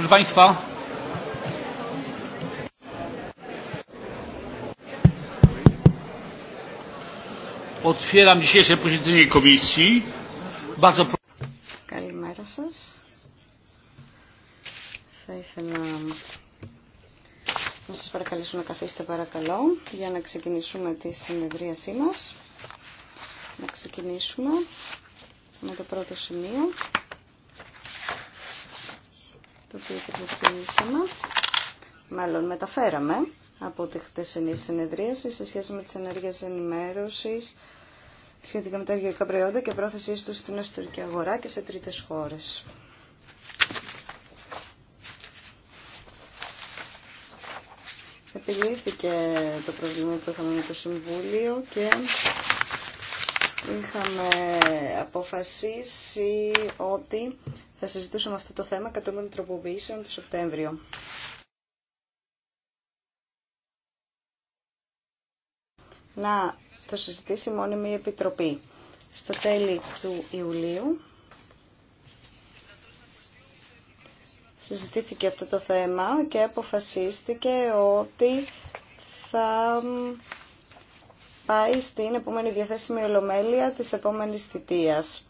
Proszę Państwa. Otwieram dzisiejsze posiedzenie komisji. Bardzo Καλημέρα σας. Θα ήθελα να σας παρακαλέσω να καθίσετε παρακαλώ για να ξεκινήσουμε τη συνεδρίασή μας. Να ξεκινήσουμε με το πρώτο σημείο μας μάλλον μεταφέραμε από τη χτεσινή συνεδρίαση σε σχέση με τις ενέργειες ενημέρωσης σχετικά με τα εργειακά προϊόντα και πρόθεσή τους στην εσωτερική αγορά και σε τρίτες χώρες. Επιλύθηκε το πρόβλημα που είχαμε με το Συμβούλιο και είχαμε αποφασίσει ότι θα συζητούσαμε αυτό το θέμα κατόπιν τροποποιήσεων το Σεπτέμβριο. Να το συζητήσει μόνιμη επιτροπή στο τέλη του Ιουλίου. Συζητήθηκε αυτό το θέμα και αποφασίστηκε ότι θα πάει στην επόμενη διαθέσιμη ολομέλεια της επόμενης θητείας.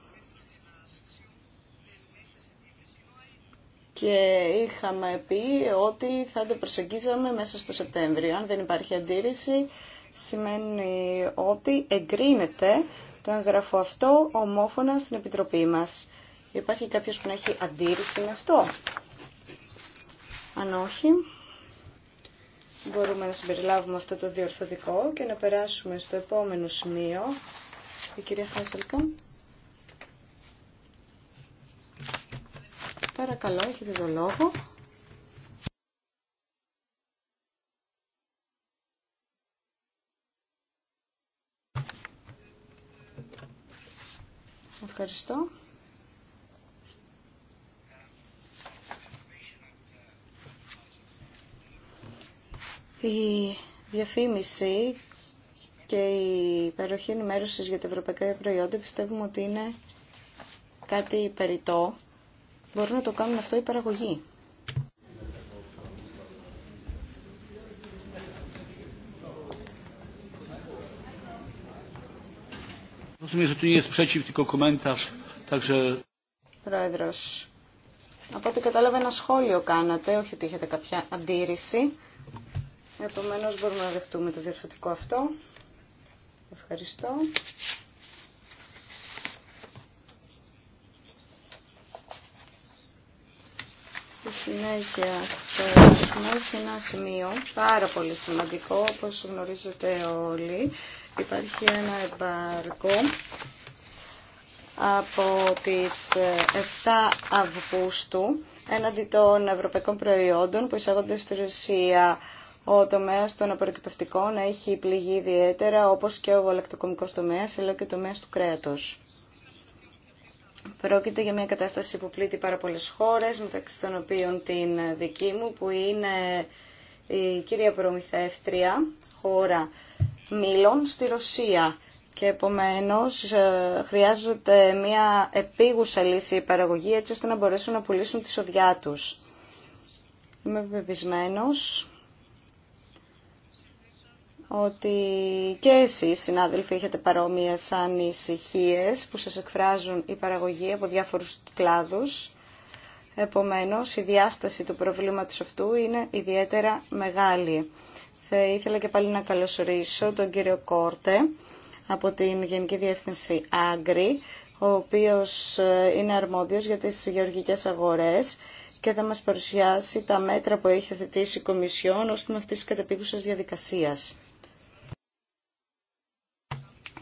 και είχαμε πει ότι θα το προσεγγίζαμε μέσα στο Σεπτέμβριο. Αν δεν υπάρχει αντίρρηση, σημαίνει ότι εγκρίνεται το εγγραφό αυτό ομόφωνα στην Επιτροπή μας. Υπάρχει κάποιος που να έχει αντίρρηση με αυτό. Αν όχι, μπορούμε να συμπεριλάβουμε αυτό το διορθωτικό και να περάσουμε στο επόμενο σημείο. Η κυρία Χάσελκα. Παρακαλώ, έχετε το λόγο. Ευχαριστώ. Η διαφήμιση και η υπεροχή ενημέρωσης για τα ευρωπαϊκά προϊόντα πιστεύουμε ότι είναι κάτι περιττό μπορούν να το κάνουν αυτό οι παραγωγοί. Πρόεδρος, από ό,τι κατάλαβα ένα σχόλιο κάνατε, όχι ότι είχατε κάποια αντίρρηση. Επομένως μπορούμε να δεχτούμε το διορθωτικό αυτό. Ευχαριστώ. συνέχεια περάσουμε σε ένα σημείο πάρα πολύ σημαντικό, όπως γνωρίζετε όλοι. Υπάρχει ένα εμπάρκο από τις 7 ε, Αυγούστου έναντι των ευρωπαϊκών προϊόντων που εισάγονται στη Ρωσία. Ο τομέα των απορροκυπευτικών έχει πληγεί ιδιαίτερα, όπως και ο γαλακτοκομικός τομέας, αλλά και ο τομέας του κρέατος. Πρόκειται για μια κατάσταση που πλήττει πάρα πολλές χώρες, μεταξύ των οποίων την δική μου, που είναι η κυρία Προμηθεύτρια, χώρα Μήλων, στη Ρωσία. Και επομένως ε, χρειάζεται μια επίγουσα λύση η παραγωγή, έτσι ώστε να μπορέσουν να πουλήσουν τη σοδιά τους. Είμαι βεβαισμένος ότι και εσείς συνάδελφοι έχετε παρόμοιες ανησυχίες που σας εκφράζουν η παραγωγή από διάφορους κλάδους. Επομένως, η διάσταση του προβλήματος αυτού είναι ιδιαίτερα μεγάλη. Θα ήθελα και πάλι να καλωσορίσω τον κύριο Κόρτε από την Γενική Διεύθυνση Άγκρη, ο οποίος ε, είναι αρμόδιος για τις γεωργικές αγορές και θα μας παρουσιάσει τα μέτρα που έχει θετήσει η Κομισιόν ώστε με αυτής της κατεπίγουσας διαδικασίας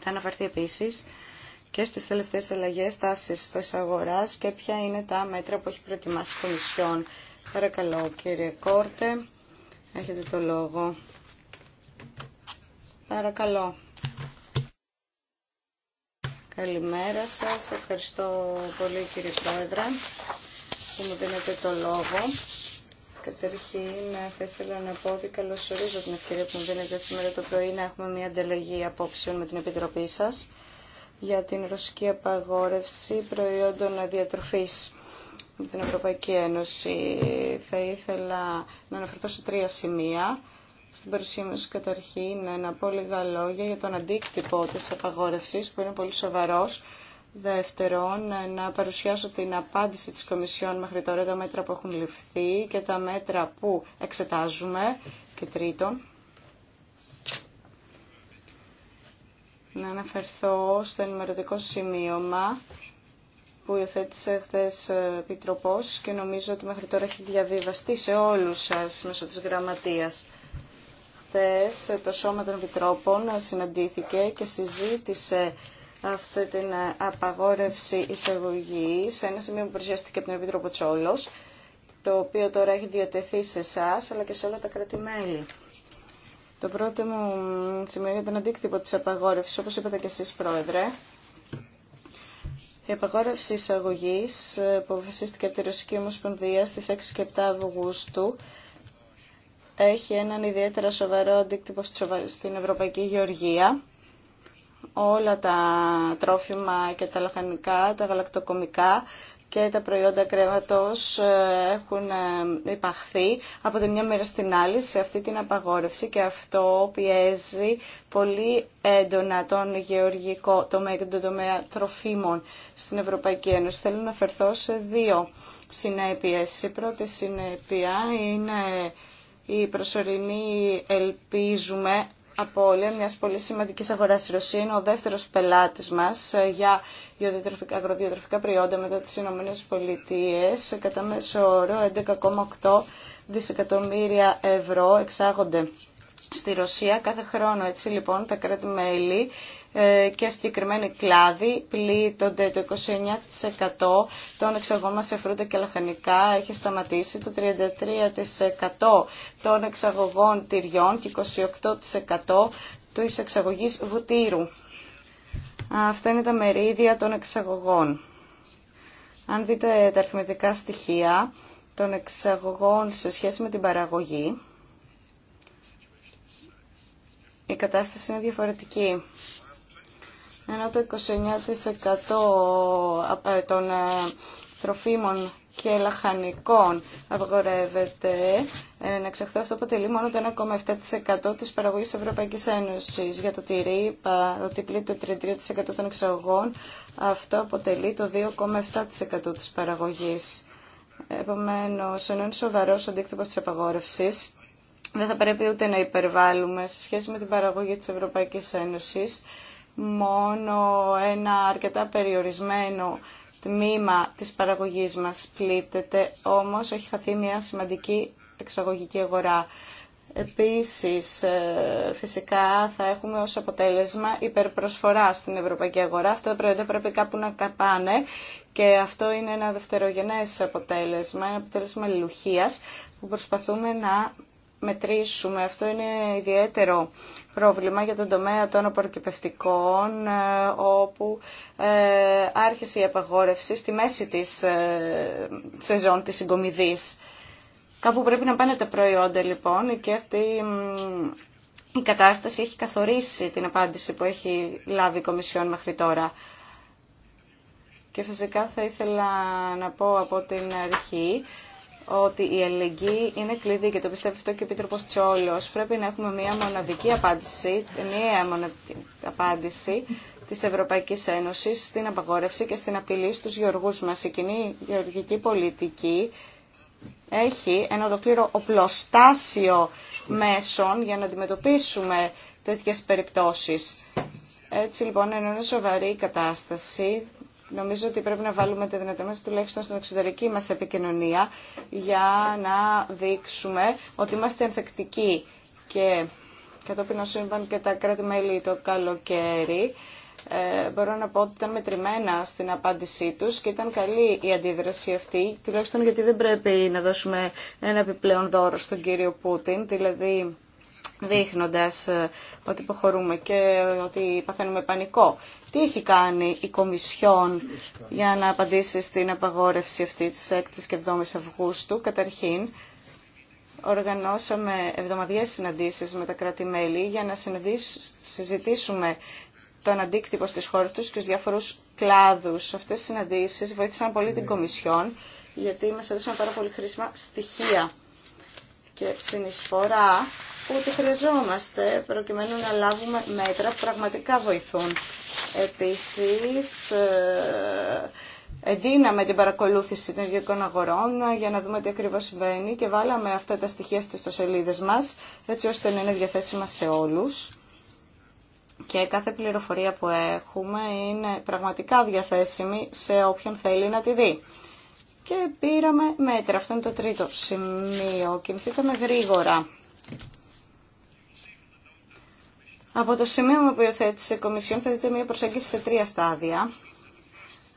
αναφερθεί επίση και στις τελευταίες αλλαγέ τάσεις τη αγορά και ποια είναι τα μέτρα που έχει προετοιμάσει η Κομισιόν. Παρακαλώ κύριε Κόρτε, έχετε το λόγο. Παρακαλώ. Καλημέρα σας, ευχαριστώ πολύ κύριε Πρόεδρε που μου δίνετε το λόγο. Καταρχήν ε, θα ήθελα να πω ότι καλωσορίζω την ευκαιρία που μου δίνετε σήμερα το πρωί να έχουμε μια ανταλλαγή απόψεων με την Επιτροπή σας για την ρωσική απαγόρευση προϊόντων διατροφής με την Ευρωπαϊκή Ένωση. Θα ήθελα να αναφερθώ σε τρία σημεία. Στην παρουσία μας καταρχήν να πω λίγα λόγια για τον αντίκτυπο της απαγόρευσης που είναι πολύ σοβαρός Δεύτερον, να παρουσιάσω την απάντηση της Κομισιόν μέχρι τώρα, τα μέτρα που έχουν ληφθεί και τα μέτρα που εξετάζουμε. Και τρίτον, να αναφερθώ στο ενημερωτικό σημείωμα που υιοθέτησε χθε Επιτροπό και νομίζω ότι μέχρι τώρα έχει διαβιβαστεί σε όλου σα μέσω τη Γραμματεία. Χθε ε, το Σώμα των Επιτρόπων ε, συναντήθηκε και συζήτησε αυτή την ε, απαγόρευση εισαγωγή σε ένα σημείο που παρουσιάστηκε από τον Επίτροπο Τσόλο, το οποίο τώρα έχει διατεθεί σε εσά αλλά και σε όλα τα κρατη Το πρώτο μου σημείο για τον αντίκτυπο τη απαγόρευση, όπω είπατε και εσεί πρόεδρε, η απαγόρευση εισαγωγή ε, που αποφασίστηκε από τη Ρωσική Ομοσπονδία στι 6 και 7 Αυγούστου έχει έναν ιδιαίτερα σοβαρό αντίκτυπο στην Ευρωπαϊκή Γεωργία όλα τα τρόφιμα και τα λαχανικά, τα γαλακτοκομικά και τα προϊόντα κρέματος ε, έχουν ε, υπαχθεί από τη μια μέρα στην άλλη σε αυτή την απαγόρευση και αυτό πιέζει πολύ έντονα τον γεωργικό τομέα και τον τομέα τροφίμων στην Ευρωπαϊκή Ένωση. Θέλω να φερθώ σε δύο συνέπειες. Η πρώτη συνέπεια είναι η προσωρινή ελπίζουμε απώλεια μιας πολύ σημαντικής αγοράς στη Ρωσία είναι ο δεύτερος πελάτης μας ε, για αγροδιατροφικά προϊόντα μετά τις Ηνωμένες Πολιτείες. Κατά μέσο όρο 11,8 δισεκατομμύρια ευρώ εξάγονται στη Ρωσία κάθε χρόνο. Έτσι λοιπόν τα κράτη-μέλη ε, και συγκεκριμένοι κλάδοι πλήττονται το 29% των εξαγωγών σε φρούτα και λαχανικά έχει σταματήσει το 33% των εξαγωγών τυριών και 28% του εξαγωγής βουτύρου. Αυτά είναι τα μερίδια των εξαγωγών. Αν δείτε τα αριθμητικά στοιχεία των εξαγωγών σε σχέση με την παραγωγή, η κατάσταση είναι διαφορετική ενώ το 29% ε, των ε, τροφίμων και λαχανικών απαγορεύεται ε, να ξεχθώ, αυτό αποτελεί μόνο το 1,7% της παραγωγής της Ευρωπαϊκής Ένωσης. Για το τυρί είπα ότι πλήττει το 33% των εξαγωγών, αυτό αποτελεί το 2,7% της παραγωγής. Επομένως, ενώ είναι σοβαρός ο αντίκτυπος της απαγόρευσης, δεν θα πρέπει ούτε να υπερβάλλουμε σε σχέση με την παραγωγή της Ευρωπαϊκής Ένωσης μόνο ένα αρκετά περιορισμένο τμήμα της παραγωγής μας πλήττεται, όμως έχει χαθεί μια σημαντική εξαγωγική αγορά. Επίσης, ε, φυσικά θα έχουμε ως αποτέλεσμα υπερπροσφορά στην ευρωπαϊκή αγορά. Αυτά τα προϊόντα πρέπει κάπου να καπάνε και αυτό είναι ένα δευτερογενές αποτέλεσμα, ένα αποτέλεσμα λιλουχίας που προσπαθούμε να μετρήσουμε. Αυτό είναι ιδιαίτερο πρόβλημα για τον τομέα των απορροκυπευτικών, ε, όπου ε, άρχισε η απαγόρευση στη μέση της ε, σεζόν της συγκομιδής. Κάπου πρέπει να πάνε τα προϊόντα λοιπόν και αυτή η κατάσταση έχει καθορίσει την απάντηση που έχει λάβει η Κομισιόν μέχρι τώρα. Και φυσικά θα ήθελα να πω από την αρχή ότι η αλληλεγγύη είναι κλειδί και το πιστεύει αυτό και ο Επίτροπο Τσόλο. Πρέπει να έχουμε μία μοναδική απάντηση, μία μοναδική απάντηση τη Ευρωπαϊκή Ένωση στην απαγόρευση και στην απειλή στου γεωργού μα. Η κοινή γεωργική πολιτική έχει ένα ολοκλήρο οπλοστάσιο μέσων για να αντιμετωπίσουμε τέτοιες περιπτώσεις. Έτσι λοιπόν είναι μια σοβαρή κατάσταση Νομίζω ότι πρέπει να βάλουμε τη δυνατότητα τουλάχιστον στην εξωτερική μας επικοινωνία για να δείξουμε ότι είμαστε ενθεκτικοί και κατόπιν όσο είπαν και τα κράτη-μέλη το καλοκαίρι. Ε, μπορώ να πω ότι ήταν μετρημένα στην απάντησή τους και ήταν καλή η αντίδραση αυτή, τουλάχιστον γιατί δεν πρέπει να δώσουμε ένα επιπλέον δώρο στον κύριο Πούτιν, δηλαδή δείχνοντας ε, ότι υποχωρούμε και ότι παθαίνουμε πανικό. Τι έχει κάνει η Κομισιόν για να απαντήσει στην απαγόρευση αυτή της 6ης και 7ης Αυγούστου. Καταρχήν, οργανώσαμε εβδομαδιαίες συναντήσεις με τα κράτη-μέλη για να συζητήσουμε τον αντίκτυπο στις χώρες τους και στους διάφορους κλάδους. Αυτές οι συναντήσεις βοήθησαν πολύ την Κομισιόν γιατί μας έδωσαν πάρα πολύ χρήσιμα στοιχεία και συνεισφορά που τη χρειαζόμαστε προκειμένου να λάβουμε μέτρα που πραγματικά βοηθούν. Επίσης, ε, Εντείναμε την παρακολούθηση των ιδιωτικών αγορών ε, για να δούμε τι ακριβώς συμβαίνει και βάλαμε αυτά τα στοιχεία στις ιστοσελίδες μας έτσι ώστε να είναι διαθέσιμα σε όλους. Και κάθε πληροφορία που έχουμε είναι πραγματικά διαθέσιμη σε όποιον θέλει να τη δει. Και πήραμε μέτρα. Αυτό είναι το τρίτο σημείο. Κινηθήκαμε γρήγορα από το σημείο που υιοθέτησε η Κομισιόν θα δείτε μια προσέγγιση σε τρία στάδια.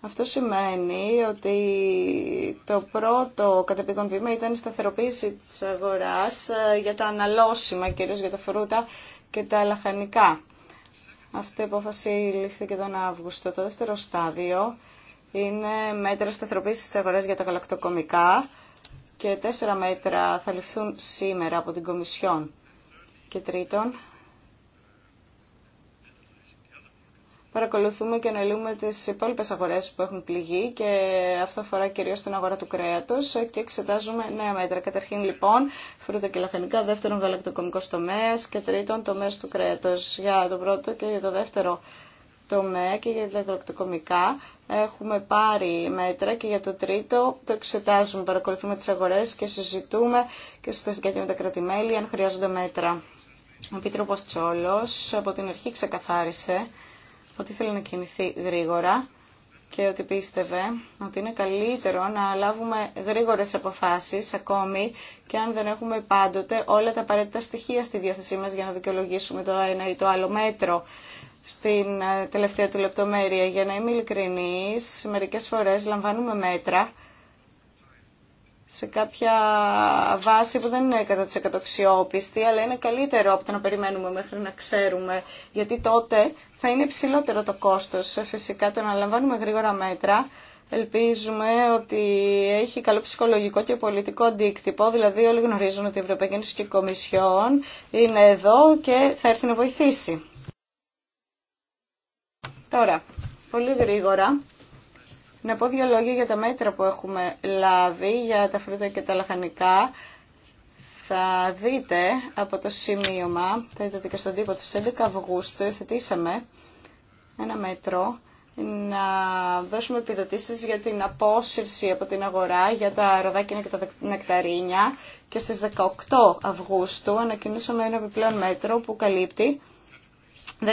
Αυτό σημαίνει ότι το πρώτο κατεπήγον βήμα ήταν η σταθεροποίηση της αγοράς ε, για τα αναλώσιμα, κυρίως για τα φρούτα και τα λαχανικά. Αυτή η απόφαση λήφθηκε τον Αύγουστο. Το δεύτερο στάδιο είναι μέτρα σταθεροποίησης της αγοράς για τα γαλακτοκομικά και τέσσερα μέτρα θα ληφθούν σήμερα από την Κομισιόν. Και τρίτον, παρακολουθούμε και αναλύουμε τι υπόλοιπε αγορές που έχουν πληγεί και αυτό αφορά κυρίω την αγορά του κρέατος και εξετάζουμε νέα μέτρα. Καταρχήν λοιπόν φρούτα και λαχανικά, δεύτερον γαλακτοκομικό τομέα και τρίτον τομέα του κρέατος. Για το πρώτο και για το δεύτερο τομέα και για τα γαλακτοκομικά έχουμε πάρει μέτρα και για το τρίτο το εξετάζουμε, παρακολουθούμε τι αγορέ και συζητούμε και στο και με τα κρατημέλη αν χρειάζονται μέτρα. Ο Επίτροπος Τσόλος από την αρχή ξεκαθάρισε ότι ήθελε να κινηθεί γρήγορα και ότι πίστευε ότι είναι καλύτερο να λάβουμε γρήγορες αποφάσεις ακόμη και αν δεν έχουμε πάντοτε όλα τα απαραίτητα στοιχεία στη διάθεσή μας για να δικαιολογήσουμε το ένα ή το άλλο μέτρο στην ε, τελευταία του λεπτομέρεια. Για να είμαι ειλικρινής, μερικές φορές λαμβάνουμε μέτρα σε κάποια βάση που δεν είναι 100% αξιόπιστη, αλλά είναι καλύτερο από το να περιμένουμε μέχρι να ξέρουμε, γιατί τότε θα είναι υψηλότερο το κόστος. Ε, φυσικά το να λαμβάνουμε γρήγορα μέτρα, ελπίζουμε ότι έχει καλό ψυχολογικό και πολιτικό αντίκτυπο, δηλαδή όλοι γνωρίζουν ότι η Ευρωπαϊκή Ένωση και η Κομισιόν είναι εδώ και θα έρθει να βοηθήσει. Τώρα, πολύ γρήγορα να πω δύο λόγια για τα μέτρα που έχουμε λάβει για τα φρούτα και τα λαχανικά. Θα δείτε από το σημείωμα, θα δείτε και στον τύπο της 11 Αυγούστου, υιοθετήσαμε ένα μέτρο να δώσουμε επιδοτήσεις για την απόσυρση από την αγορά για τα ροδάκινα και τα νεκταρίνια και στις 18 Αυγούστου ανακοινήσαμε ένα επιπλέον μέτρο που καλύπτει 13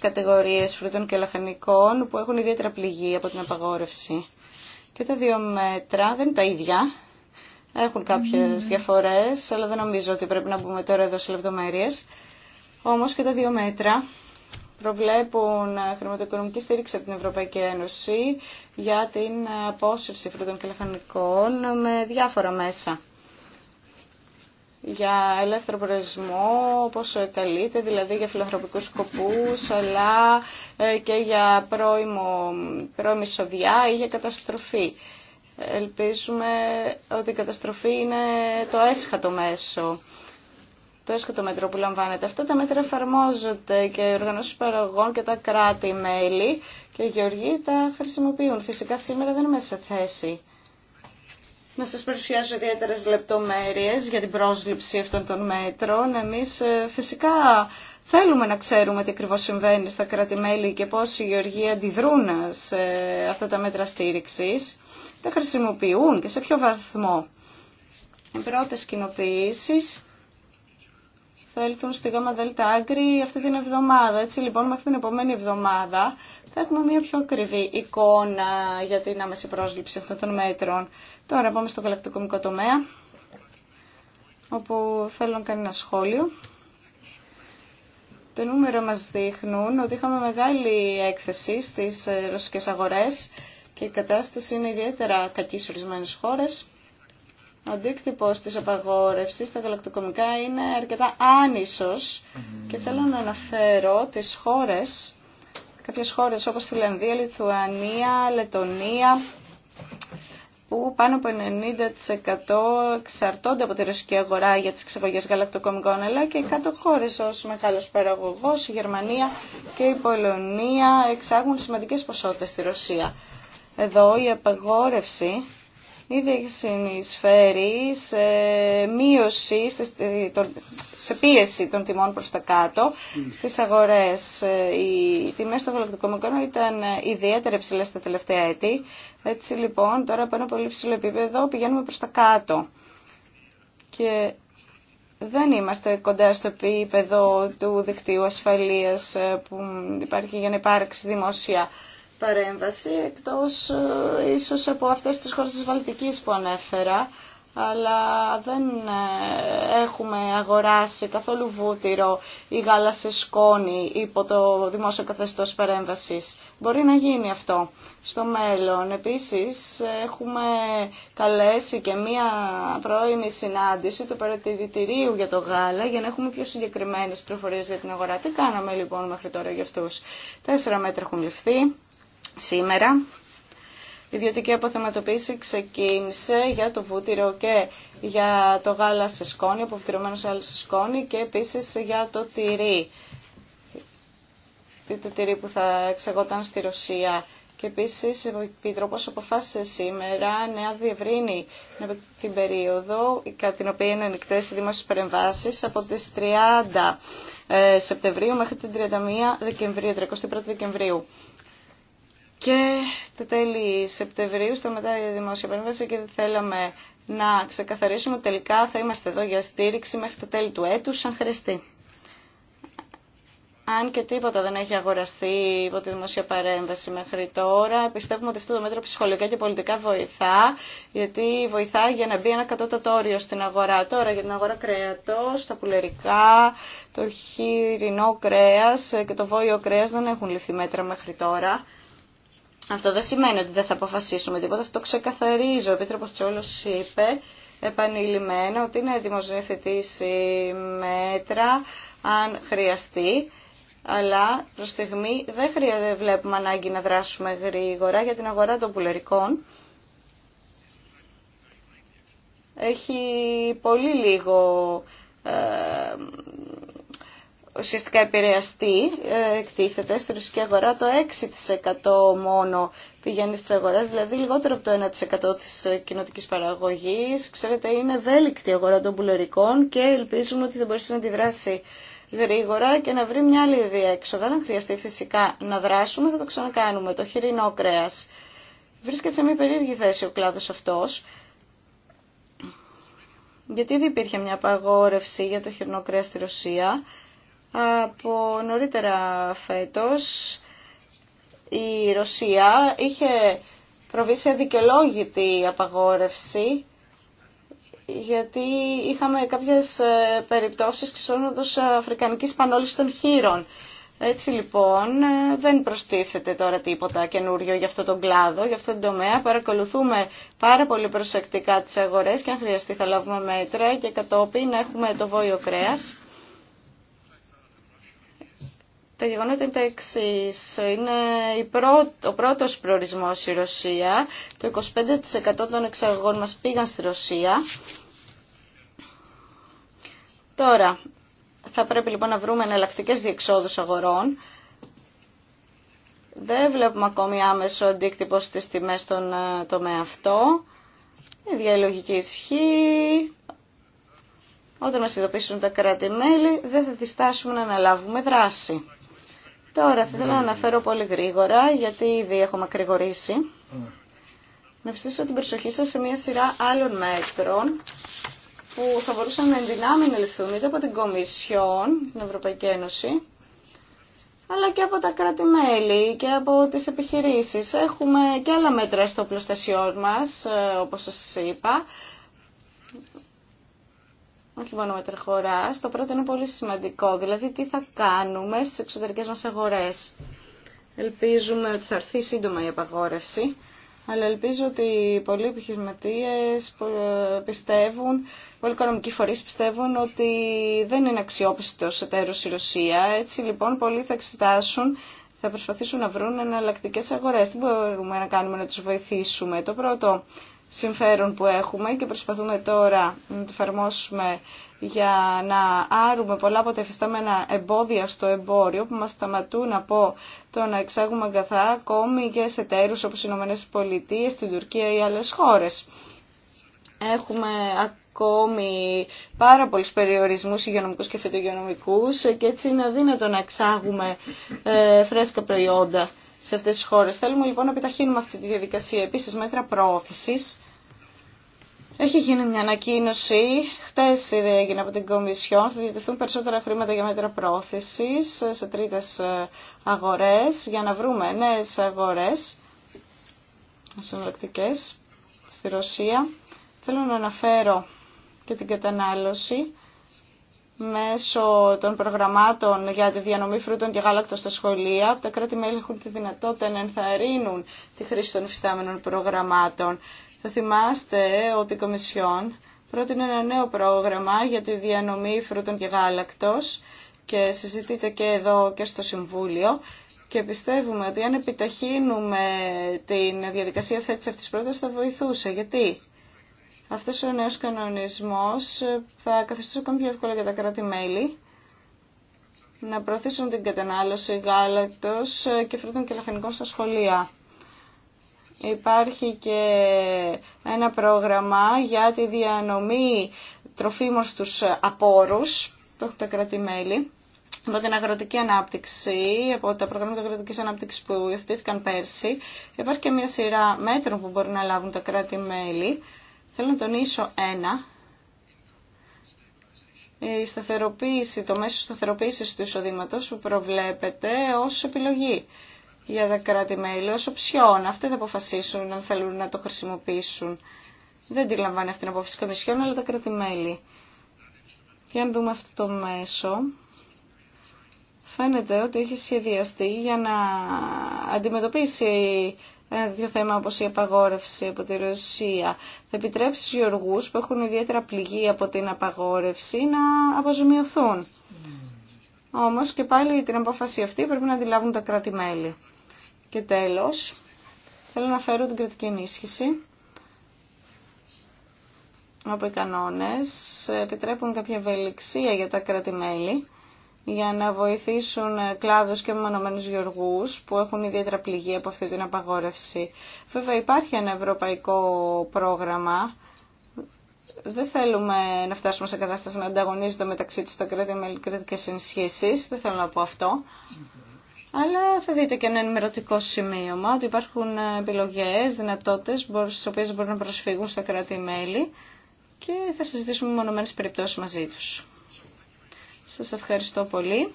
κατηγορίες φρούτων και λαχανικών που έχουν ιδιαίτερα πληγή από την απαγόρευση. Και τα δύο μέτρα δεν είναι τα ίδια. Έχουν κάποιες διαφορές, αλλά δεν νομίζω ότι πρέπει να μπούμε τώρα εδώ σε λεπτομέρειες. Όμως και τα δύο μέτρα προβλέπουν χρηματοοικονομική στήριξη από την Ευρωπαϊκή Ένωση για την απόσυρση φρούτων και λαχανικών με διάφορα μέσα για ελεύθερο προορισμό, όπως καλείται, δηλαδή για φιλοθροπικούς σκοπούς, αλλά ε, και για πρώιμο, πρώιμη σοδιά ή για καταστροφή. Ελπίζουμε ότι η καταστροφή είναι το έσχατο μέσο το έσχατο μέτρο που λαμβάνεται. Αυτά τα μέτρα εφαρμόζονται και οι οργανώσεις παραγωγών και τα κράτη-μέλη και οι γεωργοί τα χρησιμοποιούν. Φυσικά σήμερα δεν είμαστε σε θέση να σας παρουσιάσω ιδιαίτερε λεπτομέρειες για την πρόσληψη αυτών των μέτρων. Εμείς ε, φυσικά θέλουμε να ξέρουμε τι ακριβώς συμβαίνει στα κρατη και πώς οι γεωργοί αντιδρούν σε ε, αυτά τα μέτρα στήριξης, τα χρησιμοποιούν και σε ποιο βαθμό. Οι πρώτες κοινοποιήσεις θα έλθουν στη ΓΑΜΑ ΔΕΛΤΑ Άγκρη αυτή την εβδομάδα. Έτσι λοιπόν μέχρι την επόμενη εβδομάδα θα έχουμε μια πιο ακριβή εικόνα για την άμεση πρόσληψη αυτών των μέτρων. Τώρα πάμε στο γαλακτοκομικό τομέα, όπου θέλω να κάνω ένα σχόλιο. Το νούμερα μας δείχνουν ότι είχαμε μεγάλη έκθεση στις ε, ρωσικές αγορές και η κατάσταση είναι ιδιαίτερα κακή σε ορισμένες χώρες ο αντίκτυπο τη απαγόρευση στα γαλακτοκομικά είναι αρκετά άνισος και θέλω να αναφέρω τις χώρες, κάποιες χώρες όπως Φιλανδία, Λιθουανία, Λετωνία, που πάνω από 90% εξαρτώνται από τη ρωσική αγορά για τις εξαγωγέ γαλακτοκομικών, αλλά και κάτω χώρες ω μεγάλο παραγωγό. η Γερμανία και η Πολωνία εξάγουν σημαντικέ ποσότητε στη Ρωσία. Εδώ η απαγόρευση ήδη συνεισφέρει σε μείωση, ε, σε πίεση των τιμών προς τα κάτω mm. στις αγορές. Ε, οι τιμές των γαλακτικών ήταν ε, ιδιαίτερα ψηλές τα τελευταία έτη. Έτσι λοιπόν τώρα από ένα πολύ ψηλό επίπεδο πηγαίνουμε προς τα κάτω. Και δεν είμαστε κοντά στο επίπεδο του δικτύου ασφαλείας που υπάρχει για να υπάρξει δημόσια παρέμβαση, εκτός ε, ίσως από αυτές τις χώρες της Βαλτικής που ανέφερα, αλλά δεν ε, έχουμε αγοράσει καθόλου βούτυρο ή γάλα σε σκόνη υπό το δημόσιο καθεστώς παρέμβασης. Μπορεί να γίνει αυτό στο μέλλον. Επίσης έχουμε καλέσει και μία πρώιμη συνάντηση του παρατηρητηρίου για το γάλα για να έχουμε πιο συγκεκριμένες πληροφορίες για την αγορά. Τι κάναμε λοιπόν μέχρι τώρα για αυτούς. Τέσσερα μέτρα έχουν ληφθεί. Σήμερα η ιδιωτική αποθεματοποίηση ξεκίνησε για το βούτυρο και για το γάλα σε σκόνη, αποβυτρωμένο σε άλλο σε σκόνη και επίσης για το τυρί. Το τυρί που θα εξαγόταν στη Ρωσία. Και επίσης ο Επιτρόπος αποφάσισε σήμερα να διευρύνει την περίοδο κατά την οποία είναι ανοιχτέ οι δημόσιες παρεμβάσεις από τις 30 ε, Σεπτεμβρίου μέχρι την 31 Δεκεμβρίου, 31 Δεκεμβρίου. Και το τέλη Σεπτεμβρίου, στο μετά η δημόσια παρέμβαση και θέλαμε να ξεκαθαρίσουμε ότι τελικά θα είμαστε εδώ για στήριξη μέχρι το τέλη του έτους, αν χρειαστεί. Αν και τίποτα δεν έχει αγοραστεί υπό τη δημόσια παρέμβαση μέχρι τώρα, πιστεύουμε ότι αυτό το μέτρο ψυχολογικά και πολιτικά βοηθά, γιατί βοηθά για να μπει ένα κατώτατο όριο στην αγορά. Τώρα για την αγορά κρέατο, τα πουλερικά, το χοιρινό κρέας και το βόλιο κρέας δεν έχουν ληφθεί μέτρα μέχρι τώρα. Αυτό δεν σημαίνει ότι δεν θα αποφασίσουμε τίποτα, αυτό το ξεκαθαρίζω. Ο Επίτροπος Τσόλος είπε επανειλημμένα ότι είναι έτοιμο να μέτρα αν χρειαστεί, αλλά προς στιγμή δεν χρειάζεται, βλέπουμε ανάγκη να δράσουμε γρήγορα για την αγορά των πουλερικών. Έχει πολύ λίγο ε, ουσιαστικά επηρεαστεί, ε, εκτίθεται στη ρωσική αγορά, το 6% μόνο πηγαίνει στις αγορές, δηλαδή λιγότερο από το 1% της ε, κοινοτικής παραγωγής. Ξέρετε, είναι ευέλικτη η αγορά των πουλερικών και ελπίζουμε ότι θα μπορέσει να αντιδράσει γρήγορα και να βρει μια άλλη διέξοδο. Αν χρειαστεί φυσικά να δράσουμε, θα το ξανακάνουμε. Το χοιρινό κρέας. Βρίσκεται σε μια περίεργη θέση ο κλάδος αυτός. Γιατί δεν υπήρχε μια απαγόρευση για το χοιρινό κρέας στη Ρωσία από νωρίτερα φέτος η Ρωσία είχε προβεί σε δικαιολόγητη απαγόρευση γιατί είχαμε κάποιες ε, περιπτώσεις ξεσόνοντος αφρικανικής πανόλης των χείρων. Έτσι λοιπόν ε, δεν προστίθεται τώρα τίποτα καινούριο για αυτό τον κλάδο, για αυτό τον τομέα. Παρακολουθούμε πάρα πολύ προσεκτικά τις αγορές και αν χρειαστεί θα λάβουμε μέτρα και κατόπιν έχουμε το βόλιο κρέας τα γεγονότα είναι τα εξή. Είναι η ο πρώτος προορισμός η Ρωσία. Το 25% των εξαγωγών μας πήγαν στη Ρωσία. Τώρα, θα πρέπει λοιπόν να βρούμε εναλλακτικέ διεξόδου αγορών. Δεν βλέπουμε ακόμη άμεσο αντίκτυπο στι τιμέ στον ε, τομέα αυτό. Η διαλογική ισχύ. Όταν μας ειδοποιήσουν τα κράτη-μέλη, δεν θα διστάσουμε να αναλάβουμε δράση. Τώρα θέλω να αναφέρω πολύ γρήγορα, γιατί ήδη έχω μακρηγορήσει. Να ευχαριστήσω την προσοχή σας σε μια σειρά άλλων μέτρων που θα μπορούσαν να ενδυνάμει να ληφθούν είτε από την Κομισιόν, την Ευρωπαϊκή Ένωση, αλλά και από τα κράτη-μέλη και από τις επιχειρήσεις. Έχουμε και άλλα μέτρα στο πλωστασιό μας, ε, όπως σας είπα, όχι μόνο Το πρώτο είναι πολύ σημαντικό, δηλαδή τι θα κάνουμε στι εξωτερικέ μα αγορέ. Ελπίζουμε ότι θα έρθει σύντομα η απαγόρευση, αλλά ελπίζω ότι πολλοί επιχειρηματίε ε, πιστεύουν, πολλοί οικονομικοί φορείς πιστεύουν ότι δεν είναι αξιόπιστος εταίρο η Ρωσία. Έτσι λοιπόν πολλοί θα εξετάσουν θα προσπαθήσουν να βρουν εναλλακτικέ αγορέ. Τι μπορούμε να κάνουμε να του βοηθήσουμε. Το πρώτο συμφέρον που έχουμε και προσπαθούμε τώρα να το εφαρμόσουμε για να άρουμε πολλά από τα εφιστάμενα εμπόδια στο εμπόριο που μας σταματούν από το να εξάγουμε αγκαθά ακόμη και σε τέρους όπως οι Ηνωμένες Πολιτείες, την Τουρκία ή άλλες χώρες. Έχουμε ακόμη πάρα πολλούς περιορισμούς υγειονομικούς και φυτογειονομικούς και έτσι είναι αδύνατο να εξάγουμε ε, φρέσκα προϊόντα σε αυτές τις χώρες. Θέλουμε λοιπόν να επιταχύνουμε αυτή τη διαδικασία. Επίσης μέτρα προώθησης έχει γίνει μια ανακοίνωση, χτες ήδη έγινε από την Κομισιόν, θα διατεθούν περισσότερα χρήματα για μέτρα πρόθεσης σε τρίτες ε, αγορές, για να βρούμε νέες αγορές συνολεκτικές στη Ρωσία. Θέλω να αναφέρω και την κατανάλωση μέσω των προγραμμάτων για τη διανομή φρούτων και γάλακτος στα σχολεία. Τα κράτη-μέλη έχουν τη δυνατότητα να ενθαρρύνουν τη χρήση των υφιστάμενων προγραμμάτων. Θα θυμάστε ότι η Κομισιόν πρότεινε ένα νέο πρόγραμμα για τη διανομή φρούτων και γάλακτος και συζητείται και εδώ και στο Συμβούλιο και πιστεύουμε ότι αν επιταχύνουμε την διαδικασία θέτησης αυτής της πρότασης θα βοηθούσε. Γιατί αυτός ο νέος κανονισμός θα καθιστούσε ακόμη πιο εύκολα για τα κράτη-μέλη να προωθήσουν την κατανάλωση γάλακτος και φρούτων και λαχανικών στα σχολεία. Υπάρχει και ένα πρόγραμμα για τη διανομή τροφίμων στους απόρους, που έχουν τα κρατημέλη, από την αγροτική ανάπτυξη, από τα προγράμματα αγροτική ανάπτυξη που υιοθετήθηκαν πέρσι. Υπάρχει και μια σειρά μέτρων που μπορούν να λάβουν τα κράτη-μέλη. Θέλω να τονίσω ένα, η σταθεροποίηση, το μέσο σταθεροποίηση του εισοδήματο που προβλέπεται ω επιλογή για τα κράτη-μέλη ως οψιόν. Αυτοί θα αποφασίσουν αν θέλουν να το χρησιμοποιήσουν. Δεν τη λαμβάνει αυτή την απόφαση Κομισιόν, αλλά τα κράτη-μέλη. Για να δούμε αυτό το μέσο. Φαίνεται ότι έχει σχεδιαστεί για να αντιμετωπίσει ένα τέτοιο θέμα όπως η απαγόρευση από τη Ρωσία. Θα επιτρέψει στους γεωργούς που έχουν ιδιαίτερα πληγή από την απαγόρευση να αποζημιωθούν. Mm. Όμως και πάλι την απόφαση αυτή πρέπει να αντιλάβουν τα κράτη-μέλη. Και τέλος, θέλω να φέρω την κρατική ενίσχυση όπου οι κανόνες επιτρέπουν κάποια ευελιξία για τα κρατη για να βοηθήσουν κλάδους και μονομενούς γεωργούς που έχουν ιδιαίτερα πληγή από αυτή την απαγόρευση. Βέβαια υπάρχει ένα ευρωπαϊκό πρόγραμμα. Δεν θέλουμε να φτάσουμε σε κατάσταση να ανταγωνίζονται μεταξύ τους τα κράτη-μέλη κρατικές ενισχύσεις. Δεν θέλω να πω αυτό αλλά θα δείτε και ένα ενημερωτικό σημείωμα ότι υπάρχουν επιλογές, δυνατότητες, στις οποίες μπορούν να προσφύγουν στα κράτη-μέλη και θα συζητήσουμε μονομένες περιπτώσεις μαζί τους. Σας ευχαριστώ πολύ.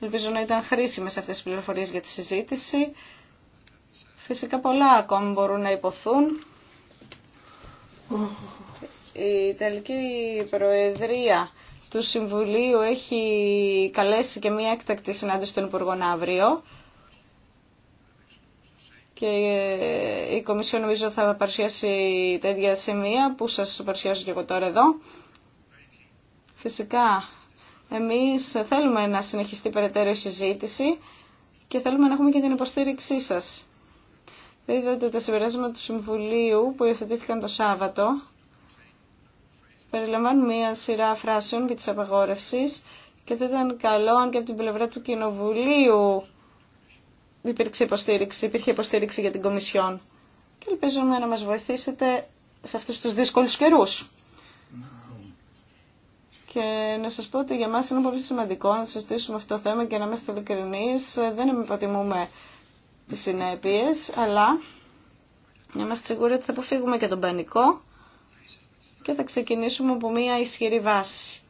Ελπίζω να ήταν χρήσιμες αυτές οι πληροφορίες για τη συζήτηση. Φυσικά πολλά ακόμη μπορούν να υποθούν. Η τελική Προεδρία του Συμβουλίου έχει καλέσει και μία έκτακτη συνάντηση των Υπουργών αύριο και ε, η Κομισιόν νομίζω θα παρουσιάσει τέτοια σημεία που σας παρουσιάζω και εγώ τώρα εδώ. Φυσικά, εμείς θέλουμε να συνεχιστεί περαιτέρω η συζήτηση και θέλουμε να έχουμε και την υποστήριξή σας. ότι τα συμπεράσματα του Συμβουλίου που υιοθετήθηκαν το Σάββατο περιλαμβάνουν μία σειρά φράσεων για τις απαγόρευσεις και θα ήταν καλό αν και από την πλευρά του Κοινοβουλίου υπήρξε υποστήριξη, υπήρχε υποστήριξη για την Κομισιόν. Και ελπίζουμε να μας βοηθήσετε σε αυτούς τους δύσκολους καιρούς. Και να σας πω ότι για μας είναι πολύ σημαντικό να συζητήσουμε αυτό το θέμα και να είμαστε ειλικρινείς. Δεν υποτιμούμε τις συνέπειες, αλλά είμαστε σίγουροι ότι θα αποφύγουμε και τον πανικό και θα ξεκινήσουμε από μια ισχυρή βάση.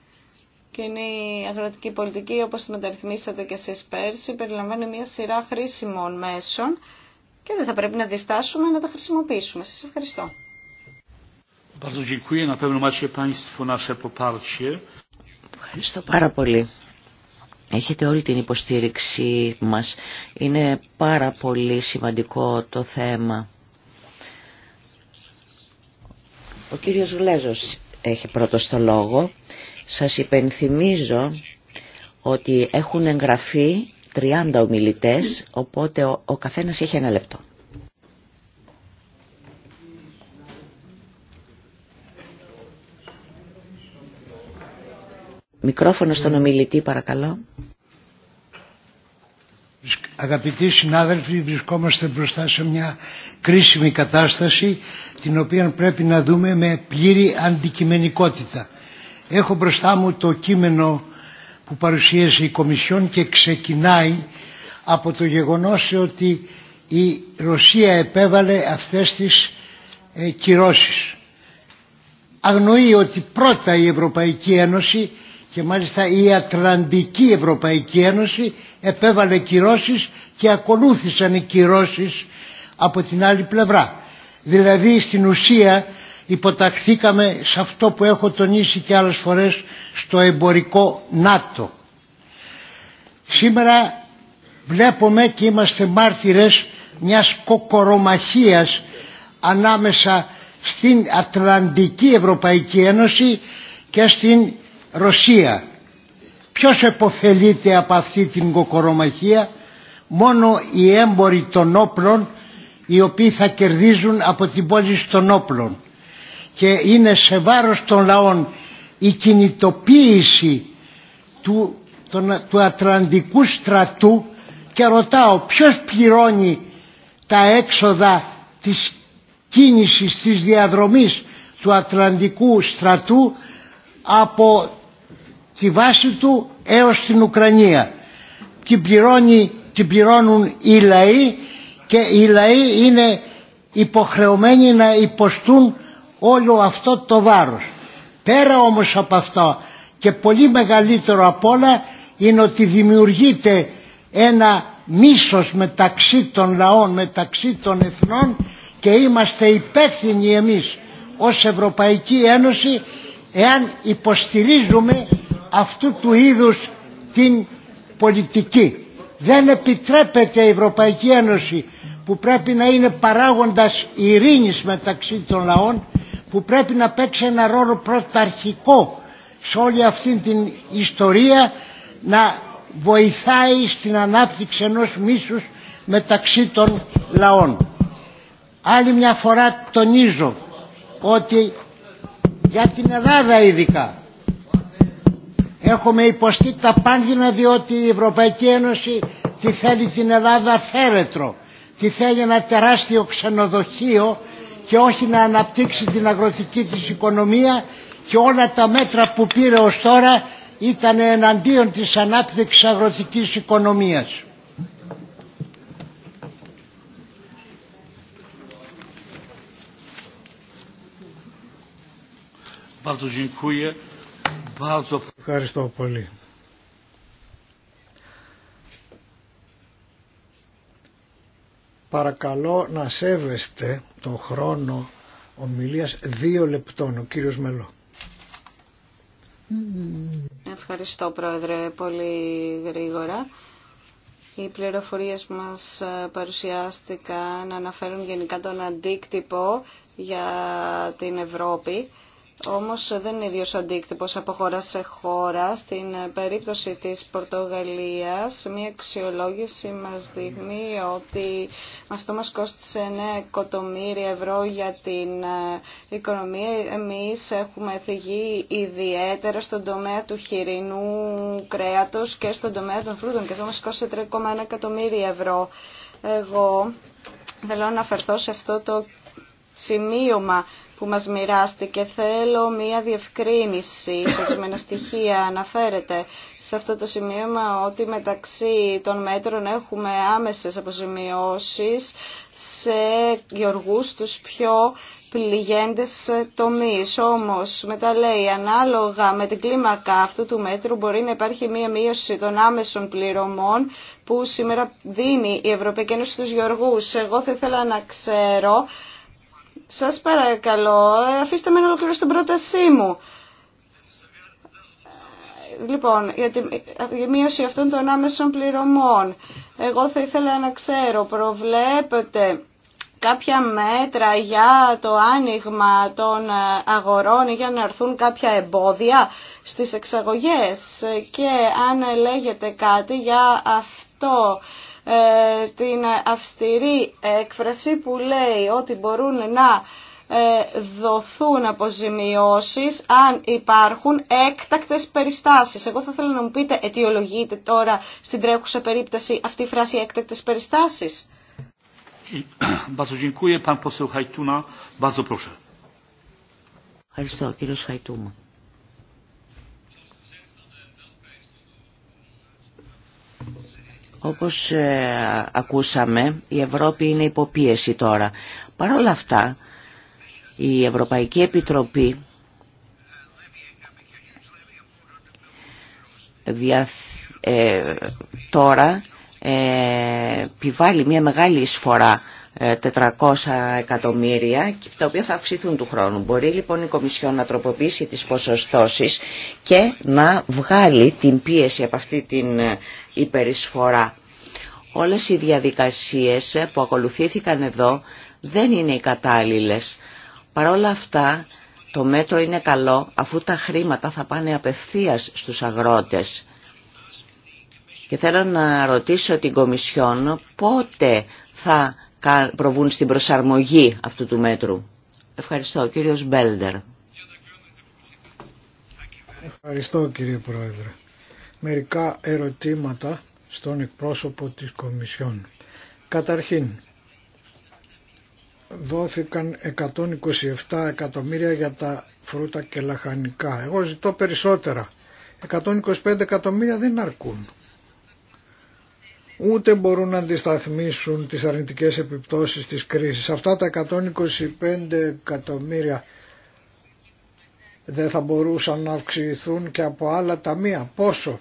Και είναι η αγροτική πολιτική, όπως την μεταρρυθμίσατε και εσείς πέρσι, περιλαμβάνει μια σειρά χρήσιμων μέσων και δεν θα πρέπει να διστάσουμε να τα χρησιμοποιήσουμε. Σας ευχαριστώ. Ευχαριστώ πάρα πολύ. Έχετε όλη την υποστήριξή μας. Είναι πάρα πολύ σημαντικό το θέμα. Ο κύριος Γλέζος έχει πρώτο το λόγο. Σας υπενθυμίζω ότι έχουν εγγραφεί 30 ομιλητές, οπότε ο, ο καθένας έχει ένα λεπτό. Μικρόφωνο στον ομιλητή παρακαλώ. Αγαπητοί συνάδελφοι, βρισκόμαστε μπροστά σε μια κρίσιμη κατάσταση την οποία πρέπει να δούμε με πλήρη αντικειμενικότητα. Έχω μπροστά μου το κείμενο που παρουσίασε η Κομισιόν και ξεκινάει από το γεγονός ότι η Ρωσία επέβαλε αυτές τις ε, κυρώσεις. Αγνοεί ότι πρώτα η Ευρωπαϊκή Ένωση και μάλιστα η Ατλαντική Ευρωπαϊκή Ένωση επέβαλε κυρώσεις και ακολούθησαν οι κυρώσεις από την άλλη πλευρά. Δηλαδή στην ουσία υποταχθήκαμε σε αυτό που έχω τονίσει και άλλες φορές στο εμπορικό ΝΑΤΟ. Σήμερα βλέπουμε και είμαστε μάρτυρες μιας κοκορομαχίας ανάμεσα στην Ατλαντική Ευρωπαϊκή Ένωση και στην Ρωσία. Ποιος εποφελείται από αυτή την κοκορομαχία μόνο οι έμποροι των όπλων οι οποίοι θα κερδίζουν από την πώληση των όπλων και είναι σε βάρος των λαών η κινητοποίηση του, του Ατλαντικού στρατού και ρωτάω ποιος πληρώνει τα έξοδα της κίνησης της διαδρομής του Ατλαντικού στρατού από τη βάση του έως την Ουκρανία. Την, πληρώνει, την πληρώνουν οι λαοί και οι λαοί είναι υποχρεωμένοι να υποστούν όλο αυτό το βάρος. Πέρα όμως από αυτό και πολύ μεγαλύτερο απ' όλα είναι ότι δημιουργείται ένα μίσος μεταξύ των λαών, μεταξύ των εθνών και είμαστε υπεύθυνοι εμείς ως Ευρωπαϊκή Ένωση εάν υποστηρίζουμε αυτού του είδους την πολιτική. Δεν επιτρέπεται η Ευρωπαϊκή Ένωση που πρέπει να είναι παράγοντας ειρήνης μεταξύ των λαών που πρέπει να παίξει ένα ρόλο πρωταρχικό σε όλη αυτή την ιστορία να βοηθάει στην ανάπτυξη ενός μίσους μεταξύ των λαών. Άλλη μια φορά τονίζω ότι για την Ελλάδα ειδικά Έχουμε υποστεί τα διότι η Ευρωπαϊκή Ένωση τη θέλει την Ελλάδα θέρετρο. Τη θέλει ένα τεράστιο ξενοδοχείο και όχι να αναπτύξει την αγροτική της οικονομία και όλα τα μέτρα που πήρε ως τώρα ήταν εναντίον της ανάπτυξης αγροτικής οικονομίας. Bardzo dziękuję. Ευχαριστώ πολύ. Παρακαλώ να σέβεστε το χρόνο ομιλίας δύο λεπτών, ο κύριος Μελό. Ευχαριστώ Πρόεδρε πολύ γρήγορα. Οι πληροφορίες μας ε, παρουσιάστηκαν αναφέρουν γενικά τον αντίκτυπο για την Ευρώπη όμως δεν είναι ίδιος ο αντίκτυπος από χώρα σε χώρα. Στην περίπτωση της Πορτογαλίας, μια αξιολόγηση μας δείχνει ότι αυτό μας κόστησε 9 εκατομμύρια ευρώ για την ε, οικονομία. Εμείς έχουμε θυγεί ιδιαίτερα στον τομέα του χοιρινού κρέατος και στον τομέα των φρούτων και αυτό μας κόστησε 3,1 εκατομμύρια ευρώ. Εγώ θέλω να αναφερθώ σε αυτό το σημείωμα που μας μοιράστηκε. Θέλω μία διευκρίνηση σε ορισμένα στοιχεία. Αναφέρεται σε αυτό το σημείωμα ότι μεταξύ των μέτρων έχουμε άμεσες αποζημιώσεις σε γεωργούς τους πιο πληγέντες τομείς. Όμως, μετά λέει, ανάλογα με την κλίμακα αυτού του μέτρου μπορεί να υπάρχει μία μείωση των άμεσων πληρωμών που σήμερα δίνει η Ευρωπαϊκή Ένωση στους γεωργούς. Εγώ θα ήθελα να ξέρω σας παρακαλώ, αφήστε με να ολοκληρώσω την πρότασή μου. Λοιπόν, για τη μείωση αυτών των άμεσων πληρωμών, εγώ θα ήθελα να ξέρω, προβλέπετε κάποια μέτρα για το άνοιγμα των ε, αγορών για να έρθουν κάποια εμπόδια στις εξαγωγές και αν λέγεται κάτι για αυτό ε, την αυστηρή έκφραση που λέει ότι μπορούν να ε, δοθούν αποζημιώσεις αν υπάρχουν έκτακτες περιστάσεις. Εγώ θα ήθελα να μου πείτε, αιτιολογείτε τώρα στην τρέχουσα περίπτωση αυτή η φράση έκτακτες περιστάσεις. Ε, Ευχαριστώ κύριο Χαϊτούμα. Όπως ε, ακούσαμε, η Ευρώπη είναι υποπίεση τώρα. Παρ' όλα αυτά, η Ευρωπαϊκή Επιτροπή δια, ε, τώρα ε, επιβάλλει μια μεγάλη εισφορά 400 εκατομμύρια, τα οποία θα αυξηθούν του χρόνου. Μπορεί λοιπόν η Κομισιόν να τροποποιήσει τις ποσοστώσεις και να βγάλει την πίεση από αυτή την ε, υπερισφορά. Όλες οι διαδικασίες που ακολουθήθηκαν εδώ δεν είναι οι κατάλληλες. Παρ' όλα αυτά το μέτρο είναι καλό αφού τα χρήματα θα πάνε απευθείας στους αγρότες. Και θέλω να ρωτήσω την Κομισιόν πότε θα προβούν στην προσαρμογή αυτού του μέτρου. Ευχαριστώ. Κύριος Μπέλντερ. Ευχαριστώ κύριε Πρόεδρε. Μερικά ερωτήματα στον εκπρόσωπο της Κομισιόν. Καταρχήν, δόθηκαν 127 εκατομμύρια για τα φρούτα και λαχανικά. Εγώ ζητώ περισσότερα. 125 εκατομμύρια δεν αρκούν ούτε μπορούν να αντισταθμίσουν τις αρνητικές επιπτώσεις της κρίσης. Αυτά τα 125 εκατομμύρια δεν θα μπορούσαν να αυξηθούν και από άλλα ταμεία. Πόσο.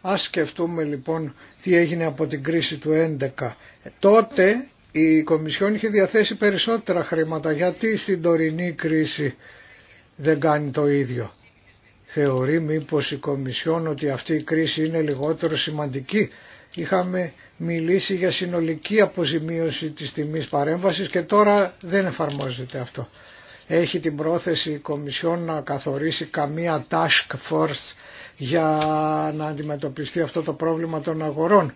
Ας σκεφτούμε λοιπόν τι έγινε από την κρίση του 11. Τότε η Κομισιόν είχε διαθέσει περισσότερα χρήματα. Γιατί στην τωρινή κρίση δεν κάνει το ίδιο. Θεωρεί μήπως η Κομισιόν ότι αυτή η κρίση είναι λιγότερο σημαντική Είχαμε μιλήσει για συνολική αποζημίωση της τιμής παρέμβασης και τώρα δεν εφαρμόζεται αυτό. Έχει την πρόθεση η Κομισιόν να καθορίσει καμία task force για να αντιμετωπιστεί αυτό το πρόβλημα των αγορών.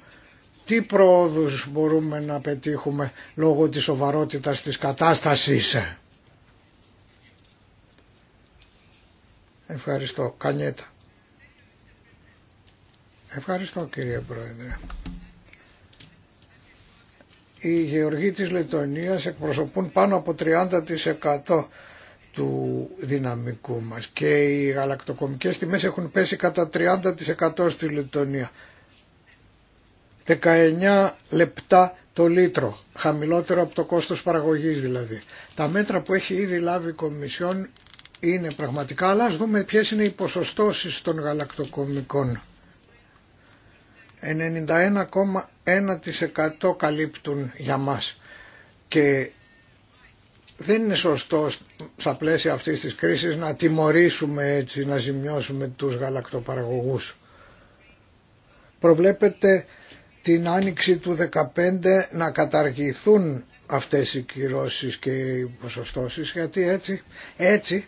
Τι πρόοδους μπορούμε να πετύχουμε λόγω της σοβαρότητας της κατάστασης. Ευχαριστώ. Κανιέτα. Ευχαριστώ κύριε Πρόεδρε. Οι γεωργοί της Λετωνίας εκπροσωπούν πάνω από 30% του δυναμικού μας και οι γαλακτοκομικές τιμές έχουν πέσει κατά 30% στη Λετωνία. 19 λεπτά το λίτρο, χαμηλότερο από το κόστος παραγωγής δηλαδή. Τα μέτρα που έχει ήδη λάβει η Κομισιόν είναι πραγματικά, αλλά ας δούμε ποιες είναι οι ποσοστώσεις των γαλακτοκομικών. 91,1% καλύπτουν για μας και δεν είναι σωστό στα πλαίσια αυτής της κρίσης να τιμωρήσουμε έτσι, να ζημιώσουμε τους γαλακτοπαραγωγούς. Προβλέπεται την άνοιξη του 2015 να καταργηθούν αυτές οι κυρώσεις και οι ποσοστώσεις γιατί έτσι, έτσι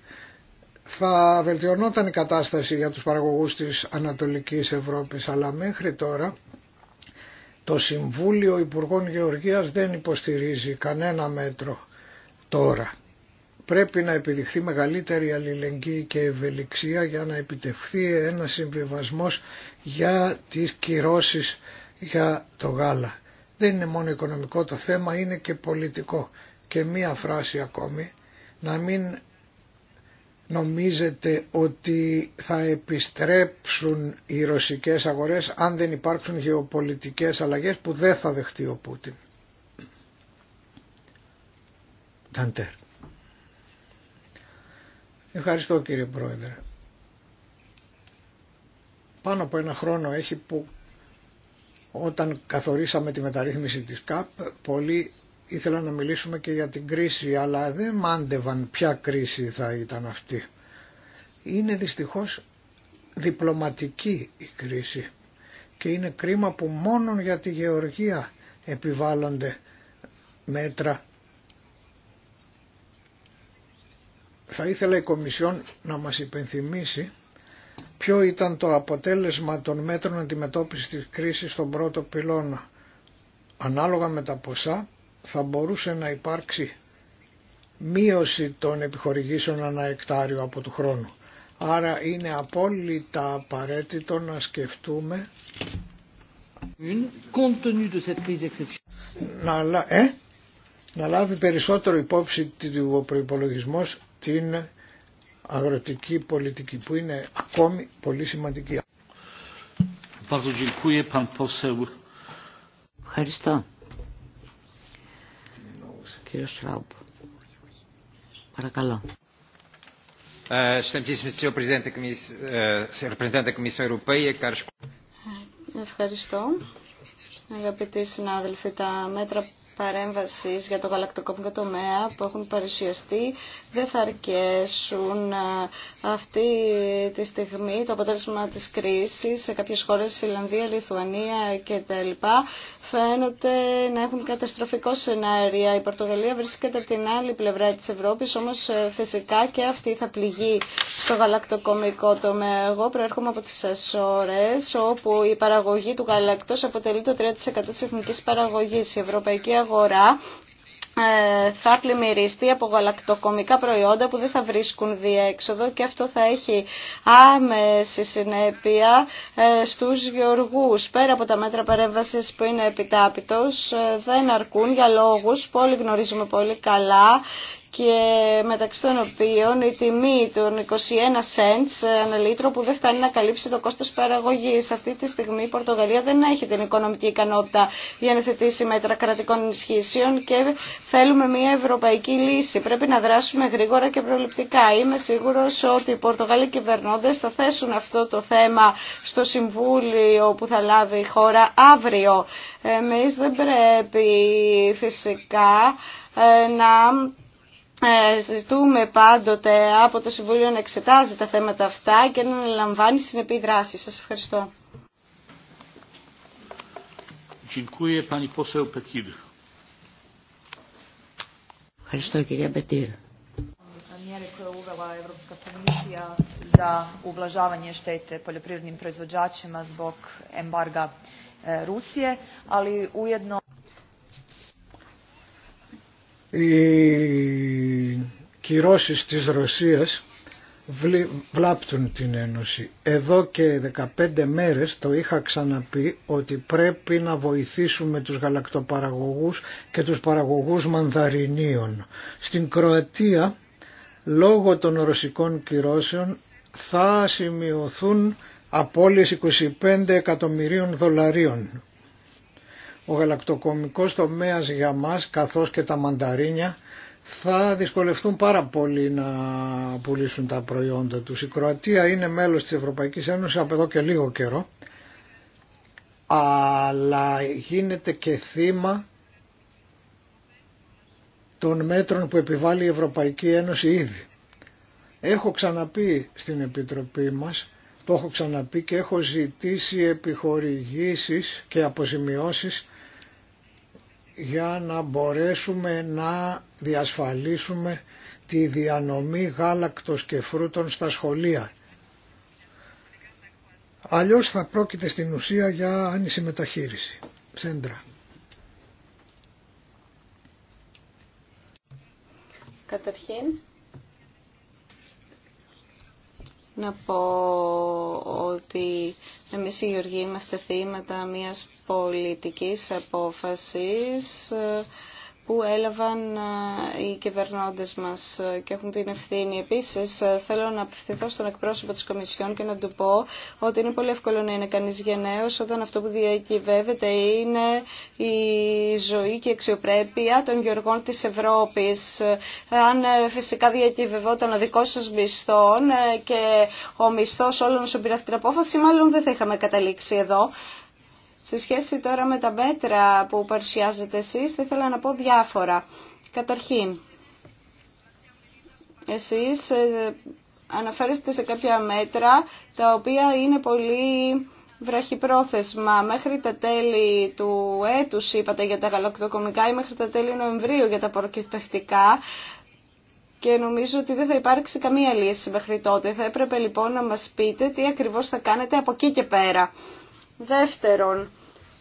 θα βελτιωνόταν η κατάσταση για τους παραγωγούς της Ανατολικής Ευρώπης αλλά μέχρι τώρα το Συμβούλιο Υπουργών Γεωργίας δεν υποστηρίζει κανένα μέτρο τώρα. Πρέπει να επιδειχθεί μεγαλύτερη αλληλεγγύη και ευελιξία για να επιτευχθεί ένα συμβιβασμός για τις κυρώσεις για το γάλα. Δεν είναι μόνο οικονομικό το θέμα, είναι και πολιτικό. Και μία φράση ακόμη, να μην νομίζετε ότι θα επιστρέψουν οι ρωσικές αγορές αν δεν υπάρξουν γεωπολιτικές αλλαγές που δεν θα δεχτεί ο Πούτιν. Ταντέρ. Ευχαριστώ κύριε Πρόεδρε. Πάνω από ένα χρόνο έχει που όταν καθορίσαμε τη μεταρρύθμιση της ΚΑΠ πολλοί ήθελα να μιλήσουμε και για την κρίση, αλλά δεν μάντευαν ποια κρίση θα ήταν αυτή. Είναι δυστυχώς διπλωματική η κρίση και είναι κρίμα που μόνο για τη γεωργία επιβάλλονται μέτρα. Θα ήθελα η Κομισιόν να μας υπενθυμίσει ποιο ήταν το αποτέλεσμα των μέτρων αντιμετώπισης της κρίσης στον πρώτο πυλώνα. Ανάλογα με τα ποσά θα μπορούσε να υπάρξει μείωση των επιχορηγήσεων ανά εκτάριο από του χρόνου. Άρα είναι απόλυτα απαραίτητο να σκεφτούμε να, ε, να λάβει περισσότερο υπόψη του προπολογισμό την αγροτική πολιτική που είναι ακόμη πολύ σημαντική. Ευχαριστώ κύριο Σράουπ, Παρακαλώ. Ε, ε, ε, ευχαριστώ. Αγαπητοί συνάδελφοι, τα μέτρα για το γαλακτοκομικό τομέα που έχουν παρουσιαστεί δεν θα αρκέσουν αυτή τη στιγμή το αποτέλεσμα της κρίσης σε κάποιες χώρες, Φιλανδία, Λιθουανία κτλ. Φαίνονται να έχουν καταστροφικό σενάρια. Η Πορτογαλία βρίσκεται από την άλλη πλευρά της Ευρώπης, όμως ε, φυσικά και αυτή θα πληγεί στο γαλακτοκομικό τομέα. Εγώ προέρχομαι από τις Ασόρες, όπου η παραγωγή του γαλακτός αποτελεί το 3% της εθνικής παραγωγής. Η ευρωπαϊκή αγορά ε, θα πλημμυριστεί από γαλακτοκομικά προϊόντα που δεν θα βρίσκουν διέξοδο και αυτό θα έχει άμεση συνέπεια ε, στους γεωργούς. Πέρα από τα μέτρα παρέμβασης που είναι επιτάπητος ε, δεν αρκούν για λόγους που όλοι γνωρίζουμε πολύ καλά και μεταξύ των οποίων η τιμή των 21 cents ε, ανά λίτρο που δεν φτάνει να καλύψει το κόστος παραγωγής. Αυτή τη στιγμή η Πορτογαλία δεν έχει την οικονομική ικανότητα για να θετήσει μέτρα κρατικών ενισχύσεων και θέλουμε μια ευρωπαϊκή λύση. Πρέπει να δράσουμε γρήγορα και προληπτικά. Είμαι σίγουρος ότι οι Πορτογάλοι κυβερνώντες θα θέσουν αυτό το θέμα στο Συμβούλιο που θα λάβει η χώρα αύριο. Εμείς δεν πρέπει φυσικά ε, να ε, ζητούμε πάντοτε από το Συμβούλιο να εξετάζει τα θέματα αυτά και να λαμβάνει συνεπή δράση. Σας ευχαριστώ. Ευχαριστώ κυρία Πετήρ. za ublažavanje štete embarga e, οι κυρώσεις της Ρωσίας βλάπτουν την Ένωση. Εδώ και 15 μέρες το είχα ξαναπεί ότι πρέπει να βοηθήσουμε τους γαλακτοπαραγωγούς και τους παραγωγούς μανδαρινίων. Στην Κροατία λόγω των ρωσικών κυρώσεων θα σημειωθούν απόλυες 25 εκατομμυρίων δολαρίων ο γαλακτοκομικός τομέας για μας, καθώς και τα μανταρίνια, θα δυσκολευτούν πάρα πολύ να πουλήσουν τα προϊόντα τους. Η Κροατία είναι μέλος της Ευρωπαϊκής Ένωσης από εδώ και λίγο καιρό, αλλά γίνεται και θύμα των μέτρων που επιβάλλει η Ευρωπαϊκή Ένωση ήδη. Έχω ξαναπεί στην Επιτροπή μας το έχω ξαναπεί και έχω ζητήσει επιχορηγήσεις και αποζημιώσεις για να μπορέσουμε να διασφαλίσουμε τη διανομή γάλακτος και φρούτων στα σχολεία. Αλλιώς θα πρόκειται στην ουσία για άνηση μεταχείριση. Σέντρα. Καταρχήν, να πω ότι εμείς οι Γεωργοί είμαστε θύματα μιας πολιτικής απόφασης που έλαβαν ε, οι κυβερνώντες μας ε, και έχουν την ευθύνη. Επίσης, ε, θέλω να απευθυνθώ στον εκπρόσωπο της Κομισιόν και να του πω ότι είναι πολύ εύκολο να είναι κανείς γενναίος όταν αυτό που διακυβεύεται είναι η ζωή και η αξιοπρέπεια των γεωργών της Ευρώπης. Αν φυσικά διακυβευόταν ο δικό σα μισθών και ο μισθός όλων όσων πήρε αυτή την απόφαση, μάλλον δεν θα είχαμε καταλήξει εδώ. Σε σχέση τώρα με τα μέτρα που παρουσιάζετε εσείς, θα ήθελα να πω διάφορα. Καταρχήν, εσείς ε, αναφέρεστε σε κάποια μέτρα τα οποία είναι πολύ βραχυπρόθεσμα μέχρι τα τέλη του έτους είπατε για τα γαλακτοκομικά ή μέχρι τα τέλη Νοεμβρίου για τα προκυπτευτικά και νομίζω ότι δεν θα υπάρξει καμία λύση μέχρι τότε. Θα έπρεπε λοιπόν να μας πείτε τι ακριβώς θα κάνετε από εκεί και πέρα. Δεύτερον,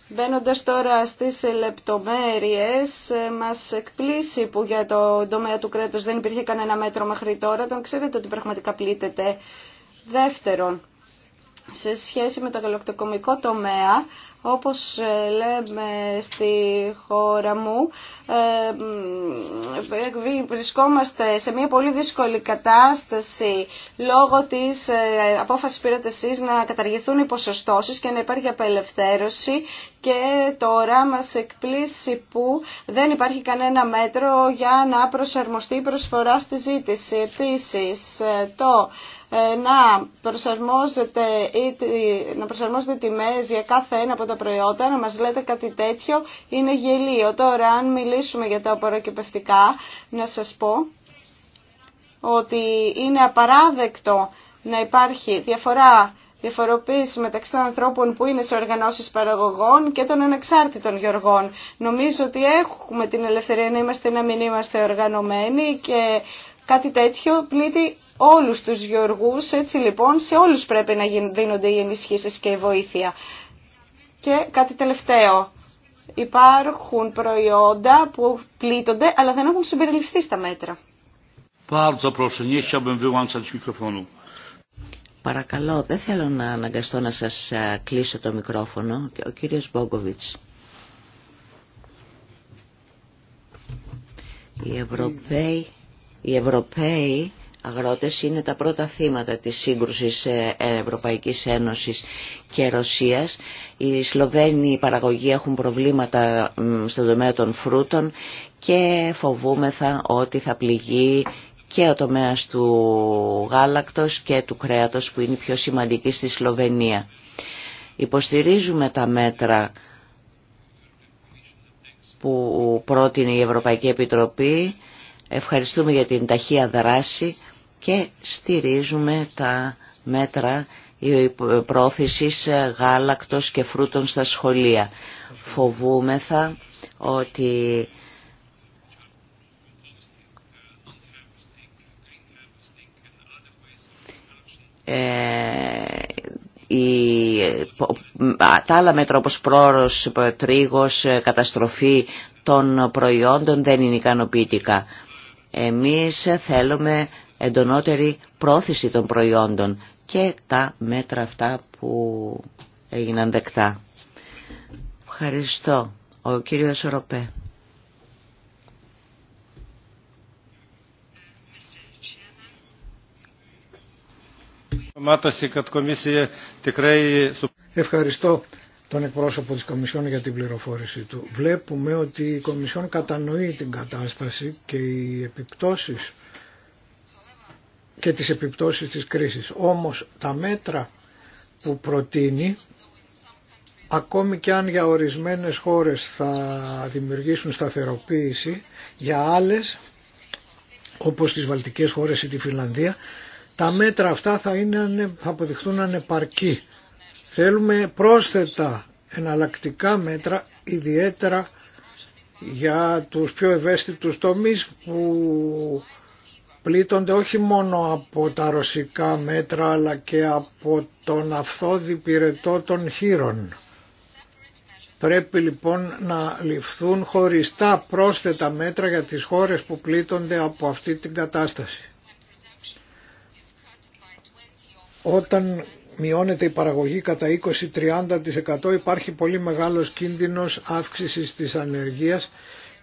Μπαίνοντα τώρα στις λεπτομέρειες, ε, μας εκπλήσει που για το τομέα του κρέτους δεν υπήρχε κανένα μέτρο μέχρι τώρα, τον ξέρετε ότι πραγματικά πλήττεται. Δεύτερον, σε σχέση με το γαλοκτοκομικό τομέα, όπως ε, λέμε στη χώρα μου, ε, ε, βρισκόμαστε σε μια πολύ δύσκολη κατάσταση λόγω της απόφασης πήρατε εσεί να καταργηθούν οι ποσοστώσεις και να υπάρχει απελευθέρωση και τώρα μας εκπλήσει που δεν υπάρχει κανένα μέτρο για να προσαρμοστεί η προσφορά στη ζήτηση. Επίσης, το ε, να προσαρμόζετε, ή, να προσαρμόζετε τιμές για κάθε ένα από τα προϊόντα, να μας λέτε κάτι τέτοιο, είναι γελίο. Τώρα, αν μιλήσουμε για τα απορροκυπευτικά, να σας πω ότι είναι απαράδεκτο να υπάρχει διαφορά διαφοροποίηση μεταξύ των ανθρώπων που είναι σε οργανώσει παραγωγών και των ανεξάρτητων γεωργών. Νομίζω ότι έχουμε την ελευθερία να είμαστε να μην είμαστε οργανωμένοι και κάτι τέτοιο πλήττει όλους τους γεωργούς, έτσι λοιπόν σε όλους πρέπει να δίνονται οι ενισχύσεις και η βοήθεια. Και κάτι τελευταίο, υπάρχουν προϊόντα που πλήττονται αλλά δεν έχουν συμπεριληφθεί στα μέτρα. Παρακαλώ, δεν θέλω να αναγκαστώ να σας κλείσω το μικρόφωνο. Ο κύριος Μπόγκοβιτς. Οι Ευρωπαίοι, οι Ευρωπαίοι αγρότες είναι τα πρώτα θύματα της σύγκρουσης ε, Ευρωπαϊκής Ένωσης και Ρωσίας. Οι Σλοβαίνοι παραγωγοί έχουν προβλήματα στον τομέα των φρούτων και φοβούμεθα ότι θα πληγεί και ο τομέας του γάλακτος και του κρέατος που είναι πιο σημαντική στη Σλοβενία. Υποστηρίζουμε τα μέτρα που πρότεινε η Ευρωπαϊκή Επιτροπή. Ευχαριστούμε για την ταχεία δράση και στηρίζουμε τα μέτρα πρόθεσης γάλακτος και φρούτων στα σχολεία. Φοβούμεθα ότι ε, τα άλλα μέτρα όπως πρόρος, τρίγος, ε, καταστροφή των προϊόντων δεν είναι ικανοποιητικά. Εμείς θέλουμε εντονότερη πρόθεση των προϊόντων και τα μέτρα αυτά που έγιναν δεκτά. Ευχαριστώ. Ο κύριος Ροπέ. Ευχαριστώ τον εκπρόσωπο της Κομισιόν για την πληροφόρηση του. Βλέπουμε ότι η Κομισιόν κατανοεί την κατάσταση και οι επιπτώσεις και τις επιπτώσεις της κρίσης. Όμως τα μέτρα που προτείνει ακόμη και αν για ορισμένες χώρες θα δημιουργήσουν σταθεροποίηση, για άλλες όπως τις Βαλτικές χώρες ή τη Φιλανδία, τα μέτρα αυτά θα, είναι, θα αποδειχθούν ανεπαρκή. Θέλουμε πρόσθετα εναλλακτικά μέτρα, ιδιαίτερα για τους πιο ευαίσθητους τομείς που πλήττονται όχι μόνο από τα ρωσικά μέτρα αλλά και από τον αυθόδη πυρετό των χείρων. Πρέπει λοιπόν να ληφθούν χωριστά πρόσθετα μέτρα για τις χώρες που πλήττονται από αυτή την κατάσταση. Όταν μειώνεται η παραγωγή κατά 20-30% υπάρχει πολύ μεγάλος κίνδυνος αύξησης της ανεργίας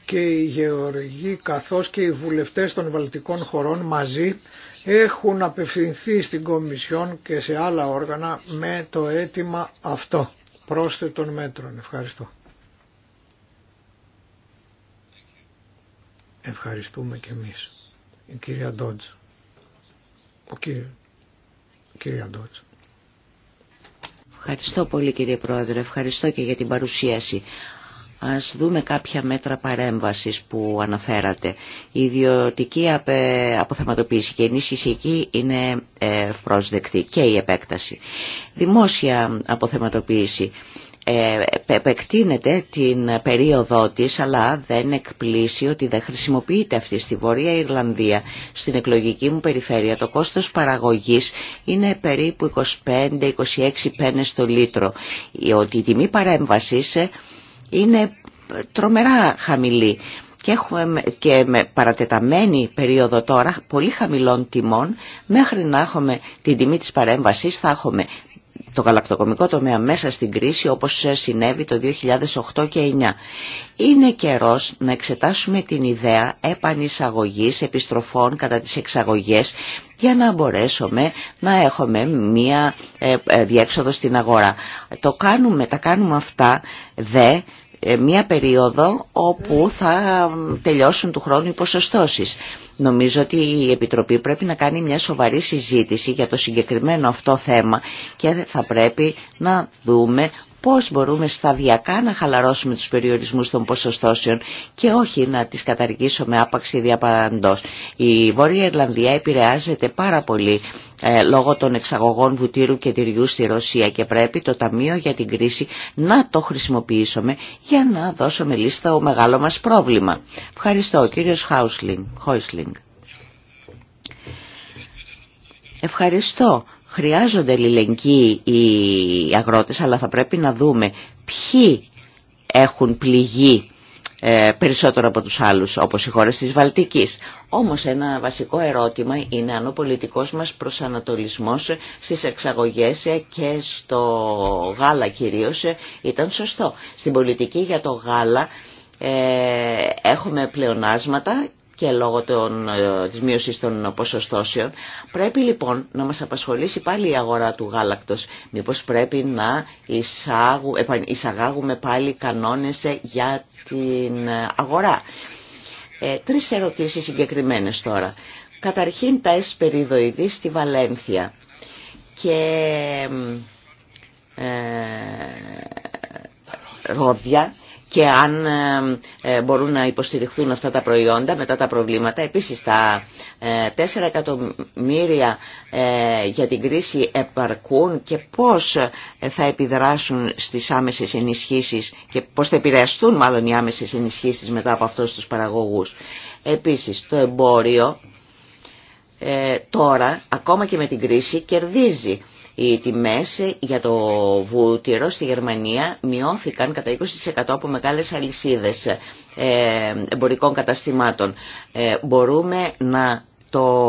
και οι γεωργοί καθώς και οι βουλευτές των βαλτικών χωρών μαζί έχουν απευθυνθεί στην Κομισιόν και σε άλλα όργανα με το αίτημα αυτό πρόσθετων μέτρων. Ευχαριστώ. Ευχαριστούμε και εμείς. Η κυρία Ντότζ. Ο Η Κυρία Ντότζ. Ευχαριστώ πολύ κύριε Πρόεδρε, ευχαριστώ και για την παρουσίαση. Ας δούμε κάποια μέτρα παρέμβασης που αναφέρατε. Η ιδιωτική αποθεματοποίηση και ενίσχυση εκεί είναι ε, προσδεκτή και η επέκταση. Δημόσια αποθεματοποίηση ε, επεκτείνεται την περίοδό της αλλά δεν εκπλήσει ότι δεν χρησιμοποιείται αυτή στη Βόρεια Ιρλανδία στην εκλογική μου περιφέρεια το κόστος παραγωγής είναι περίπου 25-26 πένες το λίτρο ότι η τιμή παρέμβασης ε, είναι τρομερά χαμηλή και έχουμε και με παρατεταμένη περίοδο τώρα πολύ χαμηλών τιμών μέχρι να έχουμε την τιμή της παρέμβασης θα έχουμε το γαλακτοκομικό τομέα μέσα στην κρίση όπως συνέβη το 2008 και 2009. Είναι καιρός να εξετάσουμε την ιδέα επανεισαγωγής επιστροφών κατά τις εξαγωγές για να μπορέσουμε να έχουμε μία ε, ε, διέξοδο στην αγορά. Το κάνουμε, τα κάνουμε αυτά δε ε, μία περίοδο όπου θα τελειώσουν του χρόνου οι ποσοστώσεις. Νομίζω ότι η Επιτροπή πρέπει να κάνει μια σοβαρή συζήτηση για το συγκεκριμένο αυτό θέμα και θα πρέπει να δούμε πώς μπορούμε σταδιακά να χαλαρώσουμε τους περιορισμούς των ποσοστώσεων και όχι να τις καταργήσουμε άπαξ ή διαπαντός. Βόρεια Ιρλανδία επηρεάζεται πάρα πολύ ε, λόγω των εξαγωγών βουτύρου και τυριού στη Ρωσία και πρέπει το Ταμείο για την Κρίση να το χρησιμοποιήσουμε για να δώσουμε λίστα ο μεγάλο μας πρόβλημα. Ευχαριστώ, κύριος Χάουσλιν. Ευχαριστώ. Χρειάζονται αλληλεγγύη οι αγρότες, αλλά θα πρέπει να δούμε ποιοι έχουν πληγεί ε, περισσότερο από τους άλλους, όπως οι χώρες της Βαλτικής. Όμως ένα βασικό ερώτημα είναι αν ο πολιτικός μας προσανατολισμός στις εξαγωγές ε, και στο γάλα κυρίως ε, ήταν σωστό. Στην πολιτική για το γάλα έχουμε πλεονάσματα και λόγω των, ε, της μείωσης των ποσοστώσεων. Πρέπει λοιπόν να μας απασχολήσει πάλι η αγορά του γάλακτος. Μήπως πρέπει να εισάγου, εισαγάγουμε πάλι κανόνες ε, για την ε, αγορά. Ε, τρεις ερωτήσεις συγκεκριμένες τώρα. Καταρχήν τα εσπεριδοειδή στη Βαλένθια. Και... ρόδια και αν ε, ε, μπορούν να υποστηριχθούν αυτά τα προϊόντα μετά τα προβλήματα. Επίσης τα 4 ε, εκατομμύρια για την κρίση επαρκούν και πώς θα επιδράσουν στις άμεσες ενισχύσεις και πώς θα επηρεαστούν μάλλον οι άμεσες ενισχύσεις μετά από αυτούς τους παραγωγούς. Επίσης το εμπόριο τώρα ακόμα και με την κρίση κερδίζει οι τιμέ για το βουτυρό στη Γερμανία μειώθηκαν κατά 20% από μεγάλες αλυσίδες ε, εμπορικών καταστημάτων. Ε, μπορούμε να το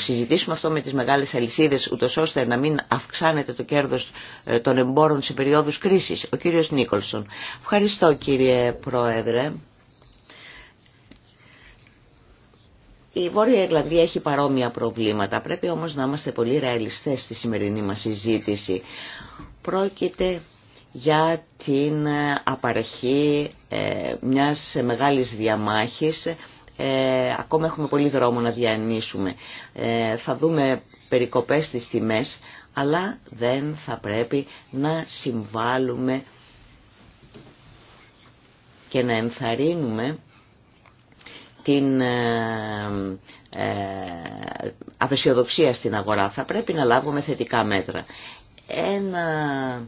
συζητήσουμε αυτό με τις μεγάλες αλυσίδες ούτως ώστε να μην αυξάνεται το κέρδος ε, των εμπόρων σε περίοδους κρίσης. Ο κύριος Νίκολσον. Ευχαριστώ κύριε Πρόεδρε. Η Βόρεια Ιρλανδία έχει παρόμοια προβλήματα, πρέπει όμως να είμαστε πολύ ρεαλιστές στη σημερινή μας συζήτηση. Πρόκειται για την ε, απαρχή ε, μιας μεγάλης διαμάχης ε, ακόμα έχουμε πολύ δρόμο να διανύσουμε. Ε, θα δούμε περικοπές στις τιμές, αλλά δεν θα πρέπει να συμβάλλουμε και να ενθαρρύνουμε την ε, ε, απεσιοδοξία στην αγορά. Θα πρέπει να λάβουμε θετικά μέτρα. Ένα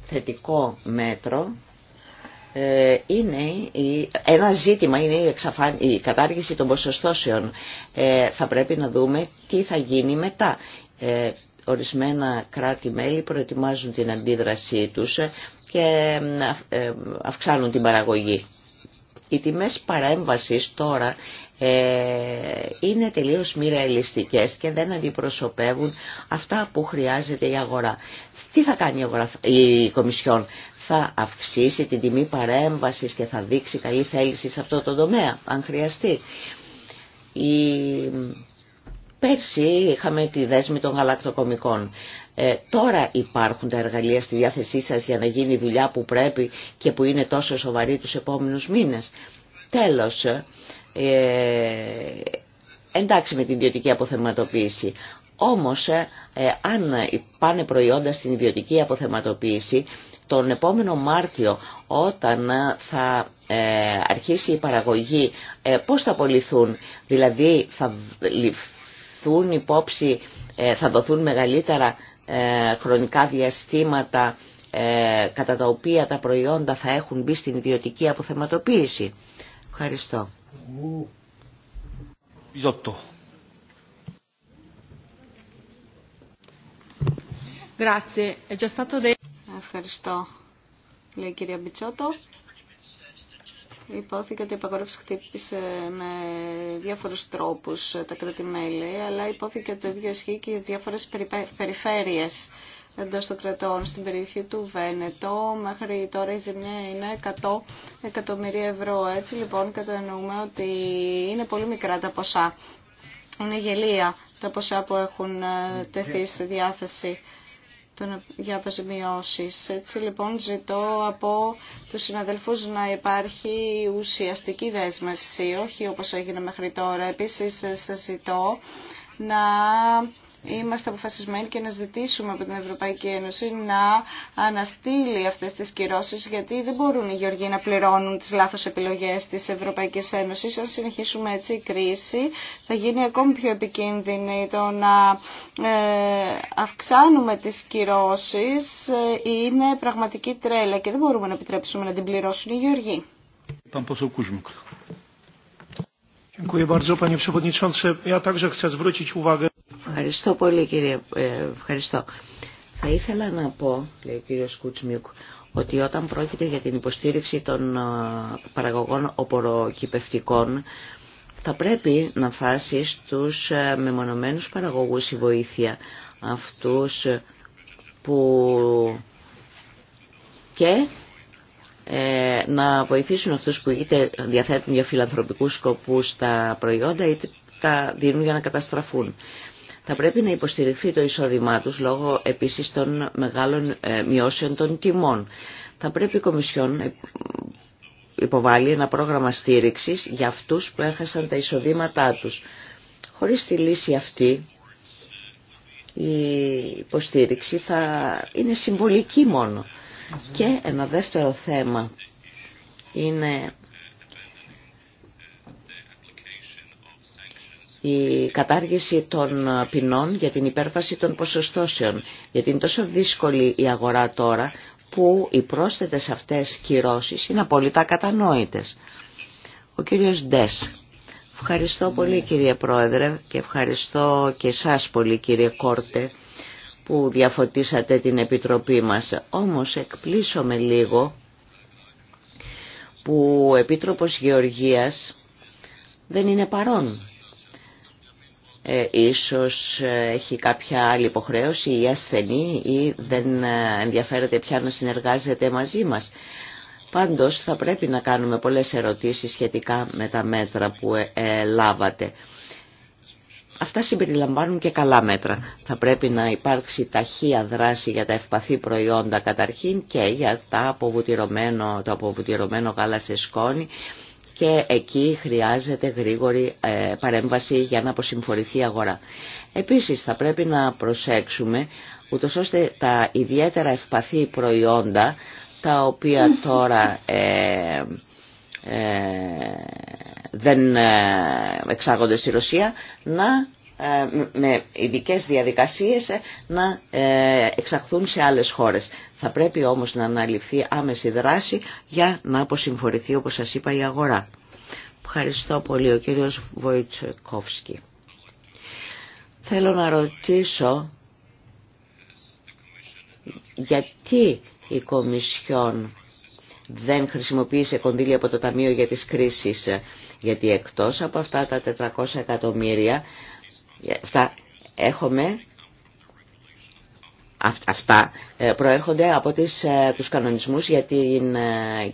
θετικό μέτρο ε, είναι ένα ζήτημα είναι η, εξαφάν, η κατάργηση των ποσοστώσεων. θα πρέπει να δούμε τι θα γίνει μετά. ορισμένα κράτη-μέλη προετοιμάζουν την αντίδρασή τους και αυξάνουν την παραγωγή. Οι τιμές παρέμβασης τώρα ε, είναι τελείως μη ρεαλιστικές και δεν αντιπροσωπεύουν αυτά που χρειάζεται η αγορά. Τι θα κάνει η Κομισιόν, θα αυξήσει την τιμή παρέμβασης και θα δείξει καλή θέληση σε αυτό το τομέα, αν χρειαστεί. Πέρσι είχαμε τη δέσμη των γαλακτοκομικών. Ε, τώρα υπάρχουν τα εργαλεία στη διάθεσή σας για να γίνει η δουλειά που πρέπει και που είναι τόσο σοβαρή τους επόμενους μήνες. Τέλος, ε, εντάξει με την ιδιωτική αποθεματοποίηση, όμως ε, αν πάνε προϊόντα στην ιδιωτική αποθεματοποίηση, τον επόμενο Μάρτιο όταν θα ε, αρχίσει η παραγωγή ε, πώς θα απολυθούν δηλαδή θα ληφθούν υπόψη, ε, θα δοθούν μεγαλύτερα ε, χρονικά διαστήματα ε, κατά τα οποία τα προϊόντα θα έχουν μπει στην ιδιωτική αποθεματοποίηση. Ευχαριστώ. Ευχαριστώ, λέει η κυρία Μπιτσότο υπόθηκε ότι η απαγόρευση χτύπησε με διάφορους τρόπους τα κράτη-μέλη, αλλά υπόθηκε ότι το ίδιο ισχύει και για διάφορες περιφέρειες εντό των κρατών. Στην περιοχή του Βένετο μέχρι τώρα η ζημιά είναι 100 εκατομμύρια ευρώ. Έτσι λοιπόν κατανοούμε ότι είναι πολύ μικρά τα ποσά. Είναι γελία τα ποσά που έχουν ε, τεθεί στη διάθεση για αποζημιώσεις. Έτσι λοιπόν ζητώ από τους συναδελφούς να υπάρχει ουσιαστική δέσμευση, όχι όπως έγινε μέχρι τώρα. Επίσης σας ζητώ να Είμαστε αποφασισμένοι και να ζητήσουμε από την Ευρωπαϊκή Ένωση να αναστείλει αυτές τις κυρώσεις γιατί δεν μπορούν οι Γεωργοί να πληρώνουν τις λάθος επιλογές της Ευρωπαϊκής Ένωσης. Αν συνεχίσουμε έτσι η κρίση θα γίνει ακόμη πιο επικίνδυνη το να ε, αυξάνουμε τις κυρώσεις ε, είναι πραγματική τρέλα και δεν μπορούμε να επιτρέψουμε να την πληρώσουν οι Γεωργοί. bardzo, panie przewodniczący. Ja także chcę zwrócić uwagę. Ευχαριστώ πολύ κύριε. Ε, ευχαριστώ. Θα ήθελα να πω, λέει ο κύριος Κουτσμιούκ, ότι όταν πρόκειται για την υποστήριξη των ε, παραγωγών οποροκυπευτικών, θα πρέπει να φτάσει στους ε, μεμονωμένους παραγωγούς η βοήθεια, αυτούς που και να βοηθήσουν αυτούς που είτε διαθέτουν για φιλανθρωπικούς σκοπούς τα προϊόντα είτε τα δίνουν για να καταστραφούν. Θα πρέπει να υποστηριχθεί το εισόδημά τους λόγω επίσης των μεγάλων ε, μειώσεων των τιμών. Θα πρέπει η Κομισιόν υποβάλει ένα πρόγραμμα στήριξης για αυτούς που έχασαν τα εισοδήματά τους. Χωρίς τη λύση αυτή η υποστήριξη θα είναι συμβολική μόνο. Και ένα δεύτερο θέμα είναι η κατάργηση των ποινών για την υπέρβαση των ποσοστώσεων. Γιατί είναι τόσο δύσκολη η αγορά τώρα που οι πρόσθετες αυτές κυρώσεις είναι απόλυτα κατανόητες. Ο κύριος Ντες. Ευχαριστώ πολύ ναι. κύριε Πρόεδρε και ευχαριστώ και εσάς πολύ κύριε Κόρτε που διαφωτίσατε την Επιτροπή μας. Όμως με λίγο που ο Επίτροπος Γεωργίας δεν είναι παρόν ε, ίσως ε, έχει κάποια άλλη υποχρέωση ή ασθενή ή δεν ε, ενδιαφέρεται πια να συνεργάζεται μαζί μας. Πάντως θα πρέπει να κάνουμε πολλές ερωτήσεις σχετικά με τα μέτρα που ε, λάβατε. Αυτά συμπεριλαμβάνουν και καλά μέτρα. Θα πρέπει να υπάρξει ταχεία δράση για τα ευπαθή προϊόντα καταρχήν και για τα αποβουτυρωμένο, το αποβουτυρωμένο γάλα σε σκόνη και εκεί χρειάζεται γρήγορη ε, παρέμβαση για να αποσυμφορηθεί η αγορά. Επίσης θα πρέπει να προσέξουμε ούτως ώστε τα ιδιαίτερα ευπαθή προϊόντα τα οποία τώρα ε, ε, δεν εξάγονται στη Ρωσία να ε, με ειδικές διαδικασίες να ε, εξαχθούν σε άλλες χώρες. Θα πρέπει όμως να αναλυφθεί άμεση δράση για να αποσυμφορηθεί όπως σας είπα η αγορά. Ευχαριστώ πολύ ο κύριος Βοητσοκόφσκι. Θέλω να ρωτήσω γιατί η Κομισιόν δεν χρησιμοποίησε κονδύλια από το Ταμείο για τις κρίσεις, ε, γιατί εκτός από αυτά τα 400 εκατομμύρια ε, αυτά έχουμε αυτά ε, προέρχονται από τις, ε, τους κανονισμούς για την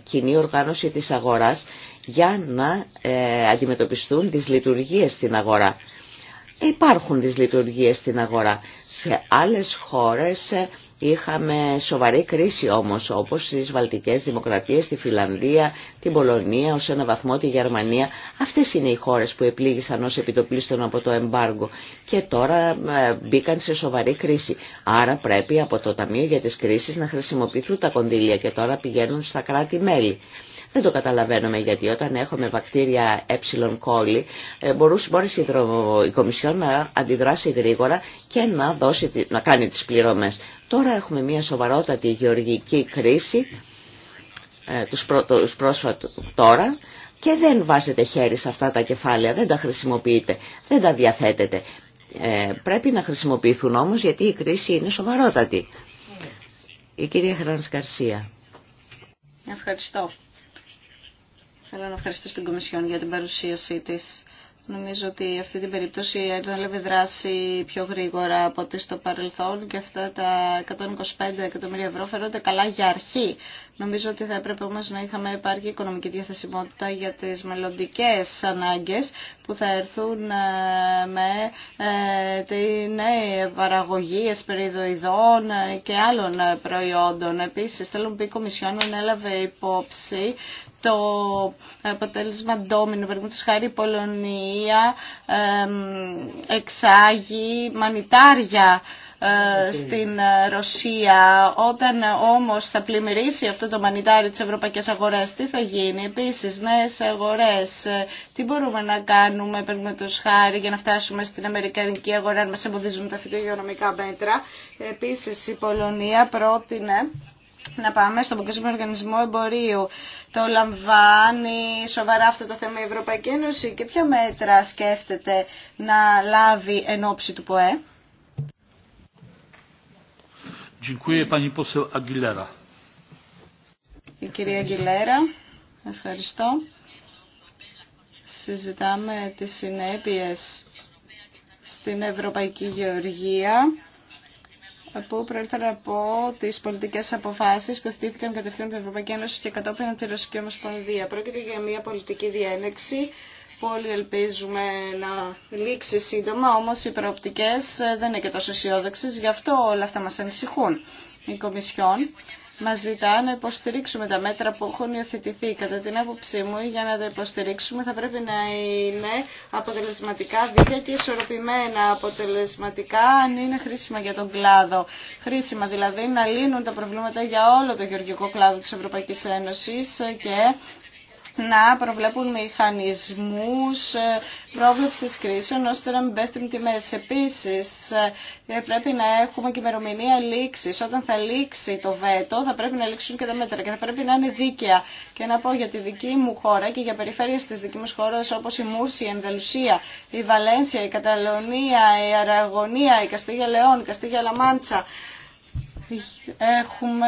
κοινή οργάνωση της αγοράς για να αντιμετωπιστούν τις λειτουργίες στην αγορά. Υπάρχουν τις λειτουργίες στην αγορά. Σε άλλες χώρες Είχαμε σοβαρή κρίση όμως όπως στις βαλτικές δημοκρατίες, τη Φιλανδία, την Πολωνία, ως ένα βαθμό τη Γερμανία. Αυτές είναι οι χώρες που επλήγησαν ως επιτοπλίστων από το εμπάργκο και τώρα ε, μπήκαν σε σοβαρή κρίση. Άρα πρέπει από το Ταμείο για τις Κρίσεις να χρησιμοποιηθούν τα κονδύλια και τώρα πηγαίνουν στα κράτη-μέλη. Δεν το καταλαβαίνουμε γιατί όταν έχουμε βακτήρια ε κόλλη ε, μπορούσε, μπορούσε η, Κομισιόν να αντιδράσει γρήγορα και να, δώσει, να κάνει τις πληρώμες. Τώρα έχουμε μια σοβαρότατη γεωργική κρίση ε, τους πρόσφατους πρόσφατου, τώρα και δεν βάζετε χέρι σε αυτά τα κεφάλαια, δεν τα χρησιμοποιείτε, δεν τα διαθέτετε. Ε, πρέπει να χρησιμοποιηθούν όμως γιατί η κρίση είναι σοβαρότατη. Η κυρία Χράνς Καρσία. Ευχαριστώ. Θέλω να ευχαριστήσω την Κομισιόν για την παρουσίασή της. Νομίζω ότι αυτή την περίπτωση έλαβε δράση πιο γρήγορα από ό,τι στο παρελθόν και αυτά τα 125 εκατομμύρια ευρώ φαίνονται καλά για αρχή. Νομίζω ότι θα έπρεπε όμως να είχαμε υπάρχει οικονομική διαθεσιμότητα για τις μελλοντικέ ανάγκες που θα έρθουν ε, με ε, την ε, παραγωγή εσπεριδοειδών και άλλων προϊόντων. Επίσης, θέλω να πει η Κομισιόν έλαβε υπόψη το αποτέλεσμα ντόμινου, παραδείγματο χάρη η Πολωνία εξάγει μανιτάρια ε, στην ε, Ρωσία. Όταν ε, όμως θα πλημμυρίσει αυτό το μανιτάρι της ευρωπαϊκής αγοράς, τι θα γίνει. Επίσης, νέες αγορές, τι μπορούμε να κάνουμε, παραδείγματο χάρη, για να φτάσουμε στην Αμερικανική αγορά, να μας εμποδίζουν τα φυτογειονομικά μέτρα. Επίσης, η Πολωνία πρότεινε να πάμε στον Παγκόσμιο Οργανισμό Εμπορίου. Το λαμβάνει σοβαρά αυτό το θέμα η Ευρωπαϊκή Ένωση και ποια μέτρα σκέφτεται να λάβει εν ώψη του ΠΟΕ. Η κυρία Αγγιλέρα, ευχαριστώ. Συζητάμε τις συνέπειες στην Ευρωπαϊκή Γεωργία που προήλθαν από τι πολιτικέ αποφάσει που θετήθηκαν κατευθείαν την Ευρωπαϊκή Ένωση και κατόπιν από τη Ρωσική Ομοσπονδία. Πρόκειται για μια πολιτική διένεξη που όλοι ελπίζουμε να λήξει σύντομα, όμως οι προοπτικές ε, δεν είναι και τόσο αισιόδοξε, γι' αυτό όλα αυτά μας ανησυχούν. Η Κομισιόν μας ζητά να υποστηρίξουμε τα μέτρα που έχουν υιοθετηθεί. Κατά την άποψή μου, για να τα υποστηρίξουμε θα πρέπει να είναι αποτελεσματικά δίκαια και ισορροπημένα. Αποτελεσματικά αν είναι χρήσιμα για τον κλάδο. Χρήσιμα δηλαδή να λύνουν τα προβλήματα για όλο το γεωργικό κλάδο της Ευρωπαϊκής Ένωσης ε, και να προβλέπουν μηχανισμούς ε, πρόβλεψης κρίσεων ώστε να μην πέφτουν τιμές. Επίσης, ε, πρέπει να έχουμε και ημερομηνία λήξης. Όταν θα λήξει το βέτο, θα πρέπει να λήξουν και τα μέτρα και θα πρέπει να είναι δίκαια. Και να πω για τη δική μου χώρα και για περιφέρειες της δική μου χώρας όπως η Μούρση, η Ενδελουσία, η Βαλένσια, η Καταλωνία, η Αραγωνία, η Καστίγια Λεόν, η Καστίγια Λαμάντσα, Έχουμε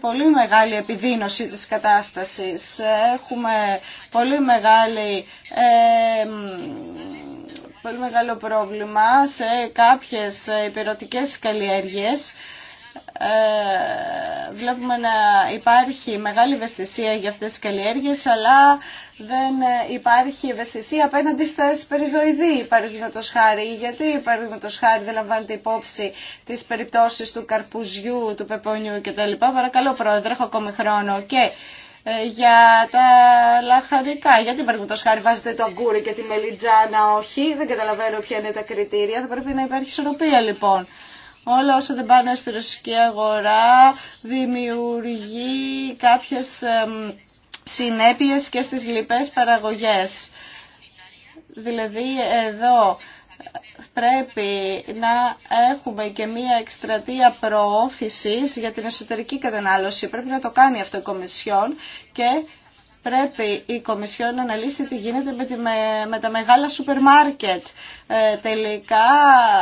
πολύ μεγάλη επιδείνωση της κατάστασης. Έχουμε πολύ μεγάλη... πολύ μεγάλο πρόβλημα σε κάποιες υπηρετικές καλλιέργειες ε, βλέπουμε να υπάρχει μεγάλη ευαισθησία για αυτές τις καλλιέργειες, αλλά δεν ε, υπάρχει ευαισθησία απέναντι στα σπεριδοειδή, το χάρη, γιατί το χάρη δεν λαμβάνεται υπόψη τις περιπτώσεις του καρπουζιού, του πεπονιού κτλ. Παρακαλώ πρόεδρε, έχω ακόμη χρόνο και ε, για τα λαχανικά. Γιατί το χάρη βάζετε το αγκούρι και τη μελιτζάνα, όχι, δεν καταλαβαίνω ποια είναι τα κριτήρια, θα πρέπει να υπάρχει ισορροπία λοιπόν όλα όσα δεν πάνε στη ρωσική αγορά δημιουργεί κάποιες συνέπειες και στις λοιπές παραγωγές. Δηλαδή εδώ πρέπει να έχουμε και μία εκστρατεία προώθησης για την εσωτερική κατανάλωση. Πρέπει να το κάνει αυτό η Κομισιόν και πρέπει η Κομισιόν να αναλύσει τι γίνεται με, τα μεγάλα σούπερ μάρκετ. Ε, τελικά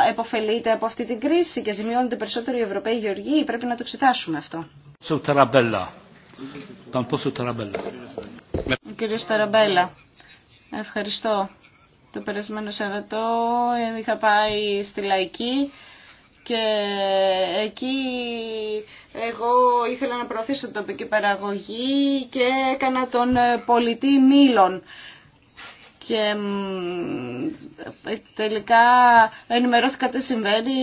εποφελείται από αυτή την κρίση και ζημιώνονται περισσότερο οι Ευρωπαίοι γεωργοί. Πρέπει να το εξετάσουμε αυτό. Ο Σταραμπέλα, Ταραμπέλα, ευχαριστώ. Το περασμένο Σαββατό ε, είχα πάει στη Λαϊκή και εκεί εγώ ήθελα να προωθήσω την τοπική παραγωγή και έκανα τον πολιτή μήλων και τελικά ενημερώθηκα τι συμβαίνει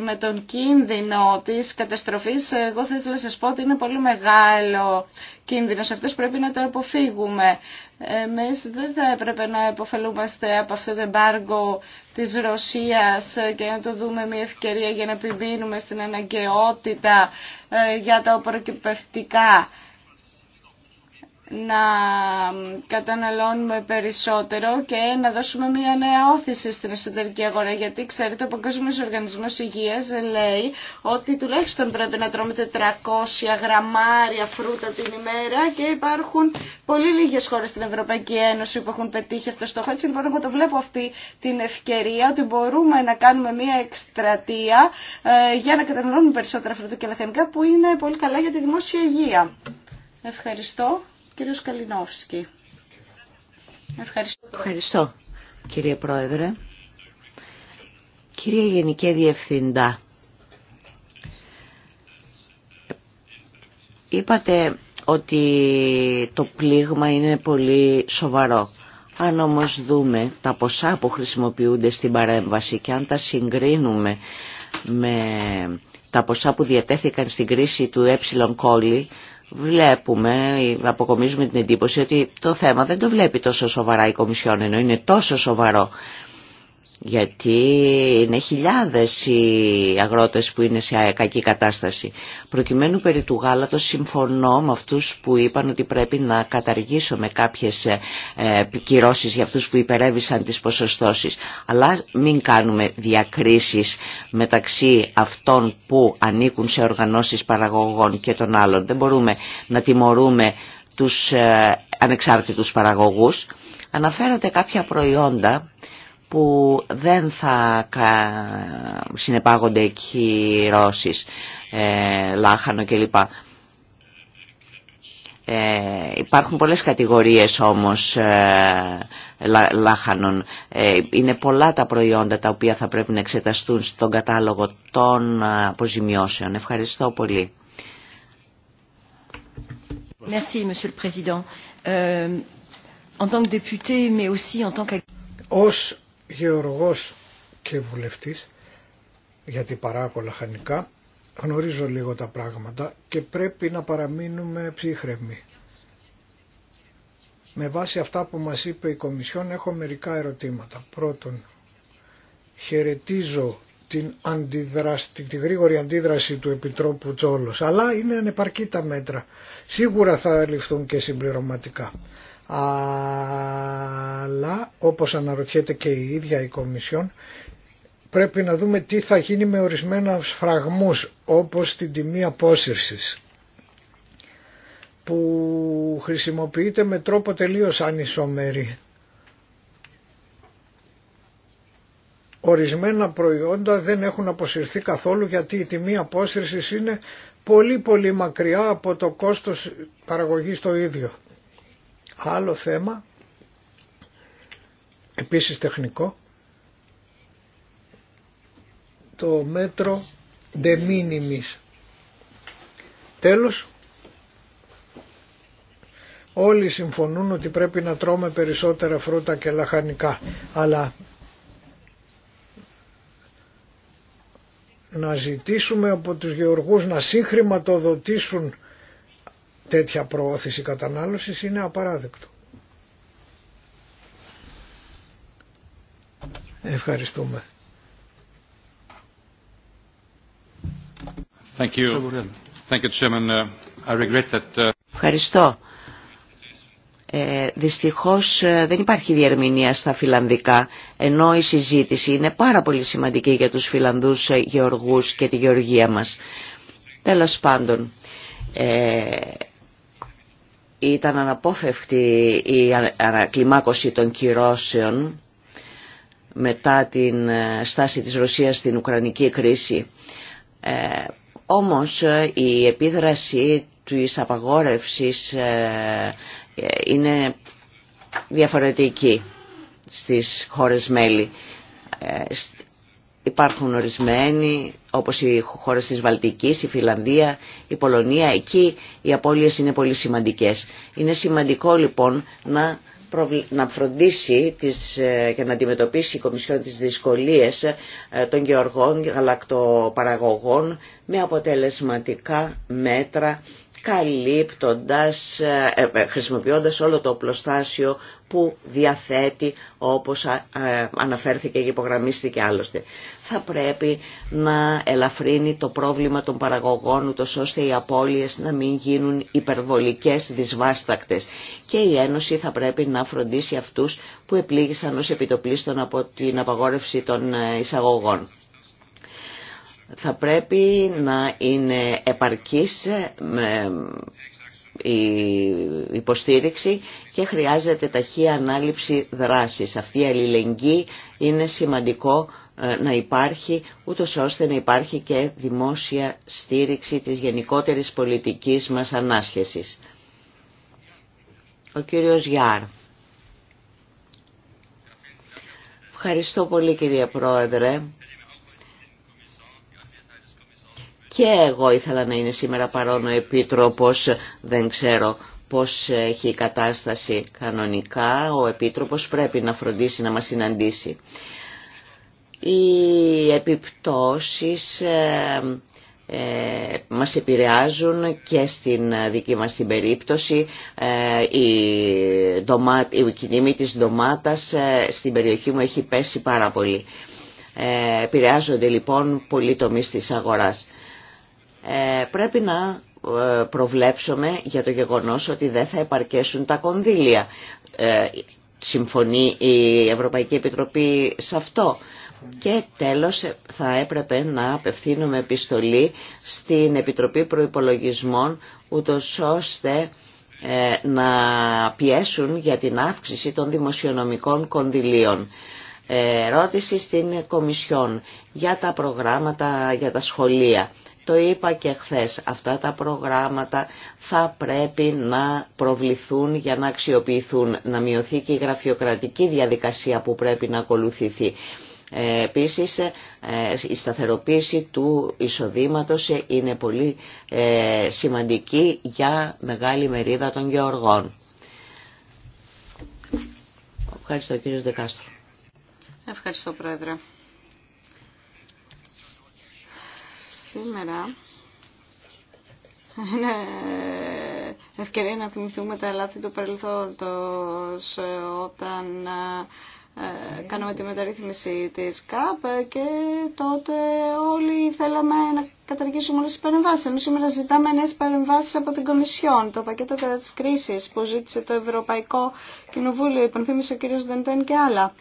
με τον κίνδυνο της καταστροφής. Εγώ θα ήθελα να σας πω ότι είναι πολύ μεγάλο Σε Αυτός πρέπει να το αποφύγουμε. Εμείς δεν θα έπρεπε να υποφελούμαστε από αυτό το εμπάργκο της Ρωσίας και να το δούμε μια ευκαιρία για να επιμείνουμε στην αναγκαιότητα ε, για τα προκυπευτικά να καταναλώνουμε περισσότερο και να δώσουμε μια νέα όθηση στην εσωτερική αγορά. Γιατί ξέρετε, ο Παγκόσμιο Οργανισμό Υγεία λέει ότι τουλάχιστον πρέπει να τρώμε 400 γραμμάρια φρούτα την ημέρα και υπάρχουν πολύ λίγε χώρε στην Ευρωπαϊκή Ένωση που έχουν πετύχει αυτό το στόχο. Έτσι λοιπόν, εγώ το βλέπω αυτή την ευκαιρία ότι μπορούμε να κάνουμε μια εκστρατεία ε, για να καταναλώνουμε περισσότερα φρούτα και λαχανικά που είναι πολύ καλά για τη δημόσια υγεία. Ευχαριστώ κύριος Καλινόφσκι. Ευχαριστώ. Ευχαριστώ κύριε Πρόεδρε. Κύριε Γενική Διευθυντά, είπατε ότι το πλήγμα είναι πολύ σοβαρό. Αν όμως δούμε τα ποσά που χρησιμοποιούνται στην παρέμβαση και αν τα συγκρίνουμε με τα ποσά που διατέθηκαν στην κρίση του ε κόλλη, βλέπουμε, αποκομίζουμε την εντύπωση ότι το θέμα δεν το βλέπει τόσο σοβαρά η Κομισιόν, ενώ είναι τόσο σοβαρό γιατί είναι χιλιάδες οι αγρότες που είναι σε κακή κατάσταση. Προκειμένου περί του γάλατος συμφωνώ με αυτούς που είπαν ότι πρέπει να καταργήσουμε κάποιες ε, κυρώσεις για αυτούς που υπερέβησαν τις ποσοστώσεις. Αλλά μην κάνουμε διακρίσεις μεταξύ αυτών που ανήκουν σε οργανώσεις παραγωγών και των άλλων. Δεν μπορούμε να τιμωρούμε τους ε, ανεξάρτητους παραγωγούς. Αναφέρατε κάποια προϊόντα που δεν θα συνεπάγονται κυρώσεις, ε, λάχανο κλπ. Ε, υπάρχουν πολλές κατηγορίες όμως ε, λάχανων. Ε, είναι πολλά τα προϊόντα τα οποία θα πρέπει να εξεταστούν στον κατάλογο των αποζημιώσεων. Ευχαριστώ πολύ. Merci, Monsieur le Président. Euh, en tant que député, mais aussi en tant que γεωργός και βουλευτής, γιατί παράγω λαχανικά, γνωρίζω λίγο τα πράγματα και πρέπει να παραμείνουμε ψύχρεμοι. Με βάση αυτά που μας είπε η Κομισιόν έχω μερικά ερωτήματα. Πρώτον, χαιρετίζω την τη γρήγορη αντίδραση του Επιτρόπου Τσόλος, αλλά είναι ανεπαρκή τα μέτρα. Σίγουρα θα ληφθούν και συμπληρωματικά αλλά όπως αναρωτιέται και η ίδια η Κομισιόν πρέπει να δούμε τι θα γίνει με ορισμένα φραγμούς όπως την τιμή απόσυρσης που χρησιμοποιείται με τρόπο τελείως ανισομερή. Ορισμένα προϊόντα δεν έχουν αποσυρθεί καθόλου γιατί η τιμή απόσυρσης είναι πολύ πολύ μακριά από το κόστος παραγωγής το ίδιο. Άλλο θέμα, επίσης τεχνικό, το μέτρο de minimis. Τέλος, όλοι συμφωνούν ότι πρέπει να τρώμε περισσότερα φρούτα και λαχανικά, αλλά να ζητήσουμε από τους γεωργούς να συγχρηματοδοτήσουν τέτοια προώθηση κατανάλωσης είναι απαράδεκτο. Ευχαριστούμε. Thank you. Thank you, Chairman. Uh, I regret that... Uh, Ευχαριστώ. Ε, δυστυχώς ε, δεν υπάρχει διερμηνία στα φιλανδικά, ενώ η συζήτηση είναι πάρα πολύ σημαντική για τους φιλανδούς ε, γεωργούς και τη γεωργία μας. Τέλος πάντων, ε, ήταν αναπόφευκτη η ανακλιμάκωση των κυρώσεων μετά την ε, στάση της Ρωσίας στην Ουκρανική κρίση. Ε, όμως ε, η επίδραση της απαγόρευσης είναι διαφορετική στις χώρες μέλη. Υπάρχουν ορισμένοι, όπως οι χώρες της Βαλτικής, η Φιλανδία, η Πολωνία, εκεί οι απώλειες είναι πολύ σημαντικές. Είναι σημαντικό λοιπόν να, να φροντίσει ε, και να αντιμετωπίσει η Κομισιόν τις δυσκολίες ε, των γεωργών, γαλακτοπαραγωγών με αποτελεσματικά μέτρα καλύπτοντας, ε, ε, ε, χρησιμοποιώντας όλο το οπλοστάσιο που διαθέτει όπως αναφέρθηκε και υπογραμμίστηκε άλλωστε. Θα πρέπει να ελαφρύνει το πρόβλημα των παραγωγών ούτως ώστε οι απώλειες να μην γίνουν υπερβολικές δυσβάστακτες και η Ένωση θα πρέπει να φροντίσει αυτούς που επλήγησαν ως επιτοπλίστων από την απαγόρευση των εισαγωγών θα πρέπει να είναι επαρκής η υποστήριξη και χρειάζεται ταχεία ανάληψη δράσης. Αυτή η αλληλεγγύη είναι σημαντικό ε, να υπάρχει, ούτω ώστε να υπάρχει και δημόσια στήριξη της γενικότερης πολιτικής μας ανάσχεσης. Ο κύριος Γιάρ. Ευχαριστώ πολύ κύριε Πρόεδρε. Και εγώ ήθελα να είναι σήμερα παρόν ο Επίτροπος, δεν ξέρω πώς έχει η κατάσταση κανονικά, ο Επίτροπος πρέπει να φροντίσει να μας συναντήσει. Οι επιπτώσεις ε, ε, μας επηρεάζουν και στην δική μας την περίπτωση. Ε, η, κοινή η κινήμη της ντομάτας στην περιοχή μου έχει πέσει πάρα πολύ. Επηρεάζονται λοιπόν πολλοί τομείς της αγοράς. Ε, πρέπει να ε, προβλέψουμε για το γεγονός ότι δεν θα επαρκέσουν τα κονδύλια. Ε, συμφωνεί η Ευρωπαϊκή Επιτροπή σε αυτό. Και τέλος θα έπρεπε να απευθύνουμε επιστολή στην Επιτροπή Προϋπολογισμών ούτως ώστε να πιέσουν για την αύξηση των δημοσιονομικών κονδυλίων. Ρώτηση στην Κομισιόν για τα προγράμματα για τα σχολεία. Το είπα και χθε. αυτά τα προγράμματα θα πρέπει να προβληθούν για να αξιοποιηθούν, να μειωθεί και η γραφειοκρατική διαδικασία που πρέπει να ακολουθηθεί. Ε, επίσης, ε, η σταθεροποίηση του εισοδήματος είναι πολύ ε, σημαντική για μεγάλη μερίδα των γεωργών. Ευχαριστώ κύριε Δεκάστρο. Ευχαριστώ πρόεδρε. Σήμερα είναι ευκαιρία να θυμηθούμε τα λάθη του παρελθόντος ε, όταν ε, ε, κάναμε τη μεταρρύθμιση της ΚΑΠ και τότε όλοι θέλαμε να καταργήσουμε όλες τις παρεμβάσεις. Εμείς σήμερα ζητάμε νέες παρεμβάσεις από την Κομισιόν. Το πακέτο κατά της κρίσης που ζήτησε το Ευρωπαϊκό Κοινοβούλιο, υπενθύμησε ο κύριος Δεντέν και άλλα.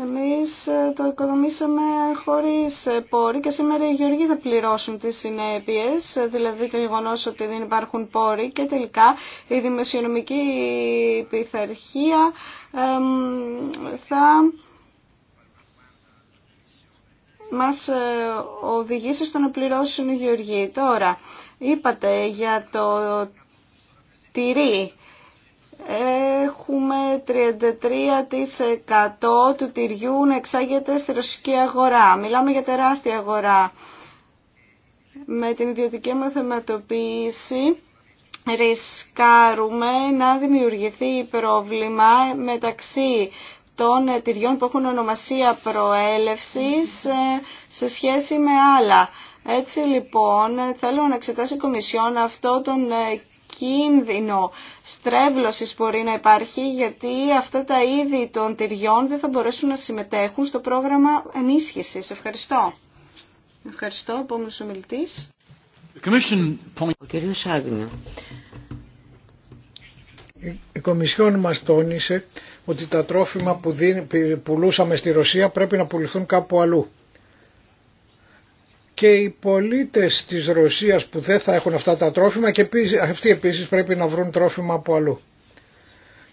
Εμείς ε, το οικοδομήσαμε χωρίς ε, πόροι και σήμερα οι γεωργοί θα πληρώσουν τις συνέπειες, ε, δηλαδή το γεγονό ότι δεν υπάρχουν πόροι και τελικά η δημοσιονομική πειθαρχία θα μας οδηγήσει στο να πληρώσουν οι γεωργοί. Τώρα, είπατε για το τυρί έχουμε 33% του τυριού να εξάγεται στη ρωσική αγορά. Μιλάμε για τεράστια αγορά. Με την ιδιωτική θεματοποίηση ρισκάρουμε να δημιουργηθεί πρόβλημα μεταξύ των τυριών που έχουν ονομασία προέλευσης ε, σε σχέση με άλλα. Έτσι λοιπόν θέλω να εξετάσει η Κομισιόν αυτό τον ε, κίνδυνο στρέβλωσης μπορεί να υπάρχει γιατί αυτά τα είδη των τυριών δεν θα μπορέσουν να συμμετέχουν στο πρόγραμμα ενίσχυσης. Ευχαριστώ. Ευχαριστώ. Επόμενος ομιλητής. Ο Η Κομισιόν μας τόνισε ότι τα τρόφιμα που πουλούσαμε στη Ρωσία πρέπει να πουληθούν κάπου αλλού και οι πολίτες της Ρωσίας που δεν θα έχουν αυτά τα τρόφιμα και αυτοί επίσης πρέπει να βρουν τρόφιμα από αλλού.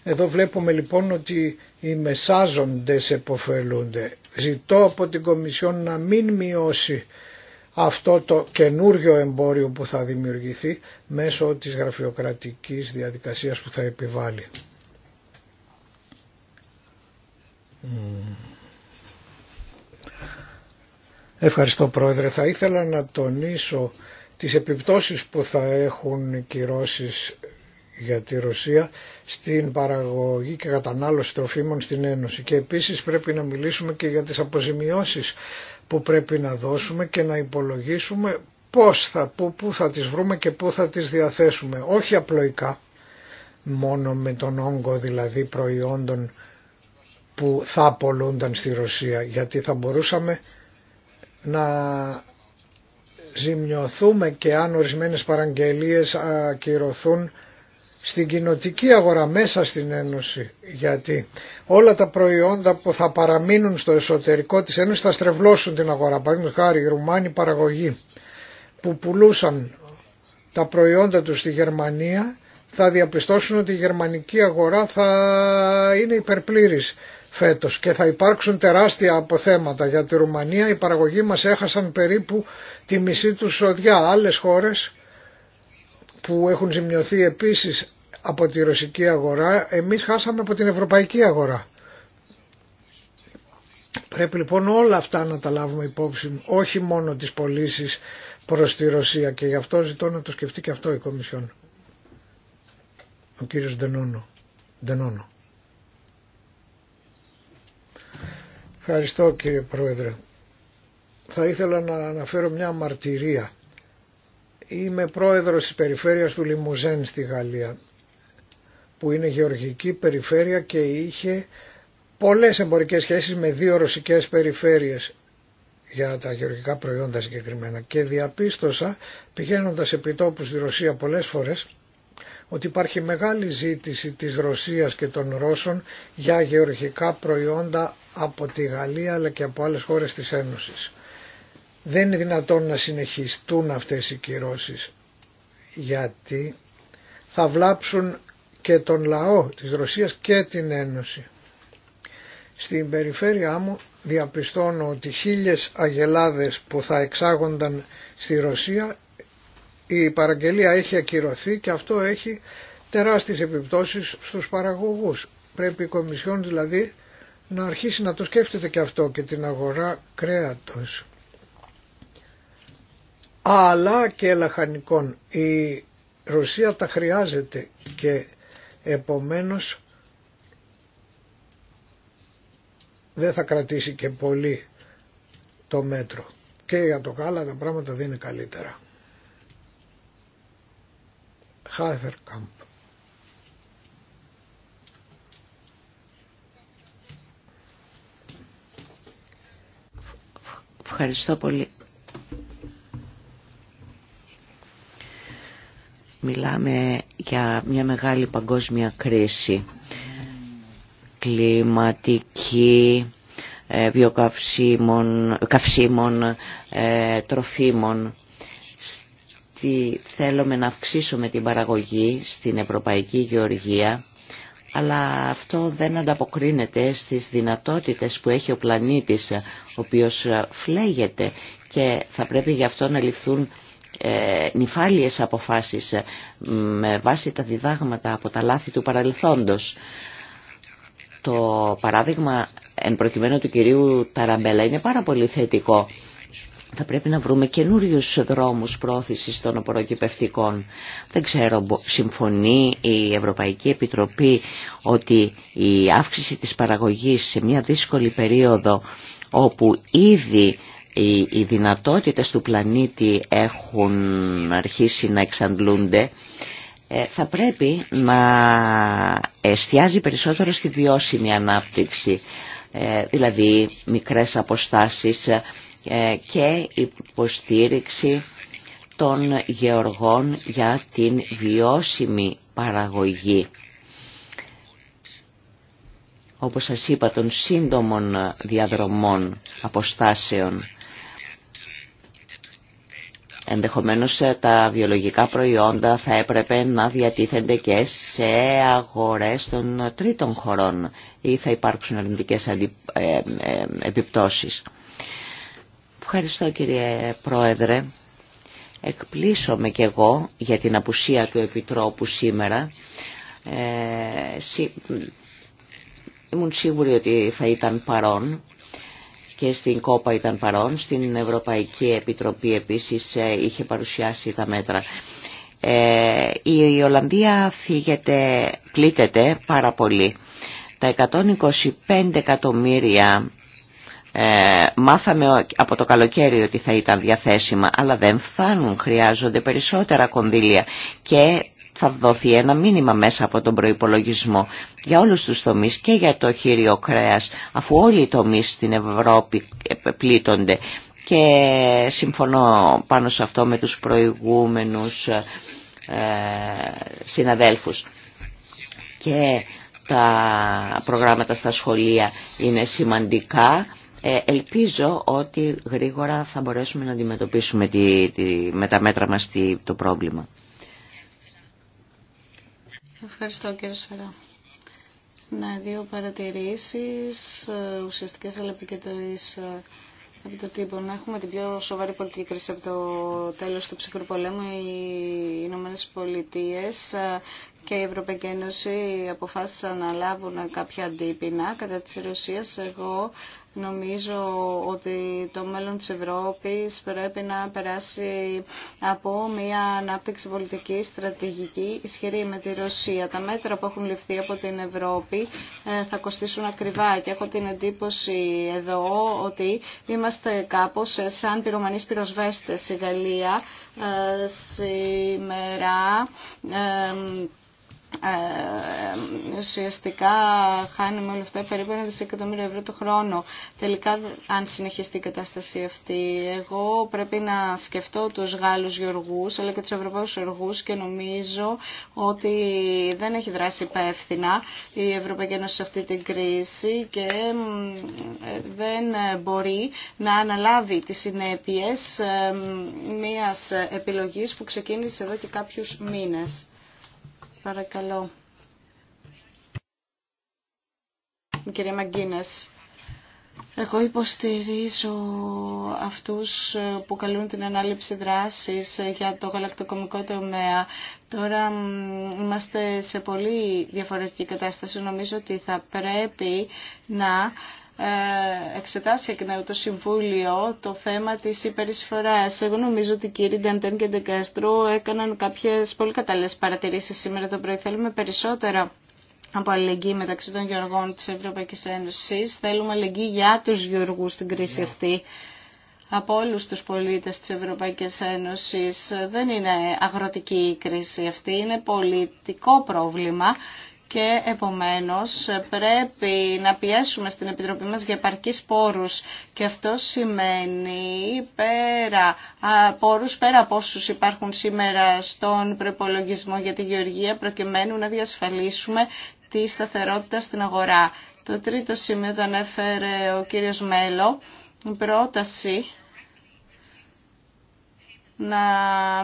Εδώ βλέπουμε λοιπόν ότι οι μεσάζοντες εποφελούνται. Ζητώ από την Κομισιόν να μην μειώσει αυτό το καινούριο εμπόριο που θα δημιουργηθεί μέσω της γραφειοκρατικής διαδικασίας που θα επιβάλλει. Ευχαριστώ Πρόεδρε. Θα ήθελα να τονίσω τις επιπτώσεις που θα έχουν οι κυρώσεις για τη Ρωσία στην παραγωγή και κατανάλωση τροφίμων στην Ένωση. Και επίσης πρέπει να μιλήσουμε και για τις αποζημιώσεις που πρέπει να δώσουμε και να υπολογίσουμε πώς θα, πού, πού θα τις βρούμε και πού θα τις διαθέσουμε. Όχι απλοϊκά, μόνο με τον όγκο δηλαδή προϊόντων που θα απολούνταν στη Ρωσία, γιατί θα μπορούσαμε να ζημιωθούμε και αν ορισμένες παραγγελίες ακυρωθούν στην κοινοτική αγορά μέσα στην Ένωση γιατί όλα τα προϊόντα που θα παραμείνουν στο εσωτερικό της Ένωσης θα στρεβλώσουν την αγορά. Παραδείγματο χάρη η Ρουμάνη παραγωγή που πουλούσαν τα προϊόντα τους στη Γερμανία θα διαπιστώσουν ότι η γερμανική αγορά θα είναι υπερπλήρης φέτος και θα υπάρξουν τεράστια αποθέματα για τη Ρουμανία. Οι παραγωγοί μας έχασαν περίπου τη μισή τους σοδιά. Άλλες χώρες που έχουν ζημιωθεί επίσης από τη ρωσική αγορά, εμείς χάσαμε από την ευρωπαϊκή αγορά. Πρέπει λοιπόν όλα αυτά να τα λάβουμε υπόψη, όχι μόνο τις πωλήσει προς τη Ρωσία και γι' αυτό ζητώ να το σκεφτεί και αυτό η Κομισιόν. Ο κύριος Δενόνο. Ευχαριστώ κύριε Πρόεδρε. Θα ήθελα να αναφέρω μια μαρτυρία. Είμαι πρόεδρος της περιφέρειας του Λιμουζέν στη Γαλλία που είναι γεωργική περιφέρεια και είχε πολλές εμπορικές σχέσεις με δύο ρωσικές περιφέρειες για τα γεωργικά προϊόντα συγκεκριμένα και διαπίστωσα πηγαίνοντας επιτόπου στη Ρωσία πολλές φορές ότι υπάρχει μεγάλη ζήτηση της Ρωσίας και των Ρώσων για γεωργικά προϊόντα από τη Γαλλία αλλά και από άλλες χώρες της Ένωσης. Δεν είναι δυνατόν να συνεχιστούν αυτές οι κυρώσεις γιατί θα βλάψουν και τον λαό της Ρωσίας και την Ένωση. Στην περιφέρειά μου διαπιστώνω ότι χίλιες αγελάδες που θα εξάγονταν στη Ρωσία η παραγγελία έχει ακυρωθεί και αυτό έχει τεράστιες επιπτώσεις στους παραγωγούς. Πρέπει η Κομισιόν δηλαδή να αρχίσει να το σκέφτεται και αυτό και την αγορά κρέατος αλλά και λαχανικών. Η Ρωσία τα χρειάζεται και επομένως δεν θα κρατήσει και πολύ το μέτρο. Και για το γάλα τα πράγματα δεν είναι καλύτερα. Κάμπ Ευχαριστώ πολύ. Μιλάμε για μια μεγάλη παγκόσμια κρίση. Κλιματική, ε, βιοκαυσίμων, καυσίμων, ε, τροφίμων ότι θέλουμε να αυξήσουμε την παραγωγή στην Ευρωπαϊκή Γεωργία, αλλά αυτό δεν ανταποκρίνεται στις δυνατότητες που έχει ο πλανήτης, ο οποίος φλέγεται και θα πρέπει γι' αυτό να ληφθούν ε, νυφάλιες αποφάσεις ε, με βάση τα διδάγματα από τα λάθη του παρελθόντος. Το παράδειγμα εν προκειμένου του κυρίου Ταραμπέλα είναι πάρα πολύ θετικό θα πρέπει να βρούμε καινούριου δρόμους πρόθεσης των απορροκυπευτικών. Δεν ξέρω, συμφωνεί η Ευρωπαϊκή Επιτροπή ότι η αύξηση της παραγωγής σε μια δύσκολη περίοδο όπου ήδη οι δυνατότητες του πλανήτη έχουν αρχίσει να εξαντλούνται, ε, θα πρέπει να εστιάζει περισσότερο στη βιώσιμη ανάπτυξη, ε, δηλαδή μικρές αποστάσεις, ε, και υποστήριξη των γεωργών για την βιώσιμη παραγωγή. Όπως σας είπα, των σύντομων διαδρομών, αποστάσεων. Ενδεχομένως ε, τα βιολογικά προϊόντα θα έπρεπε να διατίθενται και σε αγορές των τρίτων χωρών ή θα υπάρξουν αρνητικές ε, επιπτώσεις. Ευχαριστώ κύριε Πρόεδρε. Εκπλήσωμαι και εγώ για την απουσία του Επιτρόπου σήμερα. Ε, σι... Ήμουν σίγουρη ότι θα ήταν παρόν και στην ΚΟΠΑ ήταν παρόν. Στην Ευρωπαϊκή Επιτροπή επίσης ε, είχε παρουσιάσει τα μέτρα. Ε, η Ολλανδία φύγεται, πλήττεται πάρα πολύ. Τα 125 εκατομμύρια ε, μάθαμε από το καλοκαίρι ότι θα ήταν διαθέσιμα, αλλά δεν φτάνουν, χρειάζονται περισσότερα κονδύλια και θα δοθεί ένα μήνυμα μέσα από τον προϋπολογισμό για όλους τους τομείς και για το χείριο κρέας, αφού όλοι οι τομείς στην Ευρώπη πλήττονται. Και συμφωνώ πάνω σε αυτό με τους προηγούμενους ε, συναδέλφους. Και τα προγράμματα στα σχολεία είναι σημαντικά ε, ελπίζω ότι γρήγορα θα μπορέσουμε να αντιμετωπίσουμε τη, τη, με τα μέτρα μας τη, το πρόβλημα. Ευχαριστώ κύριε Σφερά. Να δύο παρατηρήσεις, ε, ουσιαστικές αλλά από ε, το τύπο. Να έχουμε την πιο σοβαρή πολιτική κρίση από το τέλος του ψυχρού πολέμου. Οι Ηνωμένε Πολιτείε και η Ευρωπαϊκή Ένωση αποφάσισαν να λάβουν κάποια αντίπεινα κατά της Ρωσίας. Εγώ Νομίζω ότι το μέλλον της Ευρώπης πρέπει να περάσει από μια ανάπτυξη πολιτική στρατηγική ισχυρή με τη Ρωσία. Τα μέτρα που έχουν ληφθεί από την Ευρώπη ε, θα κοστίσουν ακριβά και έχω την εντύπωση εδώ ότι είμαστε κάπως σαν πυρομανείς πυροσβέστες. Η Γαλλία ε, σήμερα ε, ε, ουσιαστικά χάνουμε όλα αυτά περίπου ένα δισεκατομμύριο ευρώ το χρόνο. Τελικά, αν συνεχιστεί η κατάσταση αυτή, εγώ πρέπει να σκεφτώ τους Γάλλους γεωργού αλλά και του Ευρωπαϊού γεωργού και νομίζω ότι δεν έχει δράσει υπεύθυνα η Ευρωπαϊκή Ένωση σε αυτή την κρίση και ε, δεν μπορεί να αναλάβει τις συνέπειες ε, μιας επιλογής που ξεκίνησε εδώ και κάποιου μήνε. Παρακαλώ. κύριε Μαγκίνες. Εγώ υποστηρίζω αυτούς που καλούν την ανάληψη δράσης για το γαλακτοκομικό τομέα. Τώρα είμαστε σε πολύ διαφορετική κατάσταση. Νομίζω ότι θα πρέπει να ε, εξετάσει εκ νέου το Συμβούλιο το θέμα της υπερισφοράς. Εγώ νομίζω ότι οι κύριοι Νταντέν και Ντεκάστρου έκαναν κάποιες πολύ κατάλληλες παρατηρήσεις σήμερα το πρωί. Θέλουμε περισσότερα από αλληλεγγύη μεταξύ των γεωργών της Ευρωπαϊκής Ένωσης. Θέλουμε αλληλεγγύη για τους γεωργούς στην κρίση ναι. αυτή από όλους τους πολίτες της Ευρωπαϊκής Ένωσης. Δεν είναι αγροτική η κρίση αυτή, είναι πολιτικό πρόβλημα και επομένως πρέπει να πιέσουμε στην Επιτροπή μας για επαρκείς πόρους και αυτό σημαίνει πέρα, πόρους πέρα από όσους υπάρχουν σήμερα στον προπολογισμό για τη γεωργία προκειμένου να διασφαλίσουμε τη σταθερότητα στην αγορά. Το τρίτο σημείο το ανέφερε ο κύριος Μέλο, πρόταση να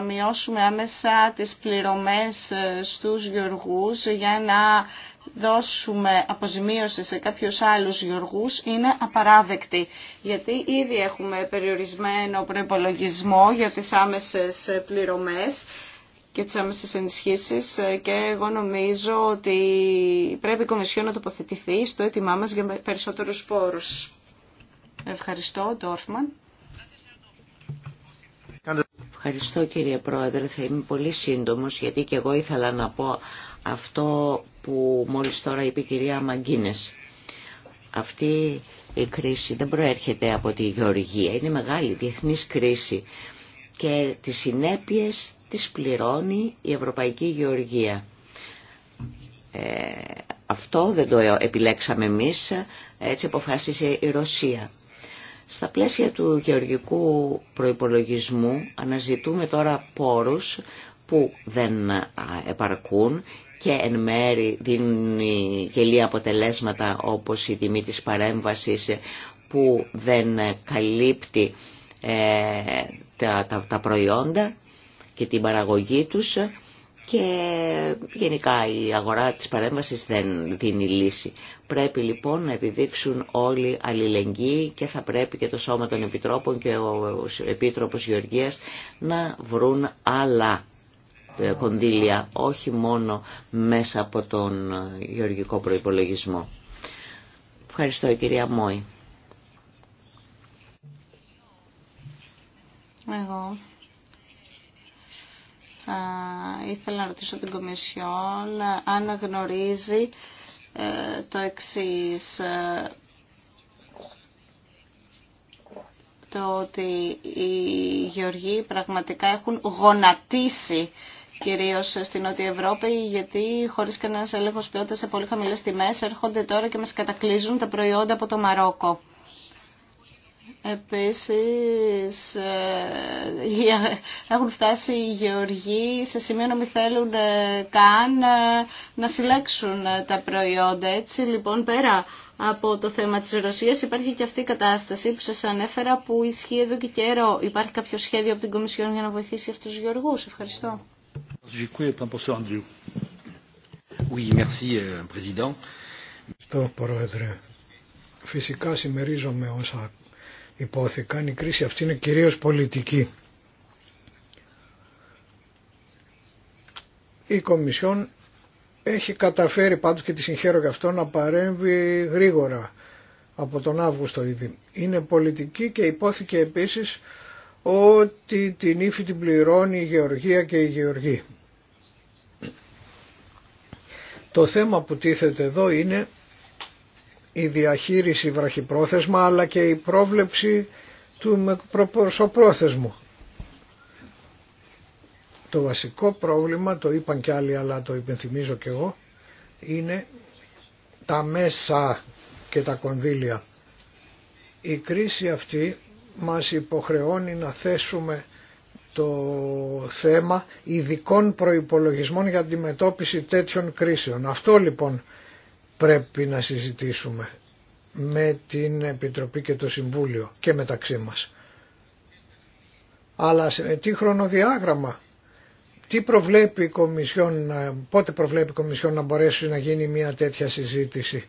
μειώσουμε άμεσα τις πληρωμές ε, στους γεωργούς για να δώσουμε αποζημίωση σε κάποιους άλλους γεωργούς είναι απαράδεκτη. Γιατί ήδη έχουμε περιορισμένο προϋπολογισμό για τις άμεσες πληρωμές και τις άμεσες ενισχύσεις ε, και εγώ νομίζω ότι πρέπει η Κομισιόν να τοποθετηθεί στο έτοιμά μας για περισσότερους πόρους. Ευχαριστώ, Ντόρφμαν. Ευχαριστώ κύριε Πρόεδρε, θα είμαι πολύ σύντομος γιατί και εγώ ήθελα να πω αυτό που μόλις τώρα είπε η κυρία Μαγκίνες. Αυτή η κρίση δεν προέρχεται από τη γεωργία, είναι μεγάλη διεθνής κρίση και τις συνέπειες τις πληρώνει η Ευρωπαϊκή Γεωργία. Ε, αυτό δεν το επιλέξαμε εμείς, έτσι αποφάσισε η Ρωσία. Στα πλαίσια του γεωργικού προϋπολογισμού αναζητούμε τώρα πόρους που δεν επαρκούν και εν μέρη δίνουν γελία αποτελέσματα όπως η τιμή της παρέμβασης που δεν καλύπτει ε, τα, τα, τα προϊόντα και την παραγωγή τους και γενικά η αγορά της παρέμβασης δεν δίνει λύση. Πρέπει λοιπόν να επιδείξουν όλοι αλληλεγγύη και θα πρέπει και το Σώμα των Επιτρόπων και ο Επίτροπος Γεωργίας να βρουν άλλα ε, κονδύλια, όχι μόνο μέσα από τον ε, γεωργικό προϋπολογισμό. Ευχαριστώ κυρία Μόη. Εγώ ήθελα να ρωτήσω την Κομισιόν αν γνωρίζει ε, το εξής. Ε, το ότι οι γεωργοί πραγματικά έχουν γονατίσει κυρίως στην Νότια Ευρώπη, γιατί χωρίς κανένας έλεγχος ποιότητας σε πολύ χαμηλές τιμές έρχονται τώρα και μας κατακλείζουν τα προϊόντα από το Μαρόκο. Επίσης ε, έχουν φτάσει οι γεωργοί σε σημείο να μην θέλουν ε, καν ε, να συλλέξουν τα προϊόντα. Έτσι λοιπόν πέρα από το θέμα της Ρωσίας υπάρχει και αυτή η κατάσταση που σας ανέφερα που ισχύει εδώ και καιρό. Υπάρχει κάποιο σχέδιο από την Κομισιόν για να βοηθήσει αυτούς τους γεωργούς. Ευχαριστώ. Euh, Ευχαριστώ Πρόεδρε. Φυσικά συμμερίζομαι όσα υπόθηκαν. Η κρίση αυτή είναι κυρίως πολιτική. Η Κομισιόν έχει καταφέρει πάντως και τη συγχαίρω γι' αυτό να παρέμβει γρήγορα από τον Αύγουστο ήδη. Είναι πολιτική και υπόθηκε επίσης ότι την ύφη την πληρώνει η Γεωργία και η Γεωργή. Το θέμα που τίθεται εδώ είναι η διαχείριση βραχυπρόθεσμα αλλά και η πρόβλεψη του προσωπρόθεσμου. Το βασικό πρόβλημα, το είπαν και άλλοι αλλά το υπενθυμίζω και εγώ, είναι τα μέσα και τα κονδύλια. Η κρίση αυτή μας υποχρεώνει να θέσουμε το θέμα ειδικών προϋπολογισμών για αντιμετώπιση τέτοιων κρίσεων. Αυτό λοιπόν πρέπει να συζητήσουμε με την Επιτροπή και το Συμβούλιο και μεταξύ μας. Αλλά σε τι χρονοδιάγραμμα, τι προβλέπει η Κομισιόν, πότε προβλέπει η Κομισιόν να μπορέσει να γίνει μια τέτοια συζήτηση,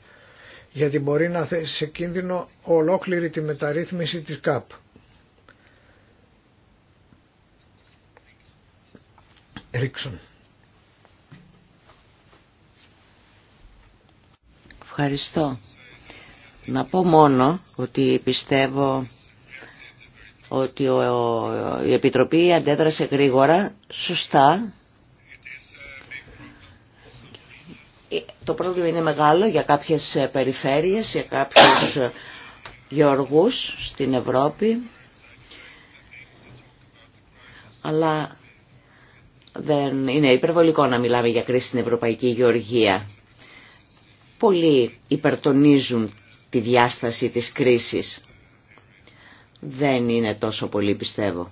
γιατί μπορεί να θέσει σε κίνδυνο ολόκληρη τη μεταρρύθμιση της ΚΑΠ. Ρίξον. Ευχαριστώ. Να πω μόνο ότι πιστεύω ότι η Επιτροπή αντέδρασε γρήγορα, σωστά. Το πρόβλημα είναι μεγάλο για κάποιες περιφέρειες, για κάποιους γεωργούς στην Ευρώπη. Αλλά δεν είναι υπερβολικό να μιλάμε για κρίση στην Ευρωπαϊκή Γεωργία. Πολλοί υπερτονίζουν τη διάσταση της κρίσης. Δεν είναι τόσο πολύ πιστεύω.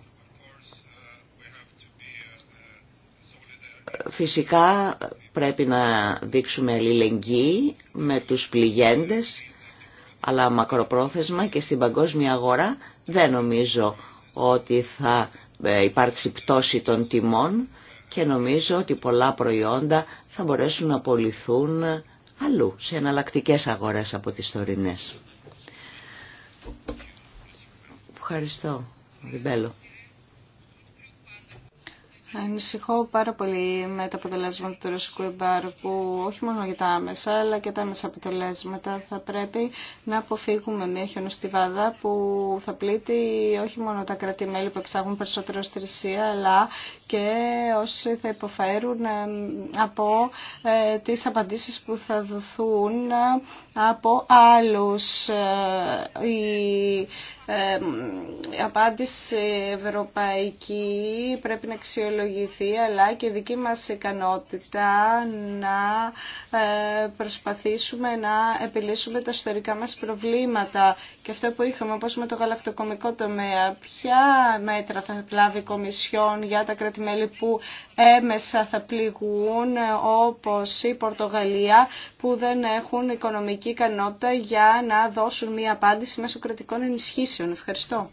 Φυσικά πρέπει να δείξουμε αλληλεγγύη με τους πληγέντες, αλλά μακροπρόθεσμα και στην παγκόσμια αγορά δεν νομίζω ότι θα ε, υπάρξει πτώση των τιμών και νομίζω ότι πολλά προϊόντα θα μπορέσουν να απολυθούν αλλού, σε εναλλακτικές αγορές από τις τωρινές. Ευχαριστώ, Ριμπέλο. Ανησυχώ πάρα πολύ με τα αποτελέσματα του ρωσικού εμπάρου όχι μόνο για τα άμεσα αλλά και τα άμεσα αποτελέσματα θα πρέπει να αποφύγουμε μια χιονοστιβάδα που θα πλήττει όχι μόνο τα κρατημέλη που εξάγουν περισσότερο στη ρησία αλλά και όσοι θα υποφέρουν ε, από ε, τις απαντήσεις που θα δοθούν ε, από άλλους η απάντηση ευρωπαϊκή πρέπει να αξιολογηθεί αλλά και δική μας ικανότητα να ε, προσπαθήσουμε να επιλύσουμε τα ιστορικά μας προβλήματα και αυτό που είχαμε όπως με το γαλακτοκομικό τομέα ποια μέτρα θα πλάβει η Κομισιόν για τα κρατημέλη που έμεσα θα πληγούν όπως η Πορτογαλία που δεν έχουν οικονομική ικανότητα για να δώσουν μία απάντηση μέσω κρατικών ενισχύσεων. Ευχαριστώ.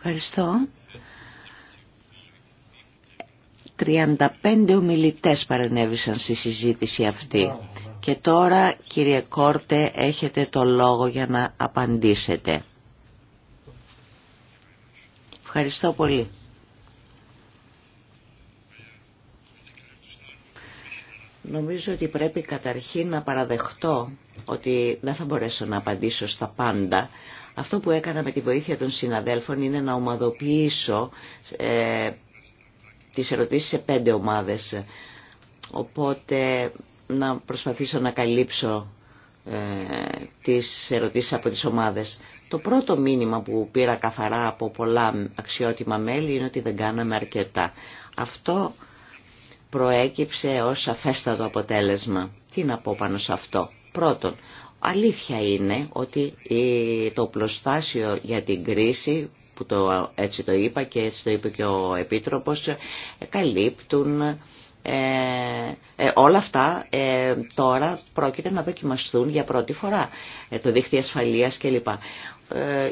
Ευχαριστώ. 35 ομιλητές παρενέβησαν στη συζήτηση αυτή. Και τώρα κύριε Κόρτε έχετε το λόγο για να απαντήσετε. Ευχαριστώ πολύ. Νομίζω ότι πρέπει καταρχήν να παραδεχτώ ότι δεν θα μπορέσω να απαντήσω στα πάντα. Αυτό που έκανα με τη βοήθεια των συναδέλφων είναι να ομαδοποιήσω ε, τις ερωτήσεις σε πέντε ομάδες. Οπότε να προσπαθήσω να καλύψω ε, τις ερωτήσεις από τις ομάδες. Το πρώτο μήνυμα που πήρα καθαρά από πολλά αξιότιμα μέλη είναι ότι δεν κάναμε αρκετά. Αυτό προέκυψε ως αφέστατο αποτέλεσμα. Τι να πω πάνω σε αυτό. Πρώτον, αλήθεια είναι ότι ε, το πλωστάσιο για την κρίση που το, έτσι το είπα και έτσι το είπε και ο Επίτροπος, ε, καλύπτουν ε, ε, όλα αυτά ε, τώρα πρόκειται να δοκιμαστούν για πρώτη φορά το δίχτυ ασφαλείας κλπ.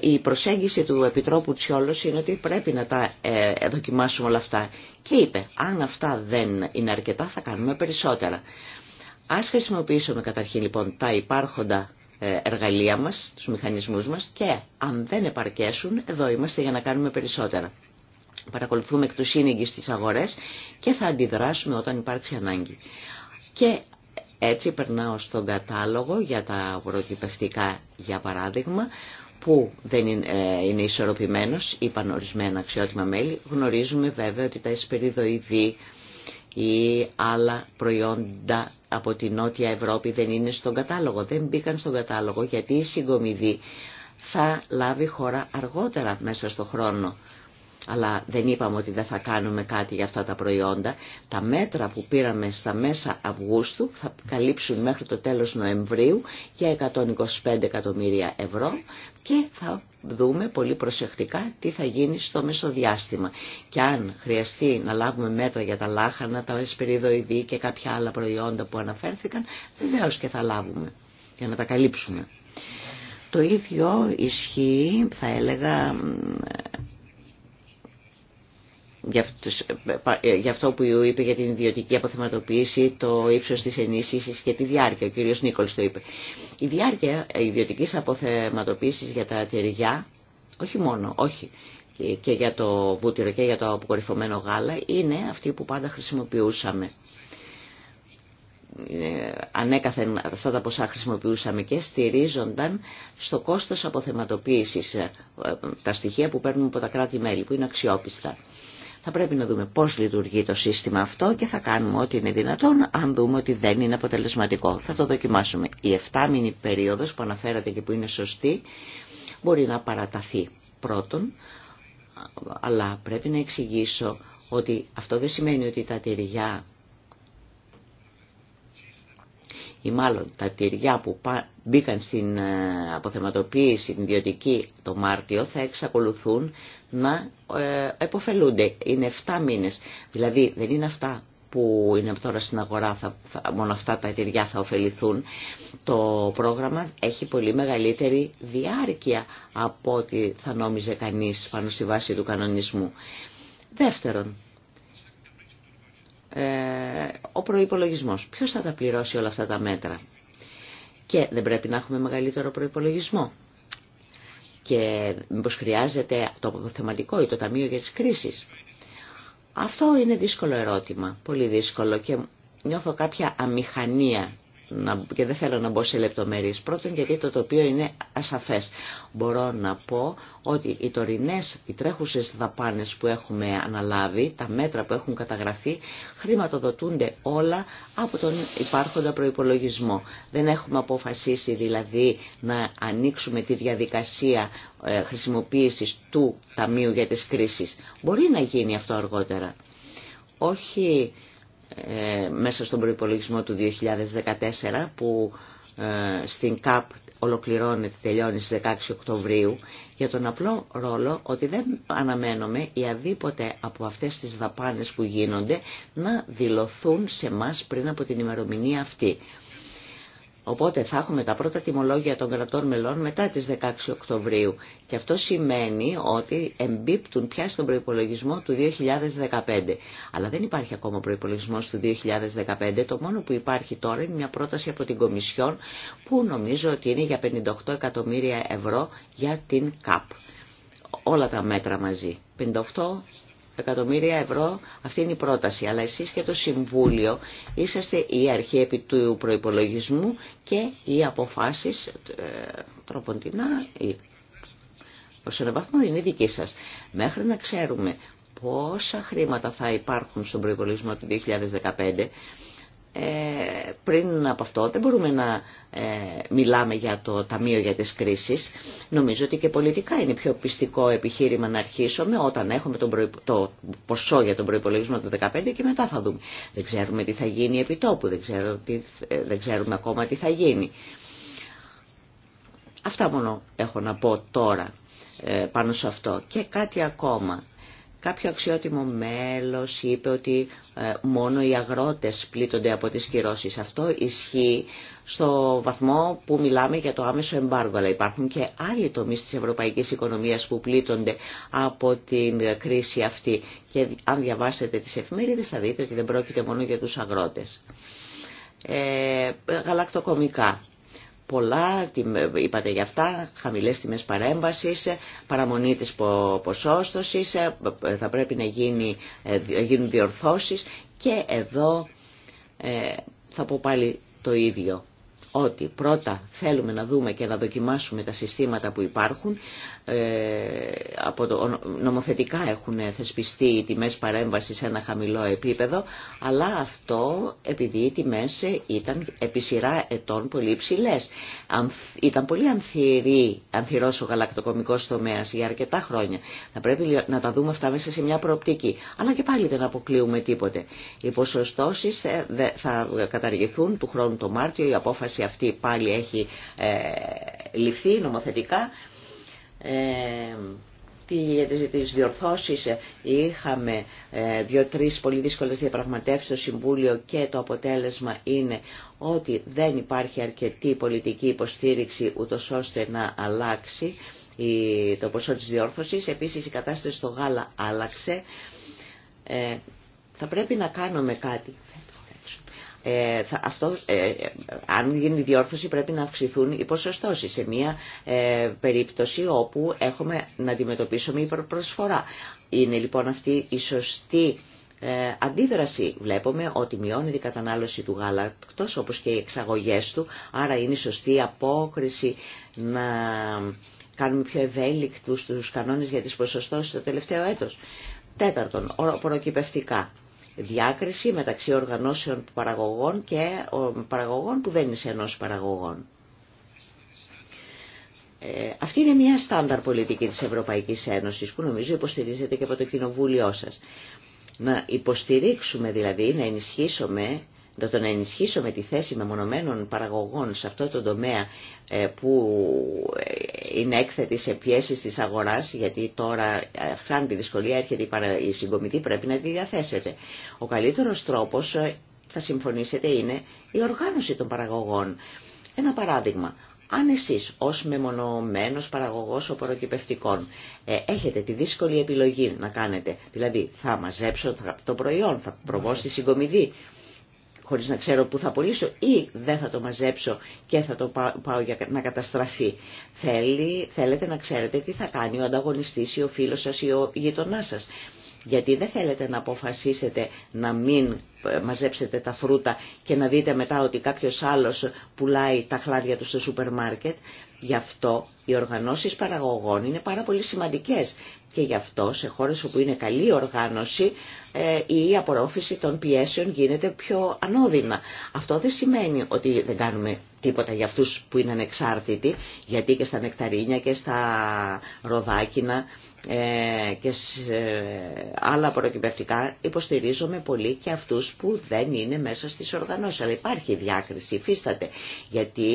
Η προσέγγιση του Επιτρόπου Τσιόλος είναι ότι πρέπει να τα δοκιμάσουμε όλα αυτά και είπε αν αυτά δεν είναι αρκετά θα κάνουμε περισσότερα. Ας χρησιμοποιήσουμε καταρχήν λοιπόν τα υπάρχοντα εργαλεία μας, τους μηχανισμούς μας και αν δεν επαρκέσουν εδώ είμαστε για να κάνουμε περισσότερα παρακολουθούμε εκ του σύνεγγυ στις αγορές και θα αντιδράσουμε όταν υπάρξει ανάγκη. Και έτσι περνάω στον κατάλογο για τα αγροτυπευτικά για παράδειγμα που δεν είναι, ε, ισορροπημένος, είπαν ορισμένα αξιότιμα μέλη. Γνωρίζουμε βέβαια ότι τα εσπεριδοειδή ή άλλα προϊόντα από τη Νότια Ευρώπη δεν είναι στον κατάλογο. Δεν μπήκαν στον κατάλογο γιατί η συγκομιδή θα λάβει χώρα αργότερα μέσα στον χρόνο αλλά δεν είπαμε ότι δεν θα κάνουμε κάτι για αυτά τα προϊόντα. Τα μέτρα που πήραμε στα μέσα Αυγούστου θα καλύψουν μέχρι το τέλος Νοεμβρίου για 125 εκατομμύρια ευρώ και θα δούμε πολύ προσεκτικά τι θα γίνει στο μεσοδιάστημα. Και αν χρειαστεί να λάβουμε μέτρα για τα λάχανα, τα εσπεριδοειδή και κάποια άλλα προϊόντα που αναφέρθηκαν, βεβαίω και θα λάβουμε για να τα καλύψουμε. Το ίδιο ισχύει, θα έλεγα, για αυτό που είπε για την ιδιωτική αποθεματοποίηση, το ύψος της ενίσχυσης και τη διάρκεια. Ο κύριος Νίκολς το είπε. Η διάρκεια ιδιωτικής αποθεματοποίησης για τα τυριά, όχι μόνο, όχι, και για το βούτυρο και για το αποκορυφωμένο γάλα, είναι αυτή που πάντα χρησιμοποιούσαμε. Ε, ανέκαθεν αυτά τα ποσά χρησιμοποιούσαμε και στηρίζονταν στο κόστος αποθεματοποίησης, ε, τα στοιχεία που παίρνουμε από τα κράτη-μέλη, που είναι αξιόπιστα. Θα πρέπει να δούμε πώς λειτουργεί το σύστημα αυτό και θα κάνουμε ό,τι είναι δυνατόν αν δούμε ότι δεν είναι αποτελεσματικό. Θα το δοκιμάσουμε. Η 7 μήνη περίοδος που αναφέρατε και που είναι σωστή μπορεί να παραταθεί πρώτον, αλλά πρέπει να εξηγήσω ότι αυτό δεν σημαίνει ότι τα τυριά ή μάλλον τα τυριά που μπήκαν στην ε, αποθεματοποίηση την ιδιωτική το Μάρτιο θα εξακολουθούν να ε, εποφελούνται. Είναι 7 μήνες. Δηλαδή δεν είναι αυτά που είναι τώρα στην αγορά, μόνο αυτά τα εταιριά θα ωφεληθούν. Το πρόγραμμα έχει πολύ μεγαλύτερη διάρκεια από ό,τι θα νόμιζε κανείς πάνω στη βάση του κανονισμού. Δεύτερον, ε, ο προϋπολογισμός. Ποιος θα τα πληρώσει όλα αυτά τα μέτρα. Και δεν πρέπει να έχουμε μεγαλύτερο προϋπολογισμό και μήπως χρειάζεται το αποθεματικό ή το Ταμείο για τις Κρίσεις. Αυτό είναι δύσκολο ερώτημα, πολύ δύσκολο και νιώθω κάποια αμηχανία και δεν θέλω να μπω σε λεπτομέρειες πρώτον γιατί το τοπίο είναι ασαφές. Μπορώ να πω ότι οι τωρινές, οι τρέχουσες δαπάνες που έχουμε αναλάβει, τα μέτρα που έχουν καταγραφεί, χρηματοδοτούνται όλα από τον υπάρχοντα προϋπολογισμό. Δεν έχουμε αποφασίσει δηλαδή να ανοίξουμε τη διαδικασία ε, χρησιμοποίησης του Ταμείου για τις κρίσεις. Μπορεί να γίνει αυτό αργότερα. Όχι ε, μέσα στον προϋπολογισμό του 2014 που ε, στην ΚΑΠ ολοκληρώνεται, τελειώνει στις 16 Οκτωβρίου για τον απλό ρόλο ότι δεν αναμένουμε οι αδίποτε από αυτές τις δαπάνες που γίνονται να δηλωθούν σε μας πριν από την ημερομηνία αυτή. Οπότε θα έχουμε τα πρώτα τιμολόγια των κρατών μελών μετά τις 16 Οκτωβρίου. Και αυτό σημαίνει ότι εμπίπτουν πια στον προϋπολογισμό του 2015. Αλλά δεν υπάρχει ακόμα προϋπολογισμός του 2015. Το μόνο που υπάρχει τώρα είναι μια πρόταση από την Κομισιόν που νομίζω ότι είναι για 58 εκατομμύρια ευρώ για την ΚΑΠ. Όλα τα μέτρα μαζί. 58 εκατομμύρια ευρώ. Αυτή είναι η πρόταση. Αλλά εσείς και το Συμβούλιο είσαστε η αρχή επί του προϋπολογισμού και οι αποφάσεις ε, τροποντινά ως ένα βαθμό είναι δική σας. Μέχρι να ξέρουμε πόσα χρήματα θα υπάρχουν στον προϋπολογισμό του 2015 ε, πριν από αυτό δεν μπορούμε να ε, μιλάμε για το Ταμείο για τις Κρίσεις. Νομίζω ότι και πολιτικά είναι πιο πιστικό επιχείρημα να αρχίσουμε όταν έχουμε τον το ποσό για τον προϋπολογισμό του 2015 και μετά θα δούμε. Δεν ξέρουμε τι θα γίνει επί τόπου, δεν, ξέρω τι... Ε, δεν ξέρουμε ακόμα τι θα γίνει. Αυτά μόνο έχω να πω τώρα ε, πάνω σε αυτό. Και κάτι ακόμα. Κάποιο αξιότιμο μέλος είπε ότι ε, μόνο οι αγρότες πλήττονται από τις κυρώσεις. Αυτό ισχύει στο βαθμό που μιλάμε για το άμεσο εμπάργο, αλλά υπάρχουν και άλλοι τομείς της ευρωπαϊκής οικονομίας που πλήττονται από την κρίση αυτή. Και αν διαβάσετε τις εφημερίδες θα δείτε ότι δεν πρόκειται μόνο για τους αγρότες. Ε, γαλακτοκομικά πολλά, είπατε για αυτά, χαμηλές τιμές παρέμβασης, παραμονή της ποσόστοσης, θα πρέπει να γίνει, ε, γίνουν διορθώσεις και εδώ ε, θα πω πάλι το ίδιο ότι πρώτα θέλουμε να δούμε και να δοκιμάσουμε τα συστήματα που υπάρχουν. Ε, από νομοθετικά έχουν θεσπιστεί οι τιμές παρέμβασης σε ένα χαμηλό επίπεδο, αλλά αυτό επειδή οι τιμές ήταν επί σειρά ετών πολύ υψηλέ. Ήταν πολύ ανθυρή, ανθυρός ο γαλακτοκομικός τομέας για αρκετά χρόνια. Θα πρέπει να τα δούμε αυτά μέσα σε μια προοπτική. Αλλά και πάλι δεν αποκλείουμε τίποτε. Οι ποσοστώσεις ε, θα καταργηθούν του χρόνου το Μάρτιο, η απόφαση αυτή πάλι έχει ε, ληφθεί νομοθετικά. Ε, για τις διορθώσεις ε, είχαμε δύο-τρεις πολύ δύσκολες διαπραγματεύσεις στο Συμβούλιο και το αποτέλεσμα είναι ότι δεν υπάρχει αρκετή πολιτική υποστήριξη ούτως ώστε να αλλάξει το ποσό της διορθώσης. Επίσης η κατάσταση στο γάλα άλλαξε. Θα πρέπει να κάνουμε κάτι ε, αυτό, ε, αν γίνει διόρθωση πρέπει να αυξηθούν οι ποσοστώσεις σε μια ε, περίπτωση όπου έχουμε να αντιμετωπίσουμε υπερπροσφορά. Είναι λοιπόν αυτή η σωστή αντίδραση. Βλέπουμε ότι μειώνει η κατανάλωση του γάλακτος όπως και οι εξαγωγές του, άρα είναι η σωστή απόκριση να κάνουμε πιο ευέλικτους τους κανόνες για τις ποσοστώσεις το τελευταίο έτος. Τέταρτον, προκυπευτικά διάκριση μεταξύ οργανώσεων παραγωγών και παραγωγών που δεν είναι σε ενός παραγωγών. Ε, αυτή είναι μια στάνταρ πολιτική της Ευρωπαϊκής Ένωσης που νομίζω υποστηρίζεται και από το κοινοβούλιο σας. Να υποστηρίξουμε δηλαδή, να ενισχύσουμε να τον ενισχύσω με τη θέση μεμονωμένων παραγωγών σε αυτό το τομέα ε, που ε, είναι έκθετη σε πιέσεις της αγοράς γιατί τώρα αυξάνει τη δυσκολία, έρχεται η συγκομιδή, πρέπει να τη διαθέσετε. Ο καλύτερος τρόπος, ε, θα συμφωνήσετε, είναι η οργάνωση των παραγωγών. Ένα παράδειγμα, αν εσείς ως μεμονωμένος παραγωγός οπωροκυπευτικών έχετε τη δύσκολη επιλογή να κάνετε, δηλαδή θα μαζέψω το προϊόν, θα προβώ στη συγκομιδή, χωρίς να ξέρω πού θα πουλήσω ή δεν θα το μαζέψω και θα το πάω για να καταστραφεί. θέλετε να ξέρετε τι θα κάνει ο ανταγωνιστής ή ο φίλος σας ή ο γειτονάς σας. Γιατί δεν θέλετε να αποφασίσετε να μην ε, μαζέψετε τα φρούτα και να δείτε μετά ότι κάποιος άλλος πουλάει τα χλάδια του στο σούπερ μάρκετ. Γι' αυτό οι οργανώσεις παραγωγών είναι πάρα πολύ σημαντικές και γι' αυτό σε χώρες όπου είναι καλή οργάνωση ε, η απορρόφηση των πιέσεων γίνεται πιο ανώδυνα. Αυτό δεν σημαίνει ότι δεν κάνουμε τίποτα για αυτούς που είναι ανεξάρτητοι, γιατί και στα νεκταρίνια και στα ροδάκινα ε, και σε άλλα προκυπευτικά υποστηρίζομαι πολύ και αυτούς που δεν είναι μέσα στις οργανώσεις. Αλλά υπάρχει διάκριση, υφίσταται, γιατί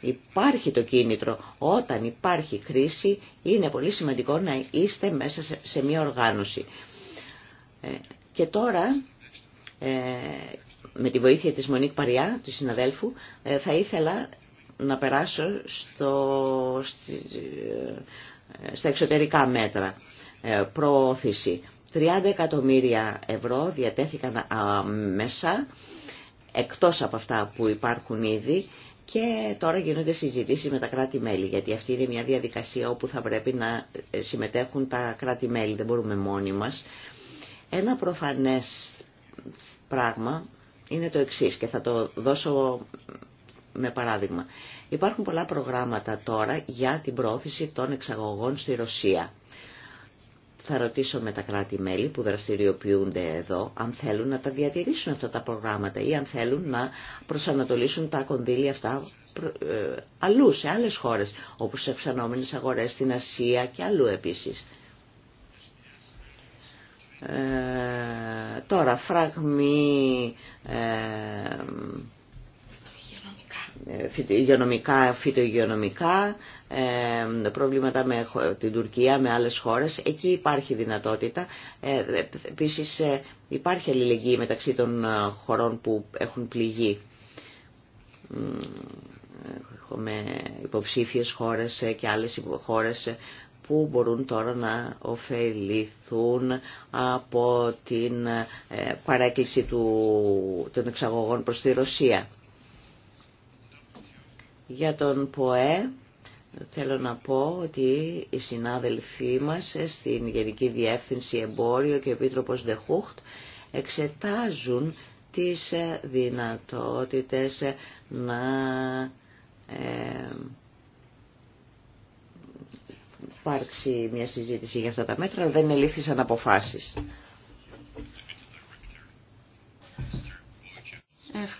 υπάρχει το κίνητρο. Όταν υπάρχει κρίση είναι πολύ σημαντικό να είστε μέσα σε μια οργάνωση. Ε, και τώρα, ε, με τη βοήθεια της Μονίκ Παριά, του συναδέλφου, ε, θα ήθελα να περάσω στο, στα εξωτερικά μέτρα. Προώθηση. 30 εκατομμύρια ευρώ διατέθηκαν μέσα, εκτός από αυτά που υπάρχουν ήδη, και τώρα γίνονται συζητήσεις με τα κράτη-μέλη, γιατί αυτή είναι μια διαδικασία όπου θα πρέπει να συμμετέχουν τα κράτη-μέλη, δεν μπορούμε μόνοι μας ένα προφανές πράγμα είναι το εξής και θα το δώσω με παράδειγμα. Υπάρχουν πολλά προγράμματα τώρα για την πρόθεση των εξαγωγών στη Ρωσία. Θα ρωτήσω με τα κράτη-μέλη που δραστηριοποιούνται εδώ αν θέλουν να τα διατηρήσουν αυτά τα προγράμματα ή αν θέλουν να προσανατολίσουν τα κονδύλια αυτά ε, αλλού, σε άλλες χώρες, όπως σε αυξανόμενες αγορές στην Ασία και αλλού επίσης. Ε, τώρα, φραγμή, ε, υγειονομικά, ε, προβλήματα με την Τουρκία, με άλλες χώρες. Εκεί υπάρχει δυνατότητα. Ε, επίσης ε, υπάρχει αλληλεγγύη μεταξύ των ε, χωρών που έχουν πληγεί. Έχουμε υποψήφιες χώρες και άλλες χώρες που μπορούν τώρα να ωφεληθούν από την ε, παράκληση του, των εξαγωγών προς τη Ρωσία. Για τον ΠΟΕ θέλω να πω ότι οι συνάδελφοί μας στην Γενική Διεύθυνση Εμπόριο και ο Επίτροπος Δεχούχτ εξετάζουν τις ε, δυνατότητες να ε, υπάρξει μια συζήτηση για αυτά τα μέτρα, αλλά δεν ελήφθησαν αποφάσεις.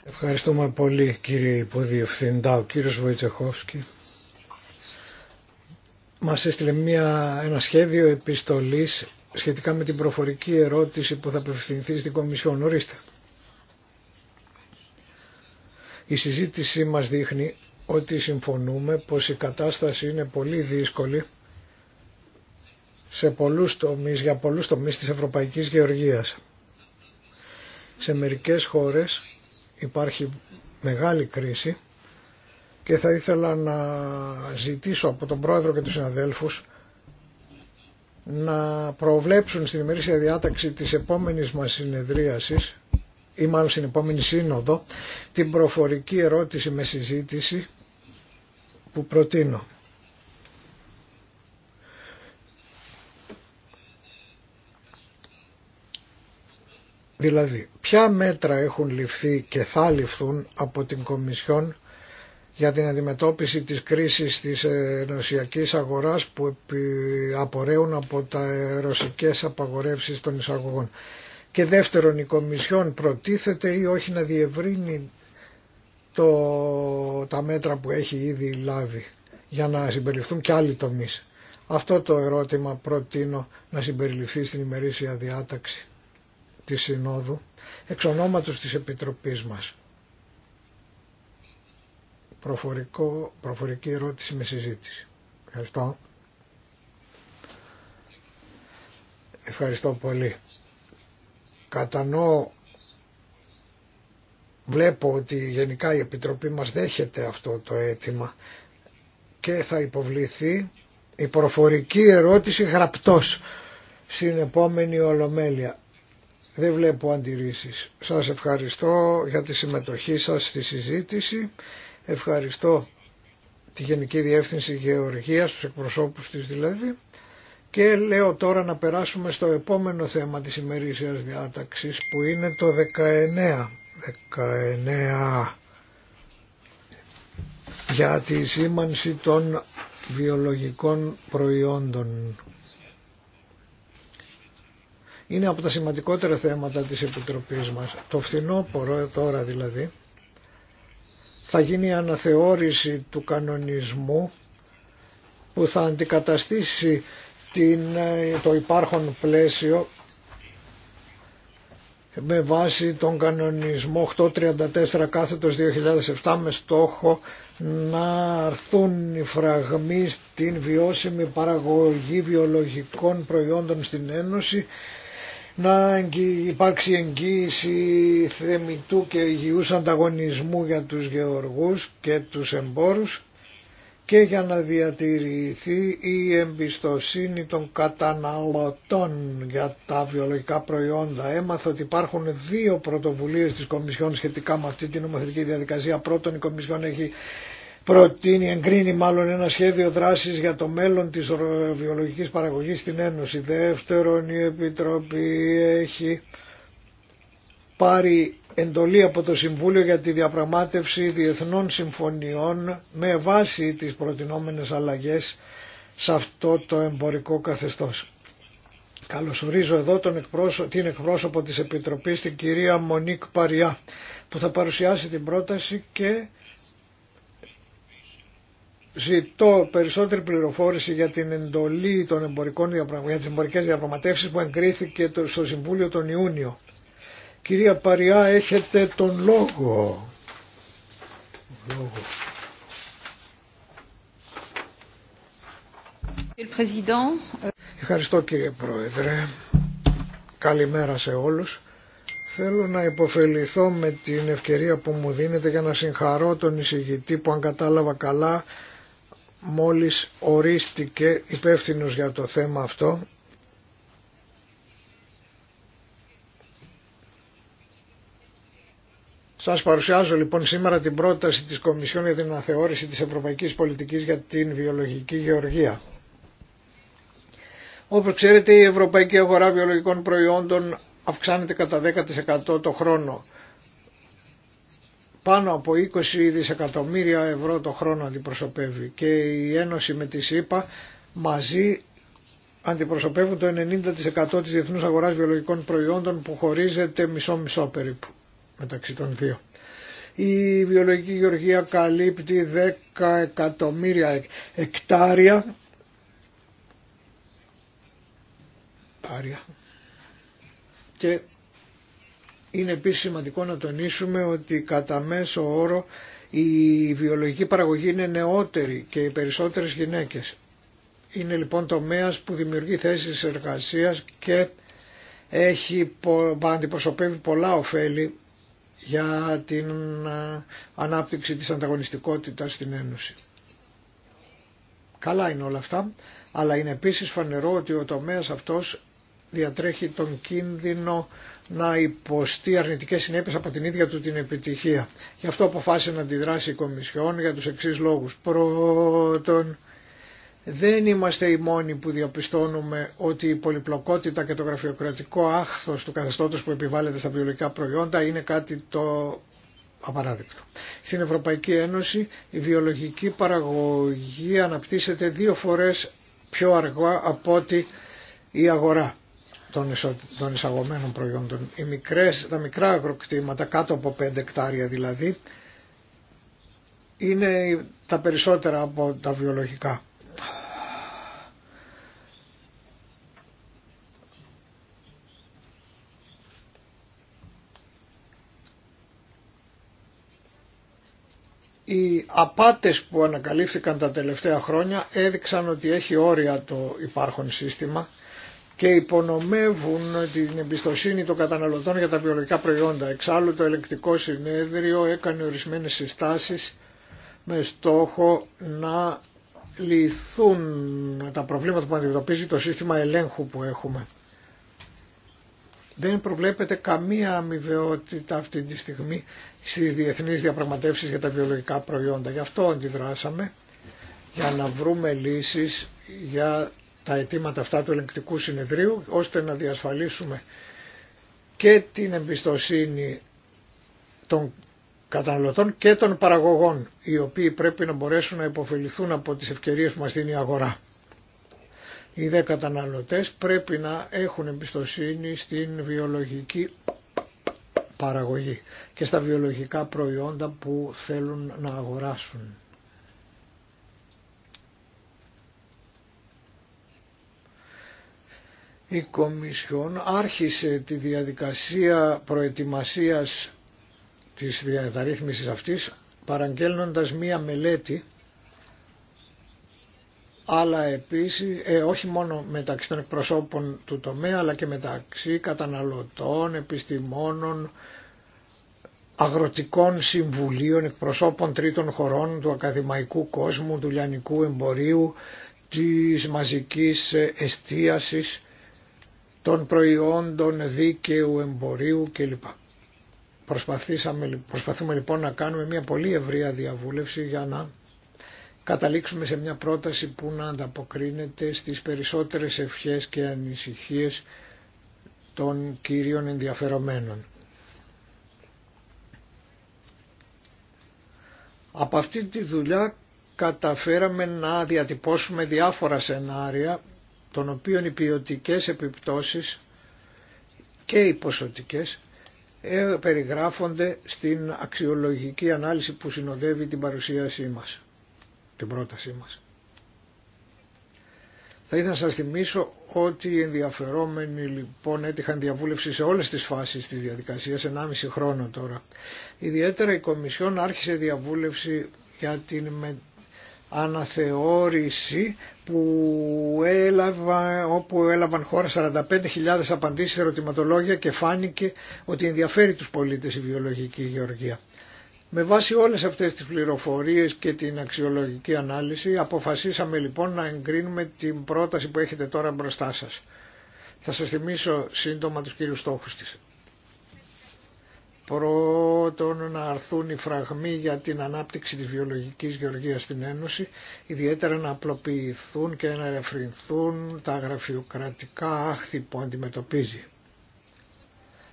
Ευχαριστούμε πολύ κύριε Υποδιευθυντά, ο κύριος Βοητσεχόφσκι. Μας έστειλε μια, ένα σχέδιο επιστολής σχετικά με την προφορική ερώτηση που θα απευθυνθεί στην Κομισιόν. Ορίστε. Η συζήτησή μας δείχνει ότι συμφωνούμε πως η κατάσταση είναι πολύ δύσκολη σε πολλούς τομείς, για πολλούς τομείς της Ευρωπαϊκής Γεωργίας. Σε μερικές χώρες υπάρχει μεγάλη κρίση και θα ήθελα να ζητήσω από τον πρόεδρο και τους συναδέλφους να προβλέψουν στην ημερήσια διάταξη της επόμενης μας συνεδρίασης ή μάλλον στην επόμενη σύνοδο την προφορική ερώτηση με συζήτηση που προτείνω. Δηλαδή, ποια μέτρα έχουν ληφθεί και θα ληφθούν από την Κομισιόν για την αντιμετώπιση της κρίσης της ενωσιακής αγοράς που απορρέουν από τα ρωσικές απαγορεύσεις των εισαγωγών. Και δεύτερον, η Κομισιόν προτίθεται ή όχι να διευρύνει το, τα μέτρα που έχει ήδη λάβει για να συμπεριληφθούν και άλλοι τομείς. Αυτό το ερώτημα προτείνω να συμπεριληφθεί στην ημερήσια διάταξη της Συνόδου εξ ονόματος της Επιτροπής μας. Προφορικό, προφορική ερώτηση με συζήτηση. Ευχαριστώ. Ευχαριστώ πολύ. Κατανοώ, βλέπω ότι γενικά η Επιτροπή μας δέχεται αυτό το αίτημα και θα υποβληθεί η προφορική ερώτηση γραπτός στην επόμενη Ολομέλεια. Δεν βλέπω αντιρρήσεις. Σας ευχαριστώ για τη συμμετοχή σας στη συζήτηση. Ευχαριστώ τη Γενική Διεύθυνση Γεωργίας, τους εκπροσώπους της δηλαδή. Και λέω τώρα να περάσουμε στο επόμενο θέμα της ημερήσιας διάταξης που είναι το 19. 19 για τη σήμανση των βιολογικών προϊόντων είναι από τα σημαντικότερα θέματα της Επιτροπής μας. Το φθινόπωρο ε, τώρα δηλαδή θα γίνει αναθεώρηση του κανονισμού που θα αντικαταστήσει την, ε, το υπάρχον πλαίσιο με βάση τον κανονισμό 834 κάθετος 2007 με στόχο να αρθούν οι φραγμοί στην βιώσιμη παραγωγή βιολογικών προϊόντων στην Ένωση να υπάρξει εγγύηση θεμητού και υγιούς ανταγωνισμού για τους γεωργούς και τους εμπόρους και για να διατηρηθεί η εμπιστοσύνη των καταναλωτών για τα βιολογικά προϊόντα. Έμαθα ότι υπάρχουν δύο πρωτοβουλίες της Κομισιόν σχετικά με αυτή την νομοθετική διαδικασία. Πρώτον, η Κομισιόν έχει προτείνει, εγκρίνει μάλλον ένα σχέδιο δράσης για το μέλλον της βιολογικής παραγωγής στην Ένωση. Δεύτερον, η Επιτροπή έχει πάρει εντολή από το Συμβούλιο για τη διαπραγμάτευση διεθνών συμφωνιών με βάση τις προτινόμενες αλλαγές σε αυτό το εμπορικό καθεστώς. Καλωσορίζω εδώ τον εκπρόσω... την εκπρόσωπο της Επιτροπής, την κυρία Μονίκ Παριά, που θα παρουσιάσει την πρόταση και ζητώ περισσότερη πληροφόρηση για την εντολή των εμπορικών για τις εμπορικές διαπραγματεύσεις που εγκρίθηκε στο Συμβούλιο τον Ιούνιο. Κυρία Παριά, έχετε τον λόγο. λόγο. Ευχαριστώ κύριε Πρόεδρε. Καλημέρα σε όλους. Θέλω να υποφεληθώ με την ευκαιρία που μου δίνεται για να συγχαρώ τον εισηγητή που αν κατάλαβα καλά μόλις ορίστηκε υπεύθυνο για το θέμα αυτό Σας παρουσιάζω λοιπόν σήμερα την πρόταση της Κομισιόν για την αναθεώρηση της Ευρωπαϊκής Πολιτικής για την Βιολογική Γεωργία. Όπως ξέρετε η Ευρωπαϊκή Αγορά Βιολογικών Προϊόντων αυξάνεται κατά 10% το χρόνο πάνω από 20 δισεκατομμύρια ευρώ το χρόνο αντιπροσωπεύει και η Ένωση με τη ΣΥΠΑ μαζί αντιπροσωπεύουν το 90% της διεθνούς αγοράς βιολογικών προϊόντων που χωρίζεται μισό-μισό περίπου μεταξύ των δύο. Η βιολογική γεωργία καλύπτει 10 εκατομμύρια εκτάρια και είναι επίσης σημαντικό να τονίσουμε ότι κατά μέσο όρο η βιολογική παραγωγή είναι νεότερη και οι περισσότερες γυναίκες. Είναι λοιπόν τομέας που δημιουργεί θέσεις εργασίας και έχει, αντιπροσωπεύει πολλά ωφέλη για την ε, ανάπτυξη της ανταγωνιστικότητας στην Ένωση. Καλά είναι όλα αυτά, αλλά είναι επίσης φανερό ότι ο τομέας αυτός διατρέχει τον κίνδυνο να υποστεί αρνητικές συνέπειες από την ίδια του την επιτυχία. Γι' αυτό αποφάσισε να αντιδράσει η Κομισιόν για τους εξής λόγους. Πρώτον, δεν είμαστε οι μόνοι που διαπιστώνουμε ότι η πολυπλοκότητα και το γραφειοκρατικό άχθος του καθεστώτος που επιβάλλεται στα βιολογικά προϊόντα είναι κάτι το απαράδεκτο. Στην Ευρωπαϊκή Ένωση η βιολογική παραγωγή αναπτύσσεται δύο φορές πιο αργά από ότι η αγορά των, εισαγωμένων προϊόντων. Οι μικρές, τα μικρά αγροκτήματα, κάτω από 5 εκτάρια δηλαδή, είναι τα περισσότερα από τα βιολογικά. Οι απάτες που ανακαλύφθηκαν τα τελευταία χρόνια έδειξαν ότι έχει όρια το υπάρχον σύστημα και υπονομεύουν την εμπιστοσύνη των καταναλωτών για τα βιολογικά προϊόντα. Εξάλλου το ελεκτικό συνέδριο έκανε ορισμένες συστάσεις με στόχο να λυθούν τα προβλήματα που αντιμετωπίζει το σύστημα ελέγχου που έχουμε. Δεν προβλέπεται καμία αμοιβαιότητα αυτή τη στιγμή στις διεθνείς διαπραγματεύσεις για τα βιολογικά προϊόντα. Γι' αυτό αντιδράσαμε για να βρούμε λύσεις για τα αιτήματα αυτά του ελεγκτικού συνεδρίου ώστε να διασφαλίσουμε και την εμπιστοσύνη των καταναλωτών και των παραγωγών οι οποίοι πρέπει να μπορέσουν να υποφεληθούν από τις ευκαιρίες που μας δίνει η αγορά. Οι δε καταναλωτές πρέπει να έχουν εμπιστοσύνη στην βιολογική παραγωγή και στα βιολογικά προϊόντα που θέλουν να αγοράσουν. η Κομισιόν άρχισε τη διαδικασία προετοιμασίας της διαρρύθμισης αυτής παραγγέλνοντας μία μελέτη αλλά επίσης, ε, όχι μόνο μεταξύ των εκπροσώπων του τομέα, αλλά και μεταξύ καταναλωτών, επιστημόνων, αγροτικών συμβουλίων, εκπροσώπων τρίτων χωρών, του ακαδημαϊκού κόσμου, του λιανικού εμπορίου, της μαζικής ε, εστίασης των προϊόντων δίκαιου εμπορίου κλπ. Προσπαθήσαμε, προσπαθούμε λοιπόν να κάνουμε μια πολύ ευρεία διαβούλευση για να καταλήξουμε σε μια πρόταση που να ανταποκρίνεται στις περισσότερες ευχές και ανησυχίες των κυρίων ενδιαφερομένων. Από αυτή τη δουλειά καταφέραμε να διατυπώσουμε διάφορα σενάρια των οποίων οι ποιοτικέ επιπτώσεις και οι ποσοτικές ε, περιγράφονται στην αξιολογική ανάλυση που συνοδεύει την παρουσίασή μας, την πρότασή μας. Θα ήθελα να σας θυμίσω ότι οι ενδιαφερόμενοι λοιπόν έτυχαν διαβούλευση σε όλες τις φάσεις της διαδικασίας, 1,5 χρόνο τώρα. Ιδιαίτερα η Κομισιόν άρχισε διαβούλευση για την αναθεώρηση που έλαβα, όπου έλαβαν χώρα 45.000 απαντήσεις σε ερωτηματολόγια και φάνηκε ότι ενδιαφέρει τους πολίτες η βιολογική γεωργία. Με βάση όλες αυτές τις πληροφορίες και την αξιολογική ανάλυση αποφασίσαμε λοιπόν να εγκρίνουμε την πρόταση που έχετε τώρα μπροστά σας. Θα σας θυμίσω σύντομα τους κύριους στόχους της πρώτον να αρθούν οι φραγμοί για την ανάπτυξη της βιολογικής γεωργίας στην Ένωση, ιδιαίτερα να απλοποιηθούν και να ελευθερινθούν τα γραφειοκρατικά άχθη που αντιμετωπίζει.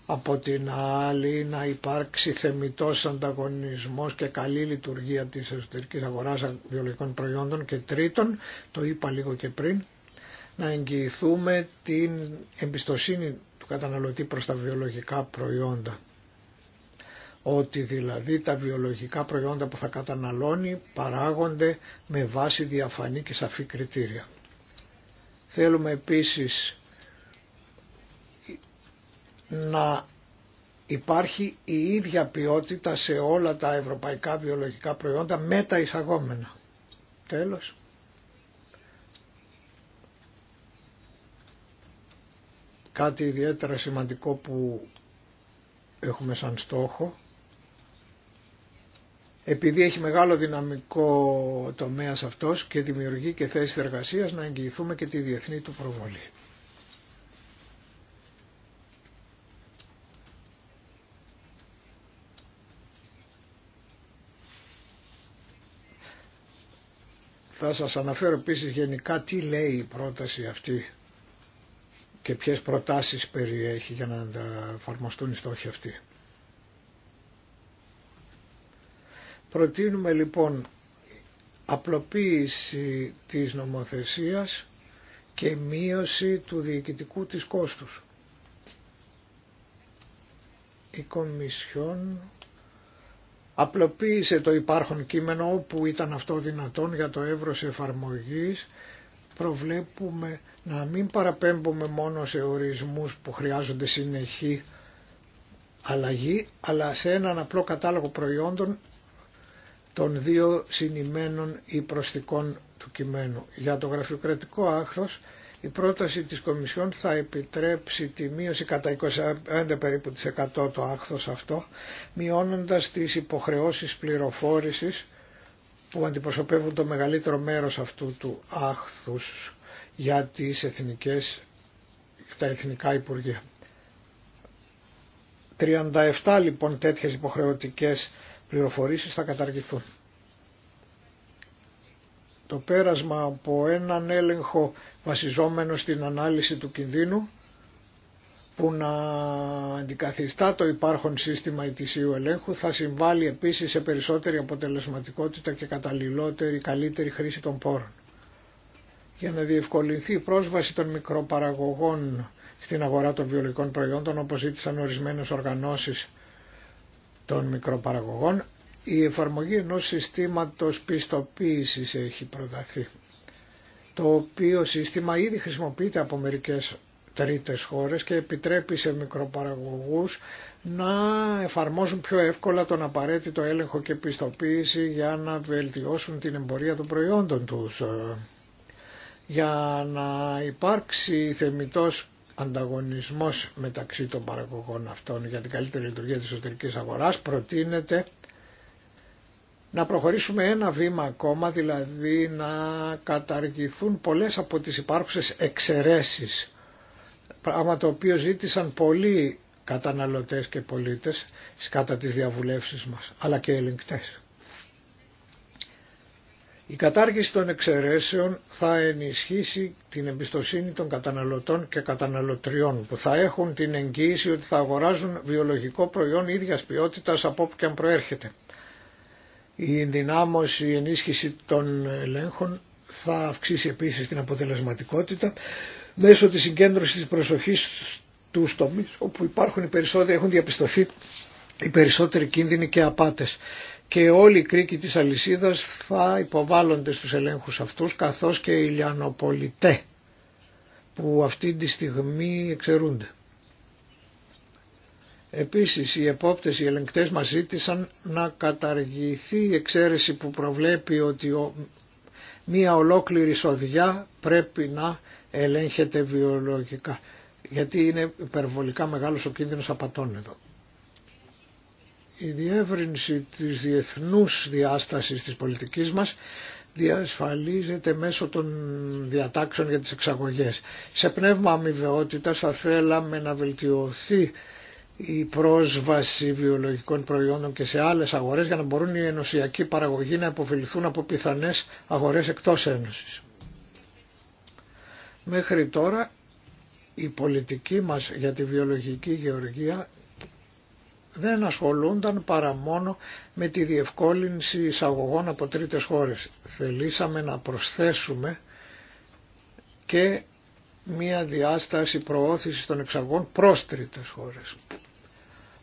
Από την άλλη να υπάρξει θεμητός ανταγωνισμός και καλή λειτουργία της εσωτερικής αγοράς βιολογικών προϊόντων και τρίτον, το είπα λίγο και πριν, να εγγυηθούμε την εμπιστοσύνη του καταναλωτή προς τα βιολογικά προϊόντα ότι δηλαδή τα βιολογικά προϊόντα που θα καταναλώνει παράγονται με βάση διαφανή και σαφή κριτήρια. Θέλουμε επίσης να υπάρχει η ίδια ποιότητα σε όλα τα ευρωπαϊκά βιολογικά προϊόντα με τα εισαγόμενα. Τέλος. Κάτι ιδιαίτερα σημαντικό που έχουμε σαν στόχο επειδή έχει μεγάλο δυναμικό τομέας αυτός και δημιουργεί και θέσεις εργασίας να εγγυηθούμε και τη διεθνή του προβολή. Θα σας αναφέρω επίση γενικά τι λέει η πρόταση αυτή και ποιες προτάσεις περιέχει για να εφαρμοστούν οι στόχοι αυτοί. Προτείνουμε λοιπόν απλοποίηση της νομοθεσίας και μείωση του διοικητικού της κόστους. Η Κομισιόν απλοποίησε το υπάρχον κείμενο που ήταν αυτό δυνατόν για το εύρος εφαρμογής προβλέπουμε να μην παραπέμπουμε μόνο σε ορισμούς που χρειάζονται συνεχή αλλαγή αλλά σε έναν απλό κατάλογο προϊόντων των δύο συνημένων ή προστικών του κειμένου. Για το γραφειοκρατικό άχθος η πρόταση της Κομισιόν θα επιτρέψει τη μείωση κατά 25 περίπου της 100 το άχθος αυτό, μειώνοντας τις υποχρεώσεις πληροφόρησης που αντιπροσωπεύουν το μεγαλύτερο μέρος αυτού του άχθους για τις εθνικές, τα εθνικά υπουργεία. 37 λοιπόν τέτοιες υποχρεωτικές πληροφορήσεις θα καταργηθούν. Το πέρασμα από έναν έλεγχο βασιζόμενο στην ανάλυση του κινδύνου που να αντικαθιστά το υπάρχον σύστημα ετησίου ελέγχου θα συμβάλλει επίσης σε περισσότερη αποτελεσματικότητα και καταλληλότερη καλύτερη χρήση των πόρων. Για να διευκολυνθεί η πρόσβαση των μικροπαραγωγών στην αγορά των βιολογικών προϊόντων όπως ζήτησαν ορισμένες οργανώσεις των μικροπαραγωγών, η εφαρμογή ενός συστήματος πιστοποίησης έχει προταθεί, το οποίο σύστημα ήδη χρησιμοποιείται από μερικές τρίτες χώρες και επιτρέπει σε μικροπαραγωγούς να εφαρμόσουν πιο εύκολα τον απαραίτητο έλεγχο και πιστοποίηση για να βελτιώσουν την εμπορία των προϊόντων τους. Για να υπάρξει θεμητός ανταγωνισμός μεταξύ των παραγωγών αυτών για την καλύτερη λειτουργία της εσωτερικής αγοράς προτείνεται να προχωρήσουμε ένα βήμα ακόμα, δηλαδή να καταργηθούν πολλές από τις υπάρχουσες εξαιρέσεις, πράγμα το οποίο ζήτησαν πολλοί καταναλωτές και πολίτες κατά τις διαβουλεύσεις μας, αλλά και ελεγκτές. Η κατάργηση των εξαιρέσεων θα ενισχύσει την εμπιστοσύνη των καταναλωτών και καταναλωτριών που θα έχουν την εγγύηση ότι θα αγοράζουν βιολογικό προϊόν ίδιας ποιότητας από όπου και αν προέρχεται. Η ενδυνάμωση, η ενίσχυση των ελέγχων θα αυξήσει επίσης την αποτελεσματικότητα μέσω της συγκέντρωσης της προσοχής στους τομείς όπου υπάρχουν οι έχουν διαπιστωθεί οι περισσότεροι κίνδυνοι και απάτες και όλοι οι κρίκοι της αλυσίδας θα υποβάλλονται στους ελέγχους αυτούς καθώς και οι λιανοπολιτέ που αυτή τη στιγμή εξαιρούνται. Επίσης οι επόπτες, οι ελεγκτές μας ζήτησαν να καταργηθεί η εξαίρεση που προβλέπει ότι μία ολόκληρη σοδιά πρέπει να ελέγχεται βιολογικά. Γιατί είναι υπερβολικά μεγάλος ο κίνδυνος απατών εδώ η διεύρυνση της διεθνούς διάστασης της πολιτικής μας διασφαλίζεται μέσω των διατάξεων για τις εξαγωγές. Σε πνεύμα αμοιβαιότητας θα θέλαμε να βελτιωθεί η πρόσβαση βιολογικών προϊόντων και σε άλλες αγορές για να μπορούν οι ενωσιακοί παραγωγοί να υποφεληθούν από πιθανές αγορές εκτός Ένωσης. Μέχρι τώρα η πολιτική μας για τη βιολογική γεωργία δεν ασχολούνταν παρά μόνο με τη διευκόλυνση εισαγωγών από τρίτες χώρες. Θελήσαμε να προσθέσουμε και μία διάσταση προώθησης των εξαγωγών προς τρίτες χώρες.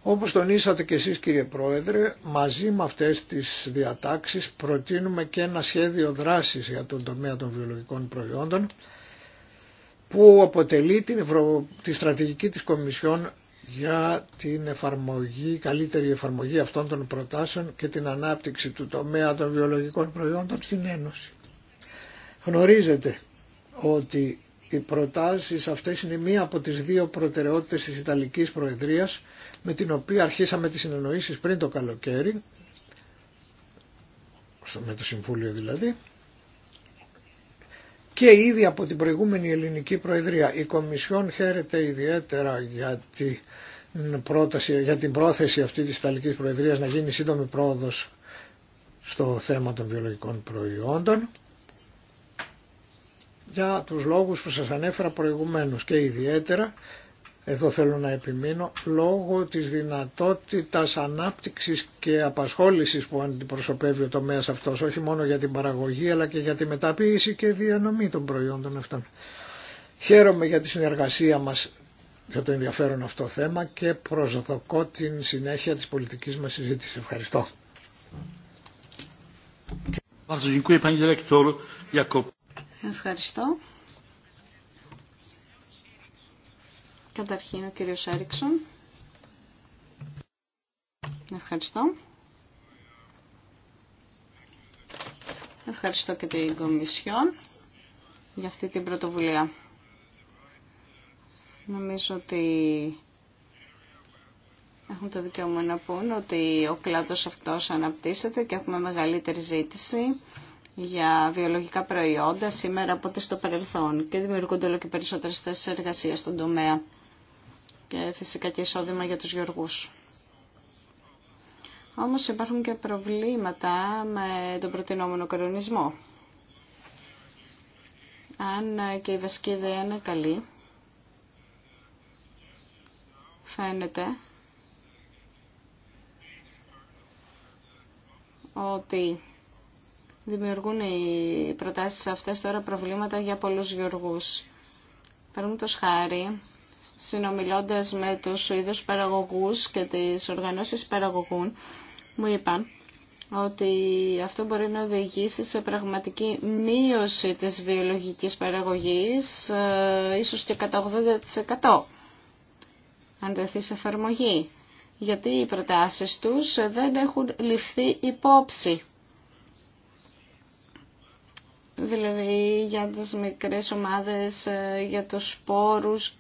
Όπως τονίσατε και εσείς κύριε Πρόεδρε, μαζί με αυτές τις διατάξεις προτείνουμε και ένα σχέδιο δράσης για τον τομέα των βιολογικών προϊόντων που αποτελεί την Ευρω... τη στρατηγική της Κομισιόν για την εφαρμογή, καλύτερη εφαρμογή αυτών των προτάσεων και την ανάπτυξη του τομέα των βιολογικών προϊόντων στην Ένωση. Γνωρίζετε ότι οι προτάσεις αυτές είναι μία από τις δύο προτεραιότητες της Ιταλικής Προεδρίας με την οποία αρχίσαμε τις συνεννοήσεις πριν το καλοκαίρι, με το Συμβούλιο δηλαδή, και ήδη από την προηγούμενη ελληνική προεδρία. Η Κομισιόν χαίρεται ιδιαίτερα για την, πρόταση, για την πρόθεση αυτή της Ιταλικής Προεδρίας να γίνει σύντομη πρόοδος στο θέμα των βιολογικών προϊόντων για τους λόγους που σας ανέφερα προηγουμένως και ιδιαίτερα εδώ θέλω να επιμείνω, λόγω της δυνατότητας ανάπτυξης και απασχόλησης που αντιπροσωπεύει ο τομέας αυτός, όχι μόνο για την παραγωγή αλλά και για τη μεταποίηση και διανομή των προϊόντων αυτών. Χαίρομαι για τη συνεργασία μας για το ενδιαφέρον αυτό θέμα και προσδοκώ την συνέχεια της πολιτικής μας συζήτησης. Ευχαριστώ. Ευχαριστώ. Καταρχήν ο κύριος Έριξον. Ευχαριστώ. Ευχαριστώ και την Κομισιόν για αυτή την πρωτοβουλία. Νομίζω ότι έχουν το δικαίωμα να πούν ότι ο κλάδος αυτός αναπτύσσεται και έχουμε μεγαλύτερη ζήτηση για βιολογικά προϊόντα σήμερα από ό,τι στο παρελθόν και δημιουργούνται όλο και περισσότερες θέσεις εργασίας στον τομέα και φυσικά και εισόδημα για τους γεωργούς. Όμως υπάρχουν και προβλήματα με τον προτινόμενο κανονισμό. Αν και η βασική ιδέα είναι καλή, φαίνεται ότι δημιουργούν οι προτάσεις αυτές τώρα προβλήματα για πολλούς γεωργούς. Παίρνουν το σχάρι συνομιλώντας με τους Σουηδούς παραγωγούς και τις οργανώσεις παραγωγούν, μου είπαν ότι αυτό μπορεί να οδηγήσει σε πραγματική μείωση της βιολογικής παραγωγής, ε, ίσως και κατά 80% αν τεθεί σε εφαρμογή, γιατί οι προτάσεις τους δεν έχουν ληφθεί υπόψη. Δηλαδή για τις μικρές ομάδες, ε, για τους σπόρους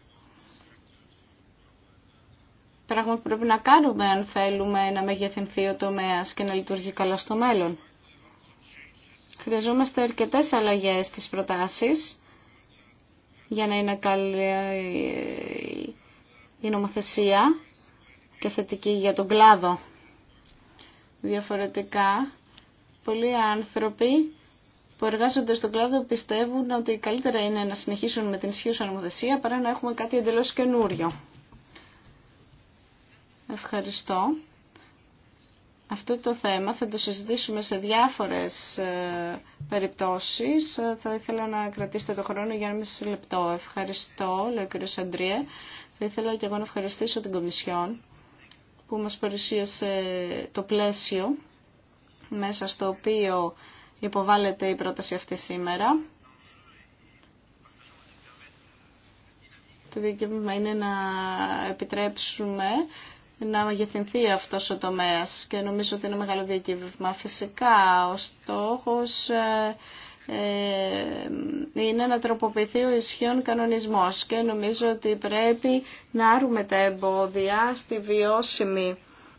πράγμα που πρέπει να κάνουμε αν θέλουμε να μεγεθυνθεί ο τομέα και να λειτουργεί καλά στο μέλλον. Χρειαζόμαστε αρκετέ αλλαγέ στις προτάσεις για να είναι καλή η νομοθεσία και θετική για τον κλάδο. Διαφορετικά, πολλοί άνθρωποι που εργάζονται στον κλάδο πιστεύουν ότι καλύτερα είναι να συνεχίσουν με την ισχύουσα νομοθεσία παρά να έχουμε κάτι εντελώς καινούριο. Ευχαριστώ. Αυτό το θέμα θα το συζητήσουμε σε διάφορες ε, περιπτώσεις. Ε, θα ήθελα να κρατήσετε το χρόνο για μισή λεπτό. Ευχαριστώ, λέει ο κ. Αντρία. Θα ήθελα και εγώ να ευχαριστήσω την Κομισιόν που μας παρουσίασε το πλαίσιο μέσα στο οποίο υποβάλλεται η πρόταση αυτή σήμερα. Το δικαίωμα είναι να επιτρέψουμε να μεγεθυνθεί αυτός ο τομέας και νομίζω ότι είναι μεγάλο διακύβευμα. Φυσικά ο στόχος ε, ε, είναι να τροποποιηθεί ο ισχύων κανονισμός και νομίζω ότι πρέπει να άρουμε τα εμπόδια στη βιώσιμη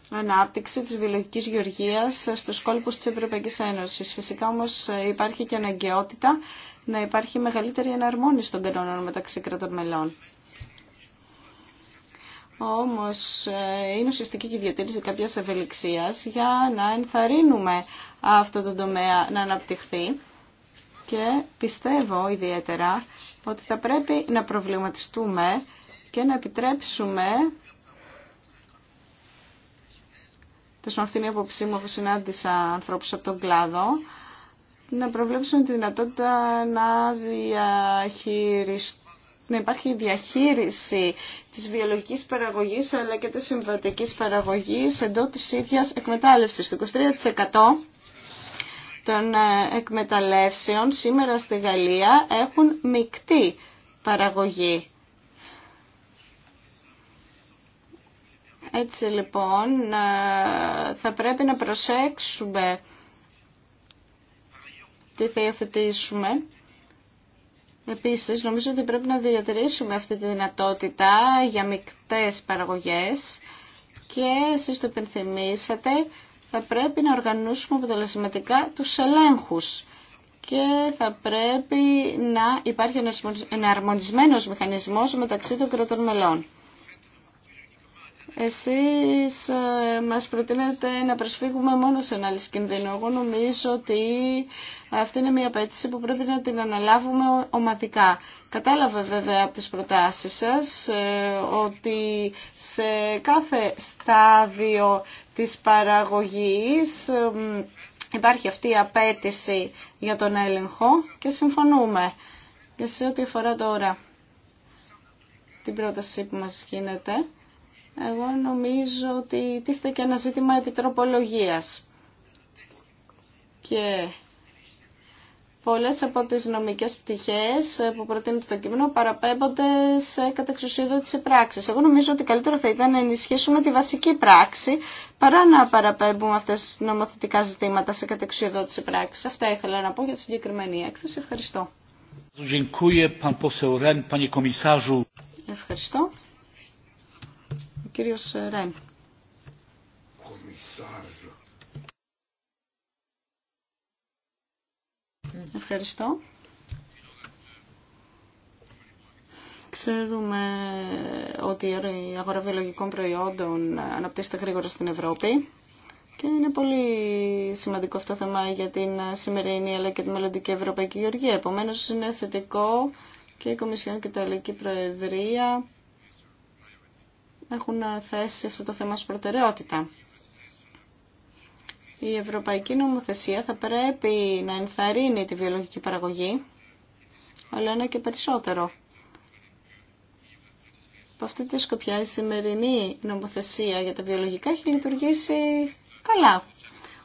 ανάπτυξη της βιολογικής γεωργίας στους κόλπους της Ευρωπαϊκής Ένωσης. Φυσικά όμως υπάρχει και αναγκαιότητα να υπάρχει μεγαλύτερη εναρμόνιση των κανόνων μεταξύ κρατών μελών. Όμως ε, είναι ουσιαστική και η διατήρηση κάποιας ευελιξίας για να ενθαρρύνουμε αυτό το τομέα να αναπτυχθεί και πιστεύω ιδιαίτερα ότι θα πρέπει να προβληματιστούμε και να επιτρέψουμε τόσο αυτή είναι η απόψή μου που συνάντησα ανθρώπους από τον κλάδο να προβλέψουμε τη δυνατότητα να διαχειριστούν να υπάρχει διαχείριση της βιολογικής παραγωγής αλλά και της συμβατικής παραγωγής εντό της ίδιας εκμετάλλευσης. Το 23% των ε, εκμεταλλεύσεων σήμερα στη Γαλλία έχουν μεικτή παραγωγή. Έτσι λοιπόν ε, θα πρέπει να προσέξουμε τι θα υιοθετήσουμε Επίσης, νομίζω ότι πρέπει να διατηρήσουμε αυτή τη δυνατότητα για μικτές παραγωγές και εσείς το υπενθυμίσατε, θα πρέπει να οργανώσουμε αποτελεσματικά τους ελέγχους και θα πρέπει να υπάρχει ένα αρμονισμένος μηχανισμός μεταξύ των κρατών μελών. Εσείς ε, μας προτείνετε να προσφύγουμε μόνο σε ανάλυση κινδύνου. Εγώ νομίζω ότι αυτή είναι μια απέτηση που πρέπει να την αναλάβουμε οματικά. Κατάλαβα βέβαια από τις προτάσεις σας ε, ότι σε κάθε στάδιο της παραγωγής ε, υπάρχει αυτή η απέτηση για τον έλεγχο και συμφωνούμε. Και σε ό,τι αφορά τώρα την πρόταση που μας γίνεται, εγώ νομίζω ότι τίθεται και ένα ζήτημα επιτροπολογίας. Και πολλές από τις νομικές πτυχές που προτείνεται το κείμενο παραπέμπονται σε της πράξης. Εγώ νομίζω ότι καλύτερο θα ήταν να ενισχύσουμε τη βασική πράξη παρά να παραπέμπουμε αυτές τις νομοθετικά ζητήματα σε της πράξης. Αυτά ήθελα να πω για τη συγκεκριμένη έκθεση. Ευχαριστώ. Ευχαριστώ. Κύριος Ρεν. Ευχαριστώ. Ξέρουμε ότι η αγορά βιολογικών προϊόντων αναπτύσσεται γρήγορα στην Ευρώπη και είναι πολύ σημαντικό αυτό το θέμα για την σημερινή αλλά και τη μελλοντική Ευρωπαϊκή Γεωργία. Επομένως είναι θετικό και η Κομισιόν και η Ιταλική Προεδρία έχουν θέσει αυτό το θέμα ως προτεραιότητα. Η Ευρωπαϊκή Νομοθεσία θα πρέπει να ενθαρρύνει τη βιολογική παραγωγή, αλλά ένα και περισσότερο. Από αυτή τη σκοπιά η σημερινή νομοθεσία για τα βιολογικά έχει λειτουργήσει καλά.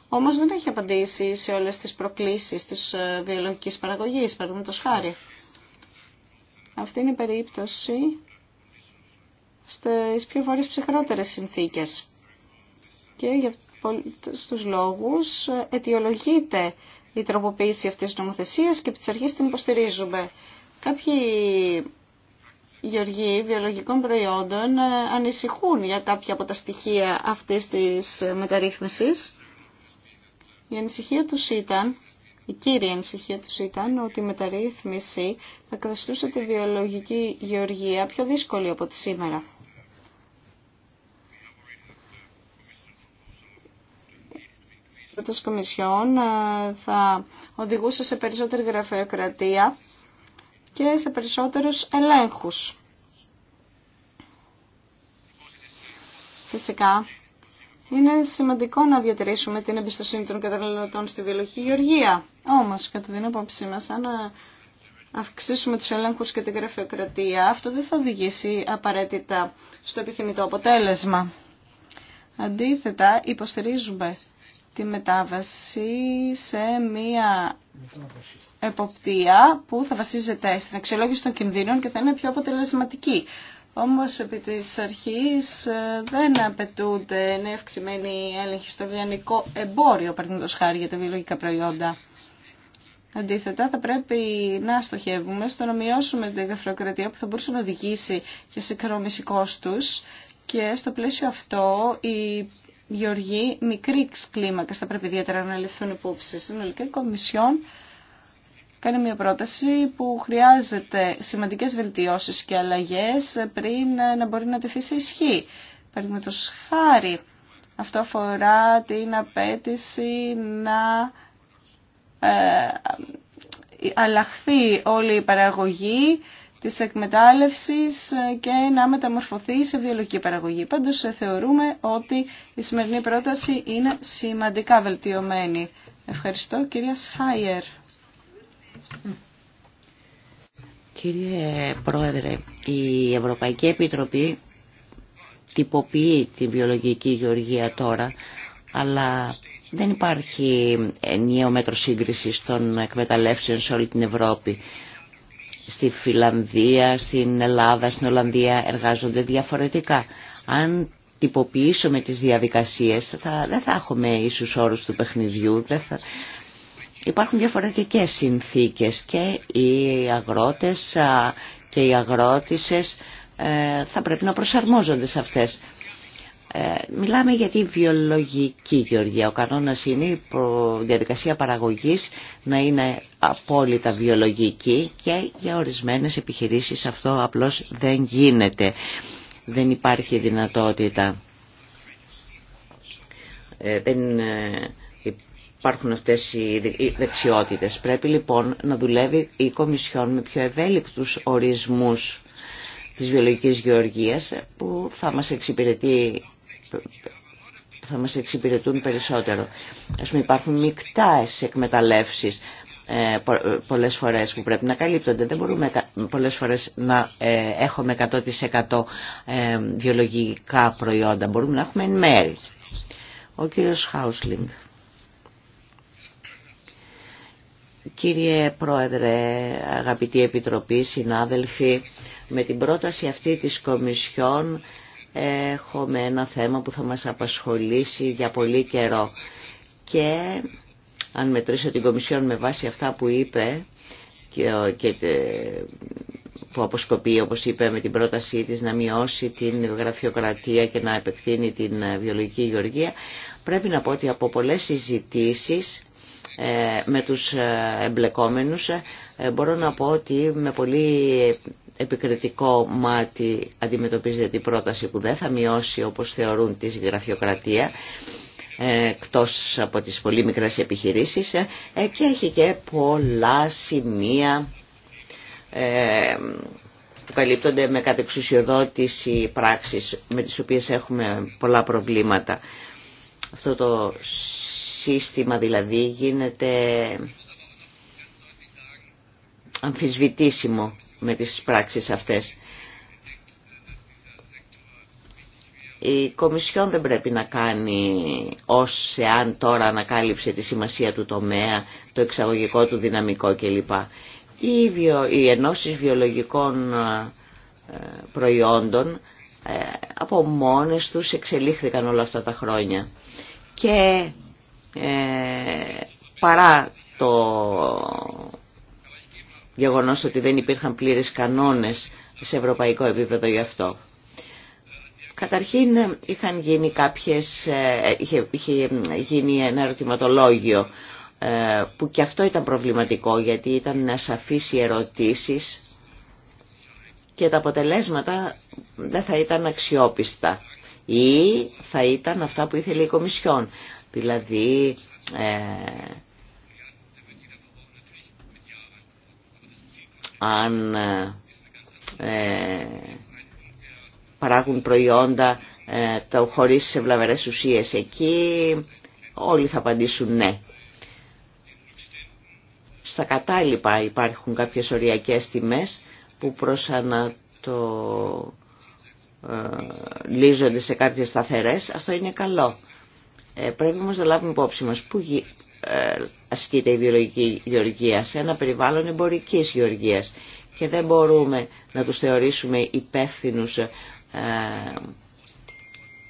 Όμως δεν έχει απαντήσει σε όλες τις προκλήσεις της ε, βιολογικής παραγωγής, παραδείγματος χάρη. Αυτή είναι η περίπτωση στις πιο βαρύς ψυχρότερες συνθήκες. Και για στους λόγους αιτιολογείται η τροποποίηση αυτής της νομοθεσίας και από τις αρχές την υποστηρίζουμε. Κάποιοι γεωργοί βιολογικών προϊόντων ε, ανησυχούν για κάποια από τα στοιχεία αυτής της μεταρρύθμισης. Η ανησυχία τους ήταν η κύρια ανησυχία τους ήταν ότι η μεταρρύθμιση θα καθιστούσε τη βιολογική γεωργία πιο δύσκολη από τη σήμερα. πρόταση Κομισιόν θα οδηγούσε σε περισσότερη γραφειοκρατία και σε περισσότερους ελέγχους. Φυσικά, είναι σημαντικό να διατηρήσουμε την εμπιστοσύνη των καταναλωτών στη βιολογική γεωργία. Όμως, κατά την άποψή μας, αν ε, αυξήσουμε του ελέγχου και την γραφειοκρατία, αυτό δεν θα οδηγήσει απαραίτητα στο επιθυμητό αποτέλεσμα. Αντίθετα, υποστηρίζουμε τη μετάβαση σε μία εποπτεία που θα βασίζεται στην αξιολόγηση των κινδύνων και θα είναι πιο αποτελεσματική. Όμως επί της αρχής ε, δεν απαιτούνται νέα αυξημένη έλεγχη στο βιανικό εμπόριο, την χάρη για τα βιολογικά προϊόντα. Αντίθετα, θα πρέπει να στοχεύουμε στο να μειώσουμε την γραφειοκρατία που θα μπορούσε να οδηγήσει και σε κρόμιση κόστου και στο πλαίσιο αυτό η γεωργοί μικρή κλίμακα θα πρέπει ιδιαίτερα να ληφθούν υπόψη. Συνολικά, η Κομισιόν κάνει μια πρόταση που χρειάζεται σημαντικές βελτιώσεις και αλλαγές πριν να μπορεί να τεθεί σε ισχύ. Παραδείγματο χάρη, αυτό αφορά την απέτηση να ε, αλλάχθεί όλη η παραγωγή της εκμετάλλευσης και να μεταμορφωθεί σε βιολογική παραγωγή. Πάντως θεωρούμε ότι η σημερινή πρόταση είναι σημαντικά βελτιωμένη. Ευχαριστώ κυρία Σχάιερ. Κύριε Πρόεδρε, η Ευρωπαϊκή Επιτροπή τυποποιεί τη βιολογική γεωργία τώρα, αλλά δεν υπάρχει ενιαίο μέτρο σύγκριση των εκμεταλλεύσεων σε όλη την Ευρώπη. Στη Φιλανδία, στην Ελλάδα, στην Ολλανδία εργάζονται διαφορετικά. Αν τυποποιήσουμε τις διαδικασίες, δεν θα έχουμε ίσους όρους του παιχνιδιού, υπάρχουν διαφορετικές συνθήκες και οι αγρότες και οι αγρότησες ε, θα πρέπει να προσαρμόζονται σε αυτές. Ε, μιλάμε για τη βιολογική γεωργία. Ο κανόνας είναι η διαδικασία παραγωγής να είναι απόλυτα βιολογική και για ορισμένες επιχειρήσεις αυτό απλώς δεν γίνεται. Δεν υπάρχει δυνατότητα. Ε, δεν υπάρχουν αυτές οι δεξιότητες. Πρέπει λοιπόν να δουλεύει η Κομισιόν με πιο ευέλικτους ορισμούς της βιολογικής γεωργίας που θα μας εξυπηρετεί θα μας εξυπηρετούν περισσότερο. Ας πούμε υπάρχουν μικτάες εκμεταλλεύσεις ε, πολλές φορές που πρέπει να καλύπτονται. Δεν μπορούμε πολλές φορές να ε, έχουμε 100% ε, βιολογικά προϊόντα. Μπορούμε να έχουμε εν μέρη. Ο κύριος Χάουσλινγκ. Κύριε Πρόεδρε, αγαπητή Επιτροπή, συνάδελφοι, με την πρόταση αυτή της Κομισιόν έχουμε ένα θέμα που θα μας απασχολήσει για πολύ καιρό. Και αν μετρήσω την Κομισιόν με βάση αυτά που είπε και ε, που αποσκοπεί, όπως είπε, με την πρότασή της να μειώσει την γραφειοκρατία και να επεκτείνει την βιολογική γεωργία, πρέπει να πω ότι από πολλές συζητήσεις ε, με τους ε, εμπλεκόμενους. Ε, μπορώ να πω ότι με πολύ επικριτικό μάτι αντιμετωπίζεται την πρόταση που δεν θα μειώσει όπως θεωρούν τη γραφειοκρατία εκτός από τις πολύ μικρές επιχειρήσεις και έχει και πολλά σημεία που καλύπτονται με κατεξουσιοδότηση πράξης με τις οποίες έχουμε πολλά προβλήματα. Αυτό το σύστημα δηλαδή γίνεται αμφισβητήσιμο με τις πράξεις αυτές. Η Κομισιόν δεν πρέπει να κάνει ως εάν τώρα ανακάλυψε τη σημασία του τομέα, το εξαγωγικό του δυναμικό κλπ. Οι, βιο, ενώσεις βιολογικών ε, προϊόντων ε, από μόνες τους εξελίχθηκαν όλα αυτά τα χρόνια. Και ε, παρά το γεγονός ότι δεν υπήρχαν πλήρες κανόνες σε ευρωπαϊκό επίπεδο γι' αυτό. Καταρχήν ε, είχαν γίνει κάποιες, ε, είχε, γίνει ένα ερωτηματολόγιο που και αυτό ήταν προβληματικό γιατί ήταν ασαφείς οι ερωτήσεις και τα αποτελέσματα δεν θα ήταν αξιόπιστα ή θα ήταν αυτά που ήθελε η Κομισιόν. Δηλαδή ε, αν ε, ε, παράγουν προϊόντα ε, τα χωρίς ευλαβερές ουσίες εκεί όλοι θα απαντήσουν ναι. Στα κατάλοιπα υπάρχουν κάποιες οριακές τιμές που προσανατολίζονται σε κάποιες σταθερές. Αυτό είναι καλό. Ε, πρέπει όμως να λάβουμε υπόψη μας πού ε, ασκείται η βιολογική γεωργία, σε ένα περιβάλλον εμπορικής γεωργίας και δεν μπορούμε να τους θεωρήσουμε υπεύθυνου ε,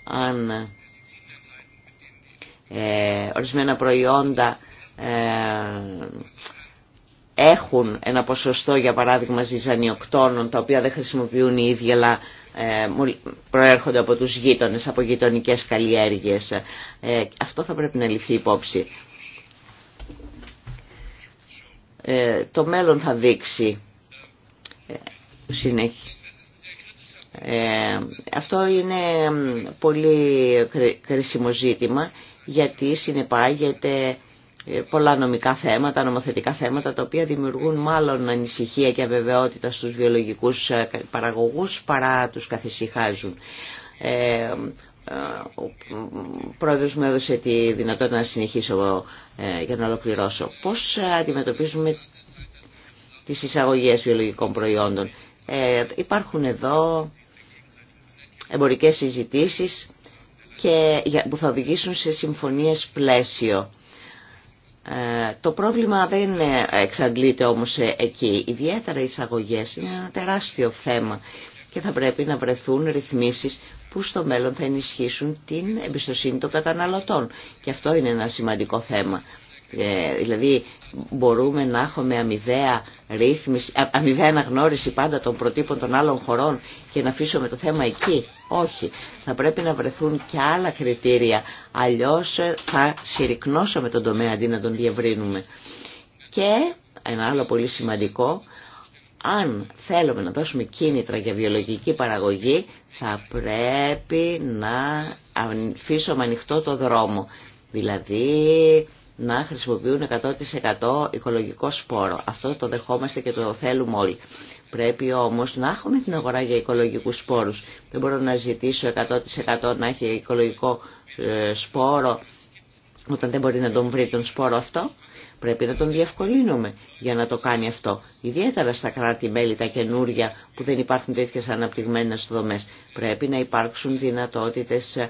αν ε, ορισμένα προϊόντα έχουν ένα ποσοστό για παράδειγμα ζυζανιοκτώνων τα οποία δεν χρησιμοποιούν οι ίδιοι αλλά ε, προέρχονται από τους γείτονες, από γειτονικέ καλλιέργειες. Ε, αυτό θα πρέπει να ληφθεί υπόψη. Ε, το μέλλον θα δείξει συνέχεια. αυτό είναι πολύ κρίσιμο ζήτημα γιατί συνεπάγεται ε, πολλά νομικά θέματα, νομοθετικά θέματα, τα οποία δημιουργούν μάλλον ανησυχία και αβεβαιότητα στους βιολογικούς ε, παραγωγούς παρά τους καθησυχάζουν. Ε, ε ο πρόεδρος μου έδωσε τη δυνατότητα να συνεχίσω για να ολοκληρώσω. Πώς αντιμετωπίζουμε τις εισαγωγές βιολογικών προϊόντων. Ε, υπάρχουν εδώ εμπορικές συζητήσεις και, που θα οδηγήσουν σε συμφωνίες πλαίσιο ε, το πρόβλημα δεν εξαντλείται όμως εκεί. Ιδιαίτερα οι εισαγωγές είναι ένα τεράστιο θέμα και θα πρέπει να βρεθούν ρυθμίσεις που στο μέλλον θα ενισχύσουν την εμπιστοσύνη των καταναλωτών. Και αυτό είναι ένα σημαντικό θέμα. Ε, δηλαδή μπορούμε να έχουμε αμοιβαία, ρύθμιση, αμοιβαία αναγνώριση πάντα των προτύπων των άλλων χωρών και να αφήσουμε το θέμα εκεί. Όχι. Θα πρέπει να βρεθούν και άλλα κριτήρια. Αλλιώς ε, θα συρρυκνώσουμε τον τομέα αντί να τον διευρύνουμε. Και ένα άλλο πολύ σημαντικό, αν θέλουμε να δώσουμε κίνητρα για βιολογική παραγωγή, θα πρέπει να αφήσουμε ανοιχτό το δρόμο. Δηλαδή να χρησιμοποιούν 100% οικολογικό σπόρο. Αυτό το δεχόμαστε και το θέλουμε όλοι. Πρέπει όμως να έχουμε την αγορά για οικολογικούς σπόρους. Δεν μπορώ να ζητήσω 100% να έχει οικολογικό ε, σπόρο όταν δεν μπορεί να τον βρει τον σπόρο αυτό. Πρέπει να τον διευκολύνουμε για να το κάνει αυτό. Ιδιαίτερα στα κράτη-μέλη, τα καινούρια που δεν υπάρχουν τέτοιες αναπτυγμένες δομές. Πρέπει να υπάρξουν δυνατότητες ε,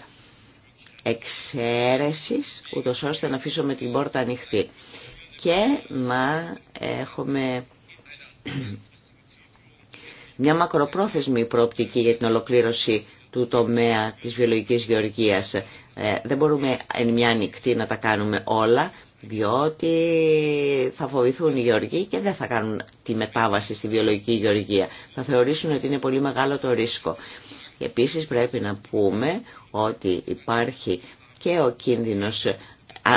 εξαίρεσης, ούτως ώστε να αφήσουμε την πόρτα ανοιχτή και να έχουμε μια μακροπρόθεσμη προοπτική για την ολοκλήρωση του τομέα της βιολογικής γεωργίας. Ε, δεν μπορούμε εν μια νυχτή να τα κάνουμε όλα, διότι θα φοβηθούν οι γεωργοί και δεν θα κάνουν τη μετάβαση στη βιολογική γεωργία. Θα θεωρήσουν ότι είναι πολύ μεγάλο το ρίσκο. Επίσης πρέπει να πούμε ότι υπάρχει και ο κίνδυνος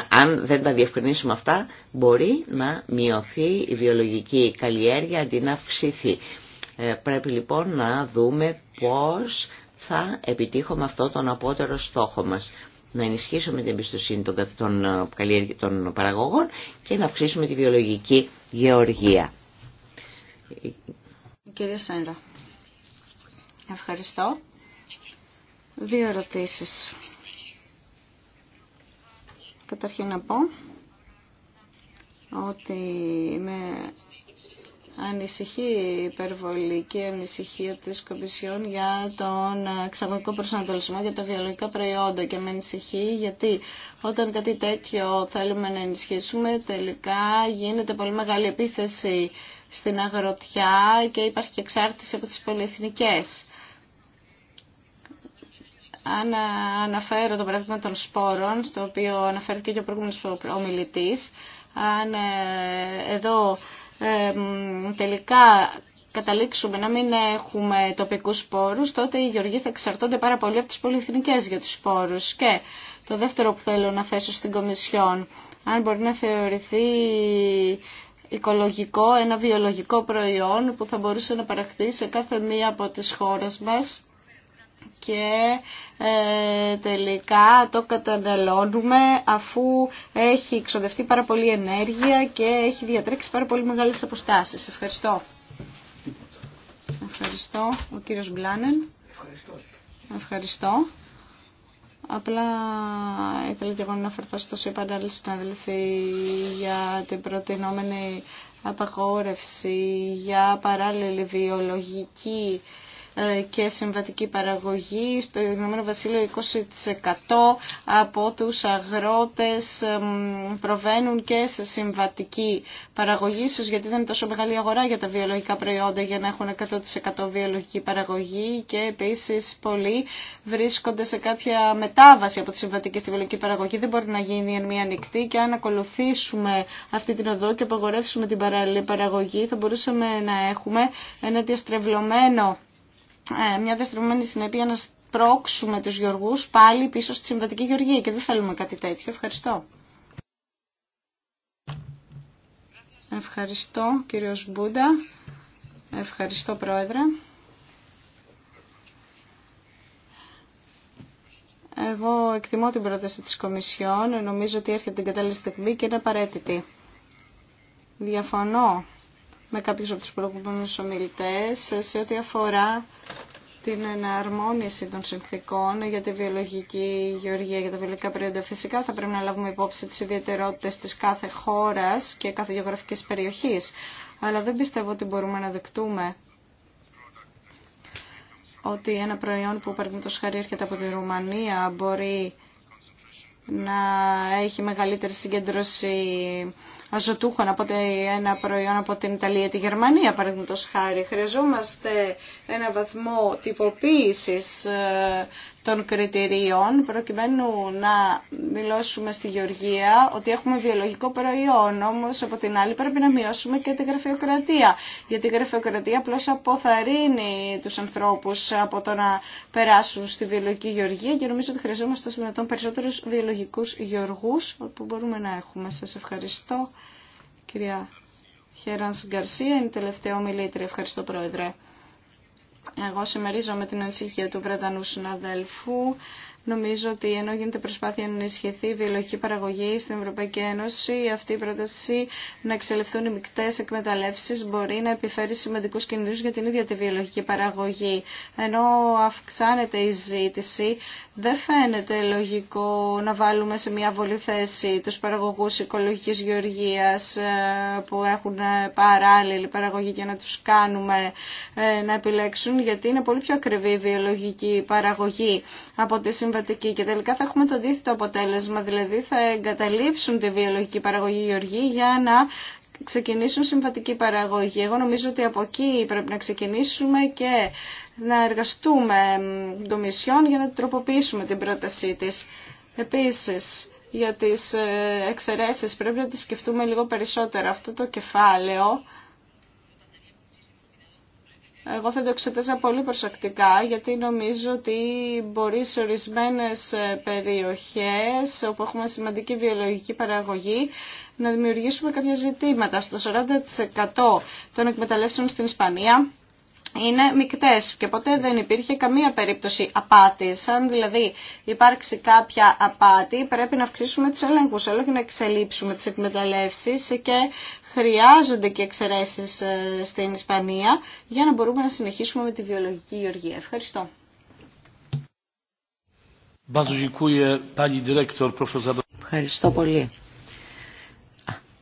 αν δεν τα διευκρινίσουμε αυτά, μπορεί να μειωθεί η βιολογική καλλιέργεια αντί να αυξηθεί. Ε, πρέπει λοιπόν να δούμε πώς θα επιτύχουμε αυτό τον απότερο στόχο μας. Να ενισχύσουμε την εμπιστοσύνη των ε, παραγωγών και να αυξήσουμε τη βιολογική γεωργία. ευχαριστώ. Δύο ερωτήσεις. Καταρχήν να πω ότι με ανησυχεί η υπερβολική ανησυχία της Κομισιόν για τον εξαγωγικό προσανατολισμό για τα βιολογικά προϊόντα και με ανησυχεί γιατί όταν κάτι τέτοιο θέλουμε να ενισχύσουμε τελικά γίνεται πολύ μεγάλη επίθεση στην αγροτιά και υπάρχει εξάρτηση από τις πολυεθνικές αν αναφέρω το παράδειγμα των σπόρων, στο οποίο αναφέρθηκε και ο προηγούμενος ομιλητής, αν ε, εδώ ε, τελικά καταλήξουμε να μην έχουμε τοπικούς σπόρους, τότε οι γεωργοί θα εξαρτώνται πάρα πολύ από τις πολυεθνικές για τους σπόρους. Και το δεύτερο που θέλω να θέσω στην Κομισιόν, αν μπορεί να θεωρηθεί οικολογικό, ένα βιολογικό προϊόν που θα μπορούσε να παραχθεί σε κάθε μία από τις χώρες μας, και ε, τελικά το καταναλώνουμε αφού έχει εξοδευτεί πάρα πολύ ενέργεια και έχει διατρέξει πάρα πολύ μεγάλες αποστάσεις. Ευχαριστώ. Ευχαριστώ ο κύριος Μπλάνεν. Ευχαριστώ. Ευχαριστώ. Απλά ήθελα και εγώ να φερθώ στο είπαν συνάδελφοι για την προτείνομενη απαγόρευση για παράλληλη βιολογική ε, και συμβατική παραγωγή. Στο Ηνωμένο Βασίλειο 20% από τους αγρότες προβαίνουν και σε συμβατική παραγωγή, ίσως γιατί δεν είναι τόσο μεγάλη αγορά για τα βιολογικά προϊόντα για να έχουν 100% βιολογική παραγωγή και επίσης πολλοί βρίσκονται σε κάποια μετάβαση από τη συμβατική στη βιολογική παραγωγή. Δεν μπορεί να γίνει εν μία ανοιχτή και αν ακολουθήσουμε αυτή την οδό και απαγορεύσουμε την παραγωγή θα μπορούσαμε να έχουμε ένα διαστρεβλωμένο ε, μια δεστρεμμένη συνέπεια να σπρώξουμε τους γεωργούς πάλι πίσω στη συμβατική γεωργία και δεν θέλουμε κάτι τέτοιο. Ευχαριστώ. Ευχαριστώ κύριος Μπούντα. Ευχαριστώ πρόεδρε. Εγώ εκτιμώ την πρόταση της Κομισιόν. Νομίζω ότι έρχεται την κατάλληλη στιγμή και είναι απαραίτητη. Διαφωνώ με κάποιους από τους προηγούμενους ομιλητές σε ό,τι αφορά την εναρμόνιση των συνθήκων για τη βιολογική γεωργία, για τα βιολογικά προϊόντα. Φυσικά θα πρέπει να λάβουμε υπόψη τις ιδιαιτερότητες της κάθε χώρας και κάθε γεωγραφικής περιοχής. Αλλά δεν πιστεύω ότι μπορούμε να δεκτούμε ότι ένα προϊόν που παραδείγματος χάρη έρχεται από τη Ρουμανία μπορεί να έχει μεγαλύτερη συγκέντρωση αζωτούχων από ένα προϊόν από την Ιταλία, ή τη Γερμανία παραδείγματο χάρη. Χρειαζόμαστε ένα βαθμό τυποποίηση ε, των κριτηρίων προκειμένου να δηλώσουμε στη Γεωργία ότι έχουμε βιολογικό προϊόν. Όμω από την άλλη πρέπει να μειώσουμε και τη γραφειοκρατία. Γιατί η γραφειοκρατία απλώ αποθαρρύνει του ανθρώπου από το να περάσουν στη βιολογική γεωργία και νομίζω ότι χρειαζόμαστε όσο δυνατόν περισσότερου βιολογικού γεωργού που μπορούμε να έχουμε. Σα ευχαριστώ. Κυρία Χέρανς Γκαρσία είναι τελευταία ομιλήτρια. Ευχαριστώ Πρόεδρε. Εγώ συμμερίζομαι την ανησυχία του Βρετανού συναδέλφου Νομίζω ότι ενώ γίνεται προσπάθεια να ενισχυθεί η βιολογική παραγωγή στην Ευρωπαϊκή Ένωση, αυτή η πρόταση να εξελιχθούν οι μεικτέ εκμεταλλεύσει μπορεί να επιφέρει σημαντικού κινδύνου για την ίδια τη βιολογική παραγωγή. Ενώ αυξάνεται η ζήτηση, δεν φαίνεται λογικό να βάλουμε σε μια βολή θέση του παραγωγού οικολογική γεωργία ε, που έχουν παράλληλη παραγωγή για να του κάνουμε ε, να επιλέξουν, γιατί είναι πολύ πιο ακριβή η βιολογική παραγωγή από τη συμβατική και τελικά θα έχουμε το αντίθετο αποτέλεσμα, δηλαδή θα εγκαταλείψουν τη βιολογική παραγωγή γεωργή για να ξεκινήσουν συμβατική παραγωγή. Εγώ νομίζω ότι από εκεί πρέπει να ξεκινήσουμε και να εργαστούμε κομισιόν για να τροποποιήσουμε την πρότασή της. Επίσης, για τις ε, εξαιρέσεις πρέπει να τις σκεφτούμε λίγο περισσότερο αυτό το κεφάλαιο εγώ θα το εξετάζα πολύ προσεκτικά γιατί νομίζω ότι μπορεί σε ορισμένες ε, περιοχές όπου έχουμε σημαντική βιολογική παραγωγή να δημιουργήσουμε κάποια ζητήματα. Στο 40% των εκμεταλλεύσεων στην Ισπανία είναι μικτές και ποτέ δεν υπήρχε καμία περίπτωση απάτης. Αν δηλαδή υπάρξει κάποια απάτη πρέπει να αυξήσουμε τους ελέγχους, όλο και να εξελίψουμε τις εκμεταλλεύσεις και χρειάζονται και εξαιρέσει ε, στην Ισπανία για να μπορούμε να συνεχίσουμε με τη βιολογική γεωργία. Ευχαριστώ. Ευχαριστώ πολύ.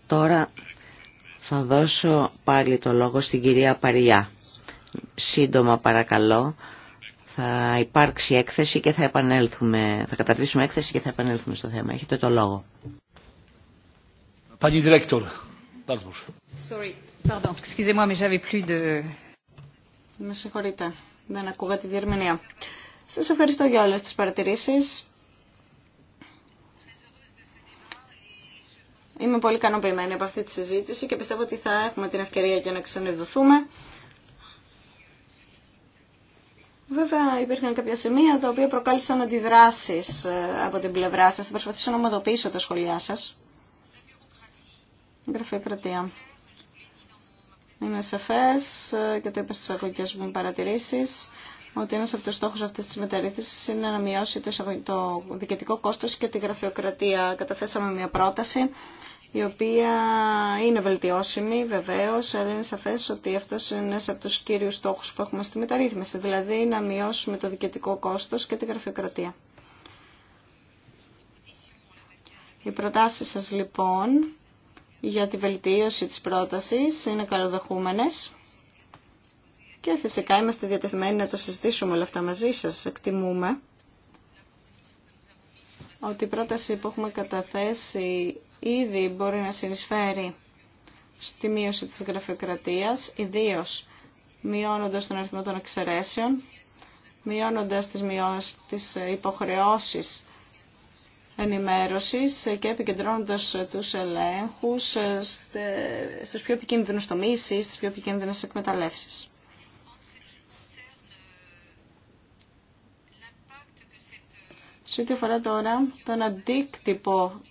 Τώρα θα δώσω πάλι το λόγο στην κυρία Παριά σύντομα παρακαλώ. Θα υπάρξει έκθεση και θα επανέλθουμε, θα καταρτήσουμε έκθεση και θα επανέλθουμε στο θέμα. Έχετε το λόγο. Πανή Δρέκτορ Sorry, pardon, excusez-moi, mais j'avais plus Με συγχωρείτε, δεν ακούγα τη διερμηνία. Σας ευχαριστώ για όλες τις παρατηρήσεις. Είμαι πολύ ικανοποιημένη από αυτή τη συζήτηση και πιστεύω ότι θα έχουμε την ευκαιρία για να ξαναδοθούμε. Βέβαια υπήρχαν κάποια σημεία τα οποία προκάλεσαν αντιδράσεις ε, από την πλευρά σας. Θα προσπαθήσω να ομοδοποιήσω τα σχόλιά σας. Γραφειοκρατία. Είναι σαφές ε, και το είπα στις αγωγικές μου παρατηρήσεις ότι ένας από τους στόχους αυτής της μεταρρύθμισης είναι να μειώσει το, το δικαιωτικό κόστος και τη γραφειοκρατία. Καταθέσαμε μια πρόταση η οποία είναι βελτιώσιμη βεβαίως, αλλά είναι σαφές ότι αυτός είναι ένας από τους κύριους στόχους που έχουμε στη μεταρρύθμιση, δηλαδή να μειώσουμε το δικαιωτικό κόστος και την γραφειοκρατία. Οι προτάσεις σας λοιπόν για τη βελτίωση της πρότασης είναι καλοδεχούμενες και φυσικά είμαστε διατεθειμένοι να τα συζητήσουμε όλα αυτά μαζί σας. Εκτιμούμε ότι η πρόταση που έχουμε καταθέσει ήδη μπορεί να συνεισφέρει στη μείωση της γραφειοκρατίας, ιδίως μειώνοντας τον αριθμό των εξαιρέσεων, μειώνοντας τις, μειώσεις, τις υποχρεώσεις ενημέρωσης και επικεντρώνοντας τους ελέγχους στους πιο επικίνδυνους τομείς ή στις πιο επικίνδυνες εκμεταλλεύσεις. Σε ό,τι αφορά τώρα τον αντίκτυπο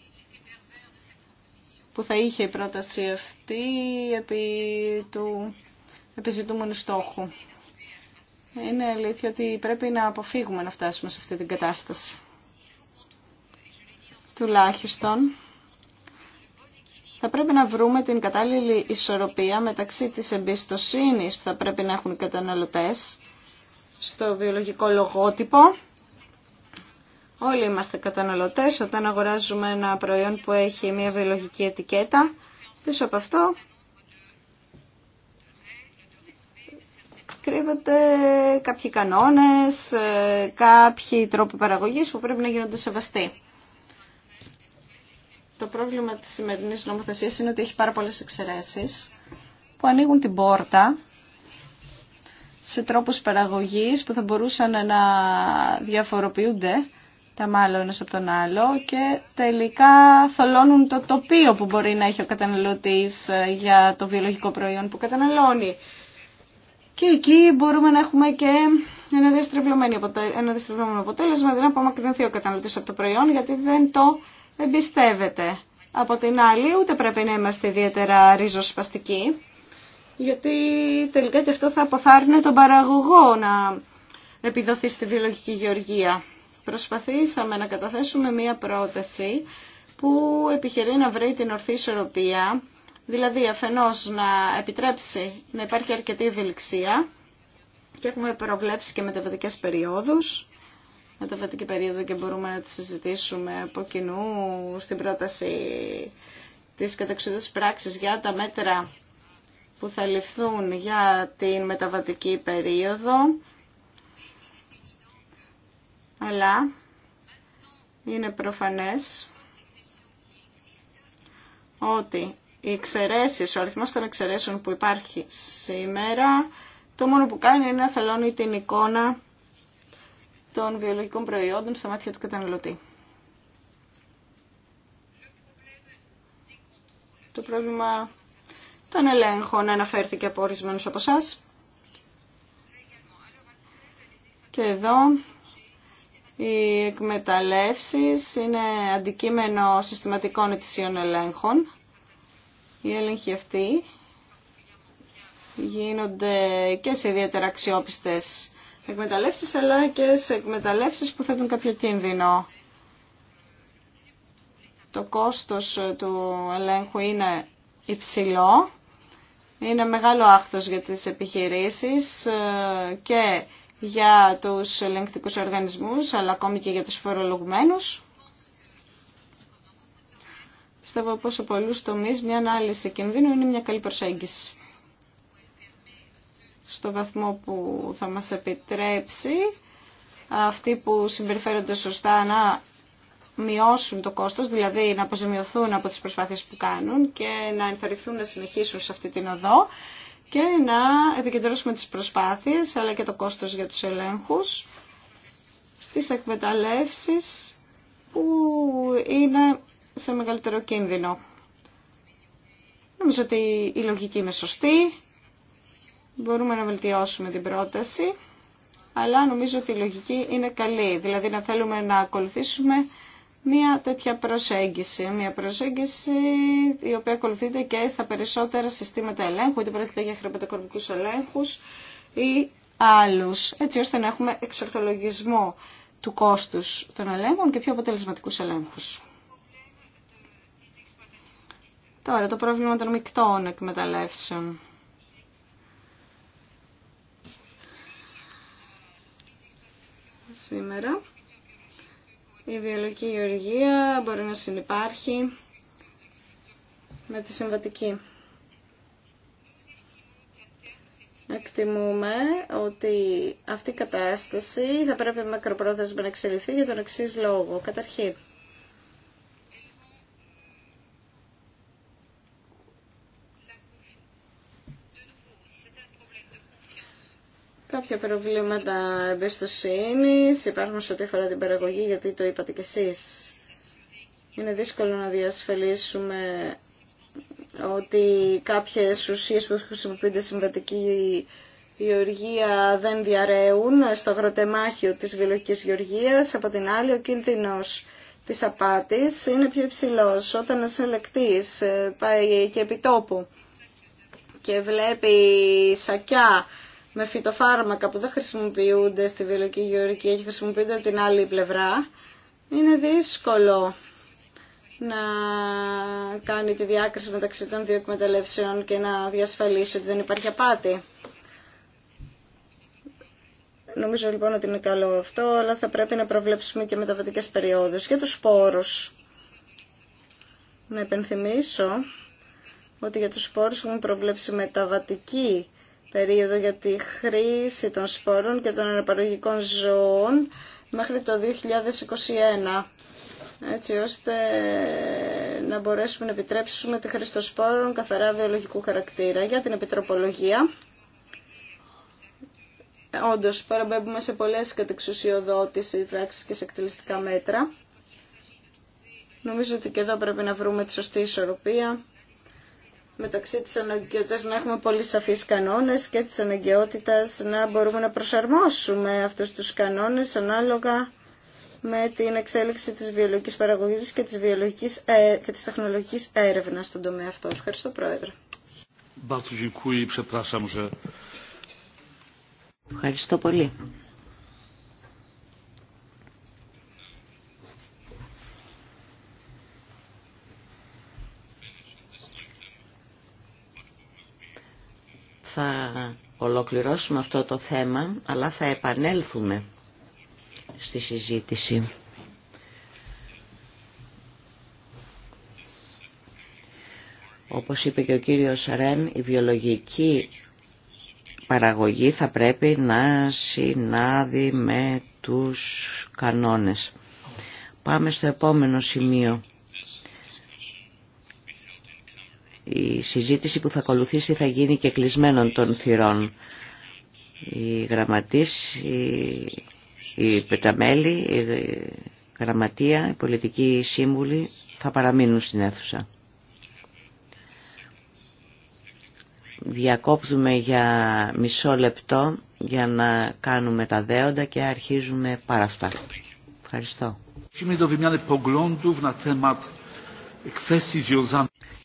που θα είχε η πρόταση αυτή επί του επιζητούμενου στόχου. Είναι αλήθεια ότι πρέπει να αποφύγουμε να φτάσουμε σε αυτή την κατάσταση. Τουλάχιστον θα πρέπει να βρούμε την κατάλληλη ισορροπία μεταξύ της εμπιστοσύνης που θα πρέπει να έχουν οι καταναλωτές στο βιολογικό λογότυπο Όλοι είμαστε καταναλωτές όταν αγοράζουμε ένα προϊόν που έχει μια βιολογική ετικέτα. Πίσω από αυτό κρύβονται κάποιοι κανόνες, ε, κάποιοι τρόποι παραγωγής που πρέπει να γίνονται σεβαστοί. Το πρόβλημα της σημερινής νομοθεσίας είναι ότι έχει πάρα πολλές εξαιρέσεις που ανοίγουν την πόρτα σε τρόπους παραγωγής που θα μπορούσαν να διαφοροποιούνται τα μάλλον ένας από τον άλλο και τελικά θολώνουν το τοπίο που μπορεί να έχει ο καταναλωτής ε, για το βιολογικό προϊόν που καταναλώνει. Και εκεί μπορούμε να έχουμε και ένα διαστρεβλωμένο αποτέλεσμα, δηλαδή να απομακρυνθεί ο καταναλωτής από το προϊόν γιατί δεν το εμπιστεύεται. Από την άλλη ούτε πρέπει να είμαστε ιδιαίτερα ριζοσπαστικοί γιατί τελικά και αυτό θα αποθάρρυνε τον παραγωγό να επιδοθεί στη βιολογική γεωργία προσπαθήσαμε να καταθέσουμε μία πρόταση που επιχειρεί να βρει την ορθή ισορροπία, δηλαδή αφενός να επιτρέψει να υπάρχει αρκετή ευελιξία και έχουμε προβλέψει και μεταβατικές περιόδους, μεταβατική περίοδο και μπορούμε να τη συζητήσουμε από κοινού στην πρόταση της καταξιδότητας πράξης για τα μέτρα που θα ληφθούν για την μεταβατική περίοδο αλλά είναι προφανές ότι οι εξαιρέσεις, ο αριθμός των εξαιρέσεων που υπάρχει σήμερα, το μόνο που κάνει είναι να θελώνει την εικόνα των βιολογικών προϊόντων στα μάτια του καταναλωτή. Το πρόβλημα των ελέγχων αναφέρθηκε από ορισμένους από εσά. Και εδώ οι εκμεταλλεύσεις είναι αντικείμενο συστηματικών ετησίων ελέγχων. Οι έλεγχοι αυτοί γίνονται και σε ιδιαίτερα αξιόπιστες εκμεταλλεύσεις, αλλά και σε εκμεταλλεύσεις που θέτουν κάποιο κίνδυνο. Το κόστος του ελέγχου είναι υψηλό, είναι μεγάλο άχθος για τις επιχειρήσεις ε, και για τους ελεγκτικούς οργανισμούς, αλλά ακόμη και για τους φορολογουμένους. Πιστεύω πως σε πολλούς τομείς μια ανάλυση κινδύνου είναι μια καλή προσέγγιση. Στο βαθμό που θα μας επιτρέψει αυτοί που συμπεριφέρονται σωστά να μειώσουν το κόστος, δηλαδή να αποζημιωθούν από τις προσπάθειες που κάνουν και να ενθαρρυνθούν να συνεχίσουν σε αυτή την οδό και να επικεντρώσουμε τις προσπάθειες αλλά και το κόστος για τους ελέγχους στις εκμεταλλεύσεις που είναι σε μεγαλύτερο κίνδυνο. Νομίζω ότι η λογική είναι σωστή, μπορούμε να βελτιώσουμε την πρόταση, αλλά νομίζω ότι η λογική είναι καλή, δηλαδή να θέλουμε να ακολουθήσουμε μια τέτοια προσέγγιση. Μια προσέγγιση η οποία ακολουθείται και στα περισσότερα συστήματα ελέγχου, είτε πρόκειται για χρηματοκορμικού ελέγχους ή άλλους, έτσι ώστε να έχουμε εξορθολογισμό του κόστους των ελέγχων και πιο αποτελεσματικούς ελέγχους. Τώρα, το πρόβλημα των μεικτών εκμεταλλεύσεων. Σήμερα η βιολογική γεωργία μπορεί να συνεπάρχει με τη συμβατική. Εκτιμούμε ότι αυτή η κατάσταση θα πρέπει μακροπρόθεσμα να εξελιχθεί για τον εξή λόγο. Καταρχήν, κάποια προβλήματα εμπιστοσύνη υπάρχουν σε ό,τι αφορά την παραγωγή, γιατί το είπατε κι εσεί. Είναι δύσκολο να διασφαλίσουμε ότι κάποιε ουσίε που χρησιμοποιούνται συμβατική γεωργία δεν διαρέουν στο αγροτεμάχιο της βιολογική γεωργίας. Από την άλλη, ο κίνδυνος της απάτης είναι πιο υψηλός όταν ένα ε, πάει και επιτόπου και βλέπει σακιά με φυτοφάρμακα που δεν χρησιμοποιούνται στη βιολογική γεωργία και χρησιμοποιούνται την άλλη πλευρά, είναι δύσκολο να κάνει τη διάκριση μεταξύ των δύο εκμεταλλεύσεων και να διασφαλίσει ότι δεν υπάρχει απάτη. Νομίζω λοιπόν ότι είναι καλό αυτό, αλλά θα πρέπει να προβλέψουμε και μεταβατικές περιόδους για τους σπόρους. Να επενθυμίσω ότι για τους σπόρους έχουμε προβλέψει μεταβατική περίοδο για τη χρήση των σπόρων και των αναπαραγωγικών ζώων μέχρι το 2021 έτσι ώστε να μπορέσουμε να επιτρέψουμε τη χρήση των σπόρων καθαρά βιολογικού χαρακτήρα. Για την επιτροπολογία, όντως παραμπέμπουμε σε πολλές κατεξουσιοδότηση πράξεις και σε εκτελεστικά μέτρα. Νομίζω ότι και εδώ πρέπει να βρούμε τη σωστή ισορροπία μεταξύ της αναγκαιότητας να έχουμε πολύ σαφείς κανόνες και της αναγκαιότητας να μπορούμε να προσαρμόσουμε αυτούς τους κανόνες ανάλογα με την εξέλιξη της βιολογικής παραγωγής και της, βιολογικής, ε, και της τεχνολογικής έρευνας στον τομέα αυτό. Ευχαριστώ Πρόεδρε. Ευχαριστώ πολύ. θα ολοκληρώσουμε αυτό το θέμα, αλλά θα επανέλθουμε στη συζήτηση. Όπως είπε και ο κύριος Ρεν, η βιολογική παραγωγή θα πρέπει να συνάδει με τους κανόνες. Πάμε στο επόμενο σημείο. Η συζήτηση που θα ακολουθήσει θα γίνει και κλεισμένων των θυρών. Οι γραμματείς, οι, πεταμέλη, η γραμματεία, οι πολιτικοί σύμβουλοι θα παραμείνουν στην αίθουσα. Διακόπτουμε για μισό λεπτό για να κάνουμε τα δέοντα και αρχίζουμε πάρα αυτά. Ευχαριστώ.